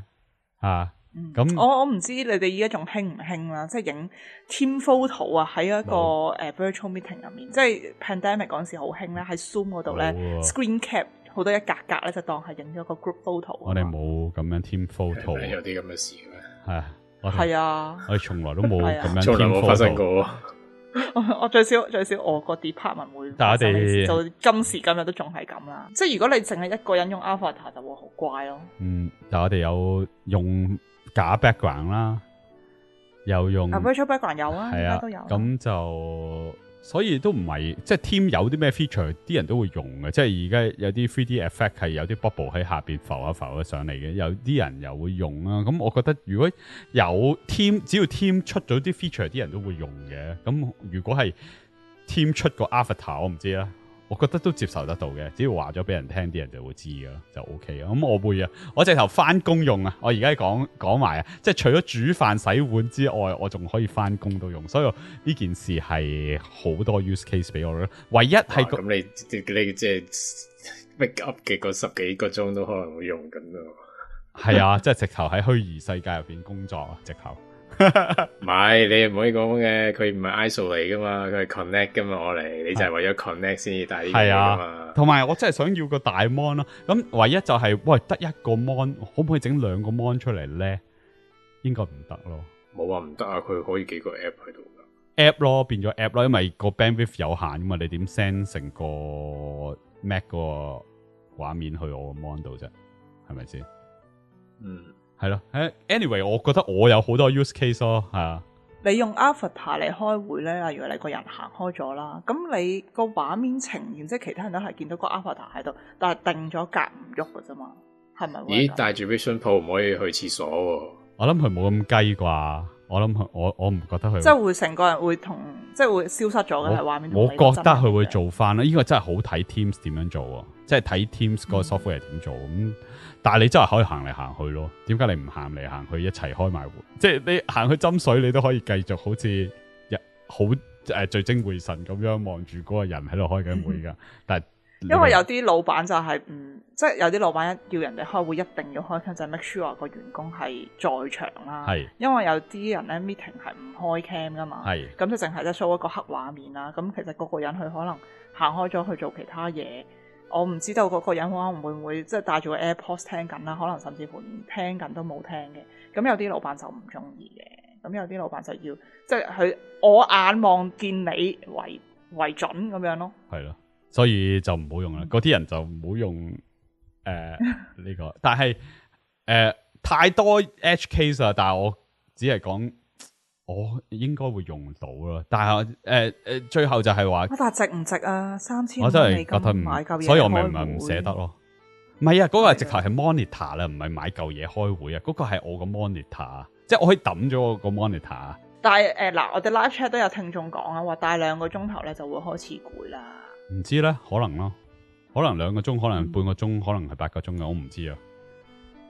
啊。咁、嗯嗯嗯、我我唔知你哋依家仲興唔興啦，即係影 team photo 啊，喺一個誒、呃、virtual meeting 入面，即係 pandemic 嗰陣時好興咧，喺 Zoom 嗰度咧 screen cap 好多一格格咧，就當係影咗個 group photo。我哋冇咁樣 team photo，係係有啲咁嘅事咩？啊、哎，係啊，我哋從來都冇咁樣 team photo 發生過。 我最少最少我個 department 會，但係我哋就今時今日都仲係咁啦。即係如果你淨係一個人用 avatar 就會好怪咯。嗯，但係我哋有用。假 background 啦，又用，啊，background 有啊，而家，啊，都有啊。咁就所以都唔係，即係 team 有啲咩 feature，啲人都會用嘅。即係而家有啲 3D effect 係有啲 bubble 喺下邊浮一浮上嚟嘅，有啲人又會用啦。咁我覺得如果有 team 只要 team 出咗啲 feature，啲人都會用嘅。咁如果係 team 出個 avatar，我唔知啦。我覺得都接受得到嘅，只要話咗俾人聽，啲人就會知㗎，就 O K 啊。咁、嗯、我會啊，我直頭翻工用啊，我而家講講埋啊，即係除咗煮飯洗碗之外，我仲可以翻工都用，所以呢件事係好多 use case 俾我咯。唯一係咁、啊嗯，你你即係 wake up 嘅嗰十幾個鐘都可能會用緊咯。係啊，即係、 嗯、直頭喺虛擬世界入邊工作啊，直頭。唔 係，你唔可以講嘅，佢唔係 isolate 嚟噶嘛，佢係 connect 噶嘛，我嚟，你就係為咗 connect 先要帶呢啲係啊，同埋我真係想要個大 mon 咯、啊，咁唯一就係、是，喂，得一個 mon，可唔可以整兩個 mon 出嚟咧？應該唔得咯。冇啊，唔得啊，佢可以幾個 app 喺度噶。app 咯，變咗 app 咯，因為個 bandwidth 有限啊嘛，你點 send 成個 mac 個畫面去我個 mon 度啫？係咪先？嗯。係咯，誒，anyway，我覺得我有好多 use case 咯，係啊。你用 avatar 嚟開會咧，例如你個人行開咗啦，咁你個畫面呈現即係其他人都係見到個 avatar 喺度，但係定咗格唔喐嘅啫嘛，係咪？咦，戴住 Vision Pro 唔可以去廁所？我諗佢冇咁雞啩。我諗佢，我我唔覺得佢，即係會成個人會同，即係會消失咗嘅畫面。我覺得佢會做翻啦，呢、呢個真係好睇 Teams 點樣做，即係睇 Teams 嗰 software 點做。咁、嗯、但係你真係可以行嚟行去咯。點解你唔行嚟行去一齊開埋會、嗯？即係你行去斟水，你都可以繼續好似好誒聚精會神咁樣望住嗰個人喺度開緊會噶。但係因為有啲老闆就係、是、唔、嗯、即係有啲老闆一叫人哋開會一定要開 cam，就 make sure 個員工係在場啦。係，因為有啲人咧 meeting 係唔開 cam 噶嘛，係咁就淨係得 show 一個黑畫面啦。咁其實個個人佢可能行開咗去做其他嘢，我唔知道個個人可能會唔會即係戴住個 AirPods 聽緊啦，可能甚至乎連聽緊都冇聽嘅。咁有啲老闆就唔中意嘅，咁有啲老闆就要即係佢我眼望見你為為準咁樣咯。係所以就唔好用啦，嗰啲人就唔好用誒呢、呃 呢個。但係誒、呃、太多 edge case 啊。但係我只係講我應該會用到啦。但係誒誒，最後就係話，但係值唔值啊？三千蚊你咁買舊嘢，我真係覺得唔係，所以我明唔係唔捨得咯。唔係啊，嗰個係直頭係 monitor 啦，唔係買舊嘢開會啊。嗰、嗰個係我個 monitor，即係我可以抌咗我個 monitor。但係誒嗱，我哋 live chat 都有聽眾講啊，話戴兩個鐘頭咧就會開始攰啦。唔知咧，可能咯，可能兩個鐘，可能半個鐘，嗯、可能係八個鐘嘅，我唔知啊。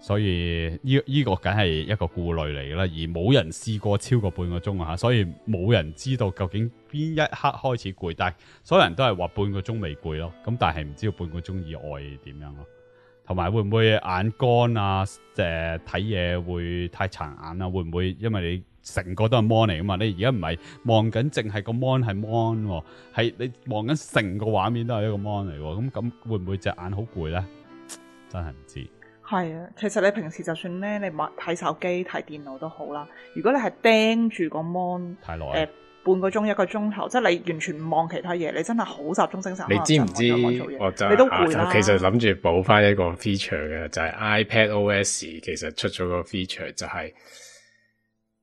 所以呢、呢個、呢個梗係一個顧慮嚟嘅啦，而冇人試過超過半個鐘啊吓，所以冇人知道究竟邊一刻開始攰，但係所有人都係話半個鐘未攰咯。咁但係唔知道半個鐘以外點樣咯，同埋會唔會眼乾啊？誒、呃，睇嘢會太殘眼啊？會唔會因為你？成個都係 mon 嚟噶嘛？你而家唔係望緊，淨係個 mon 係 mon，係你望緊成個畫面都係一個 mon 嚟、啊。咁咁會唔會隻眼好攰咧？真係唔知道。係啊，其實你平時就算咧，你買睇手機、睇電腦都好啦。如果你係盯住個 mon，太耐啊、呃！半個鐘、一個鐘頭，即係你完全唔望其他嘢，你真係好集中精神。你知唔知道我？你都係、啊、其實諗住補翻一個 feature 嘅，就係、是、iPad OS 其實出咗個 feature 就係、是。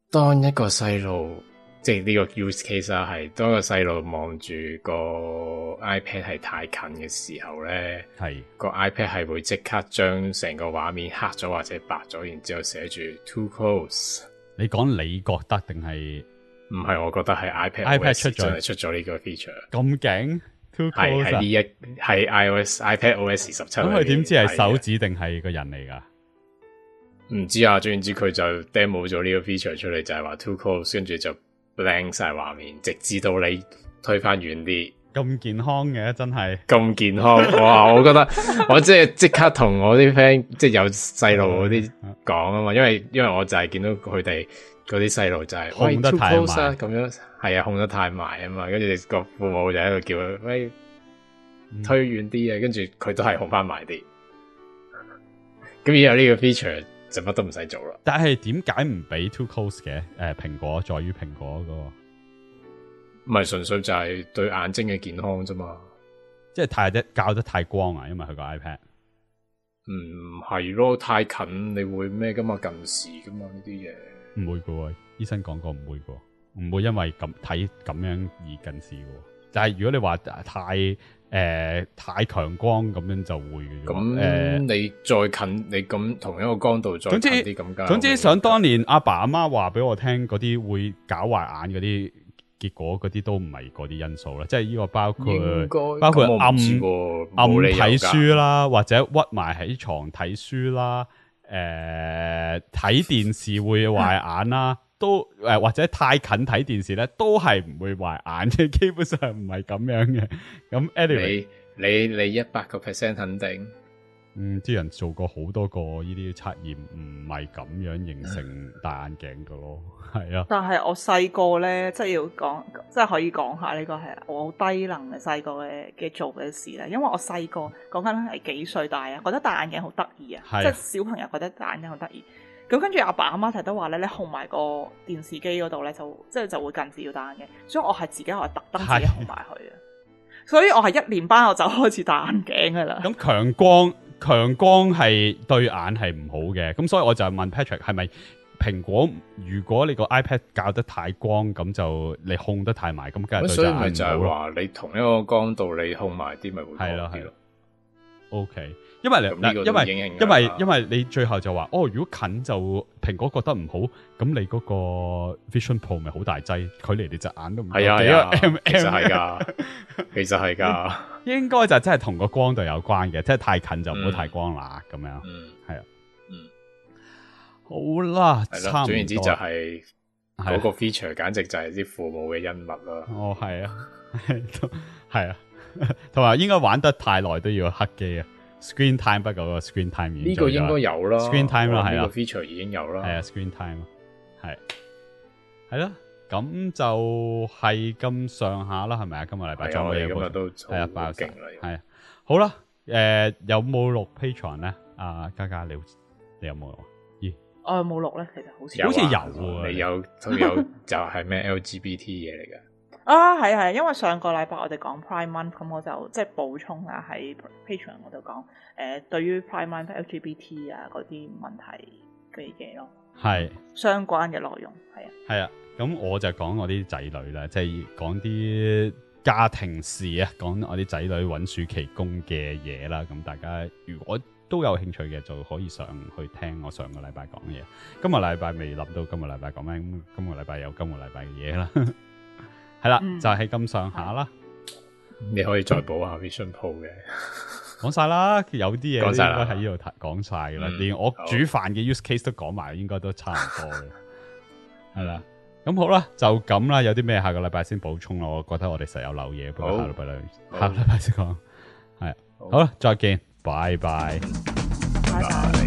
當一個細路，即係呢個 use case 啊，係當細路望住個 iPad 係太近嘅時候咧，係個 iPad 係會即刻將成個畫面黑咗或者白咗，然之後寫住 too close。你講你覺得定係唔係？我覺得係 iPad iPad 出咗出咗呢個 feature 咁勁，too close 係、啊、呢一係 iOS iPad OS 十七，咁佢點知係手指定係個人嚟噶？唔知啊，總言之，佢就 demo 咗呢個 feature 出嚟，就係話 too close，跟住就 blank 晒畫面，直至到你推翻遠啲。咁健康嘅真係咁健康，哇！我覺得 我即係即刻同我啲 friend，即係有細路嗰啲講啊嘛，因為因為我就係見到佢哋嗰啲細路就係控得太埋，咁樣係啊，控得太埋啊嘛，跟住你個父母就喺度叫佢喂推遠啲啊，跟住佢都係控翻埋啲，咁而有呢個 feature。就乜都唔使做啦，但係點解唔俾 too close 嘅？誒，蘋果在於蘋果個，唔係純粹就係對眼睛嘅健康啫嘛，即係太得教得太光啊，因為佢個 iPad，唔係咯，太近你會咩噶嘛，近視噶嘛呢啲嘢，唔會嘅，醫生講過唔會嘅，唔會因為咁睇咁樣而近視喎。但係如果你話太。誒、呃，太強光咁樣就會嘅。咁你再近，呃、你咁同一個光度再近，總之樣總之想當年阿爸阿媽話俾我聽嗰啲會搞壞眼嗰啲，結果嗰啲都唔係嗰啲因素啦。即係呢個包括包括暗暗睇書啦，或者屈埋喺床睇書啦，誒、呃、睇電視會壞眼啦。 都誒，或者太近睇電視咧，都係唔會壞眼嘅，基本上唔係咁樣嘅。咁，anyway，你你你一百個 percent 肯定？嗯，啲人做過好多個呢啲測驗，唔係咁樣形成戴眼鏡嘅咯，係 啊。但係我細個咧，即係要講，即係可以講下呢個係我好低能嘅細個嘅嘅做嘅事咧。因為我細個講緊係幾歲戴啊，覺得戴眼鏡好得意啊，即係小朋友覺得戴眼鏡好得意。咁跟住阿爸阿媽提都話咧，你控埋個電視機嗰度咧，就即係就會近視要戴眼鏡，所以我係自己我係特登自己控埋佢嘅， 所以我係一年班我就開始戴眼鏡噶啦。咁強光強光係對眼係唔好嘅，咁所以我就問 Patrick 係咪蘋果？如果你個 iPad 搞得太光，咁就你控得太埋，咁梗係對眼就係話你同一個光度，你控埋啲咪會好啲係咯。O K。因為、嗯、因為英英因為因為你最後就話哦，如果近就蘋果覺得唔好，咁你嗰個 Vision Pro 咪好大劑，距離你隻眼都唔係啊，因為 M M 係噶，其實係噶 ，應該就真係同個光度有關嘅，即係太近就唔好太光啦，咁、嗯、樣，嗯，係啊，嗯，好啦，係咯、啊，總言之就係嗰個 feature、啊、簡直就係啲父母嘅恩物啦，哦，係啊，係啊，同埋、啊啊啊、應該玩得太耐都要黑機啊。Screen time 不夠個 screen time 呢個應該有啦，screen time 咯，哦，係啊，這個，feature 已經有啦，係啊，screen time 咯，係係咯，咁就係咁上下啦，係咪啊？今日禮拜再冇嘢播，係啊爆勁啦，係啊好啦，誒，有冇錄 Patreon 咧啊，嘉嘉你你有冇？咦，我冇錄咧，其實好似有，好似有，你有，仲有，你有，有，啊，你有 就係咩 LGBT 嘢嚟㗎。啊，係啊，因為上個禮拜我哋講 Prime Month，咁我就即係、就是、補充啦喺 Patreon 我度講，誒、呃，對於 Prime Month LGBT 啊嗰啲問題嘅嘢咯，係相關嘅內容，係啊，係啊，咁我就講我啲仔女啦，即、就、係、是、講啲家庭事啊，講我啲仔女揾暑期工嘅嘢啦，咁大家如果都有興趣嘅，就可以上去聽我上個禮拜講嘅嘢，今個禮拜未諗到今個禮拜講咩，咁今個禮拜有今個禮拜嘅嘢啦。 係啦，嗯，就係咁上下啦。你可以再補下 Vision Pro 嘅，講晒啦，有啲嘢講晒啦，喺呢度講晒啦，連我煮飯嘅 use case 都講埋，應該都差唔多嘅。係啦，咁 好啦，就咁啦，有啲咩下個禮拜先補充咯。我覺得我哋實有漏嘢，不過下個禮拜，下個禮拜先講。係好啦，再見，拜拜。好。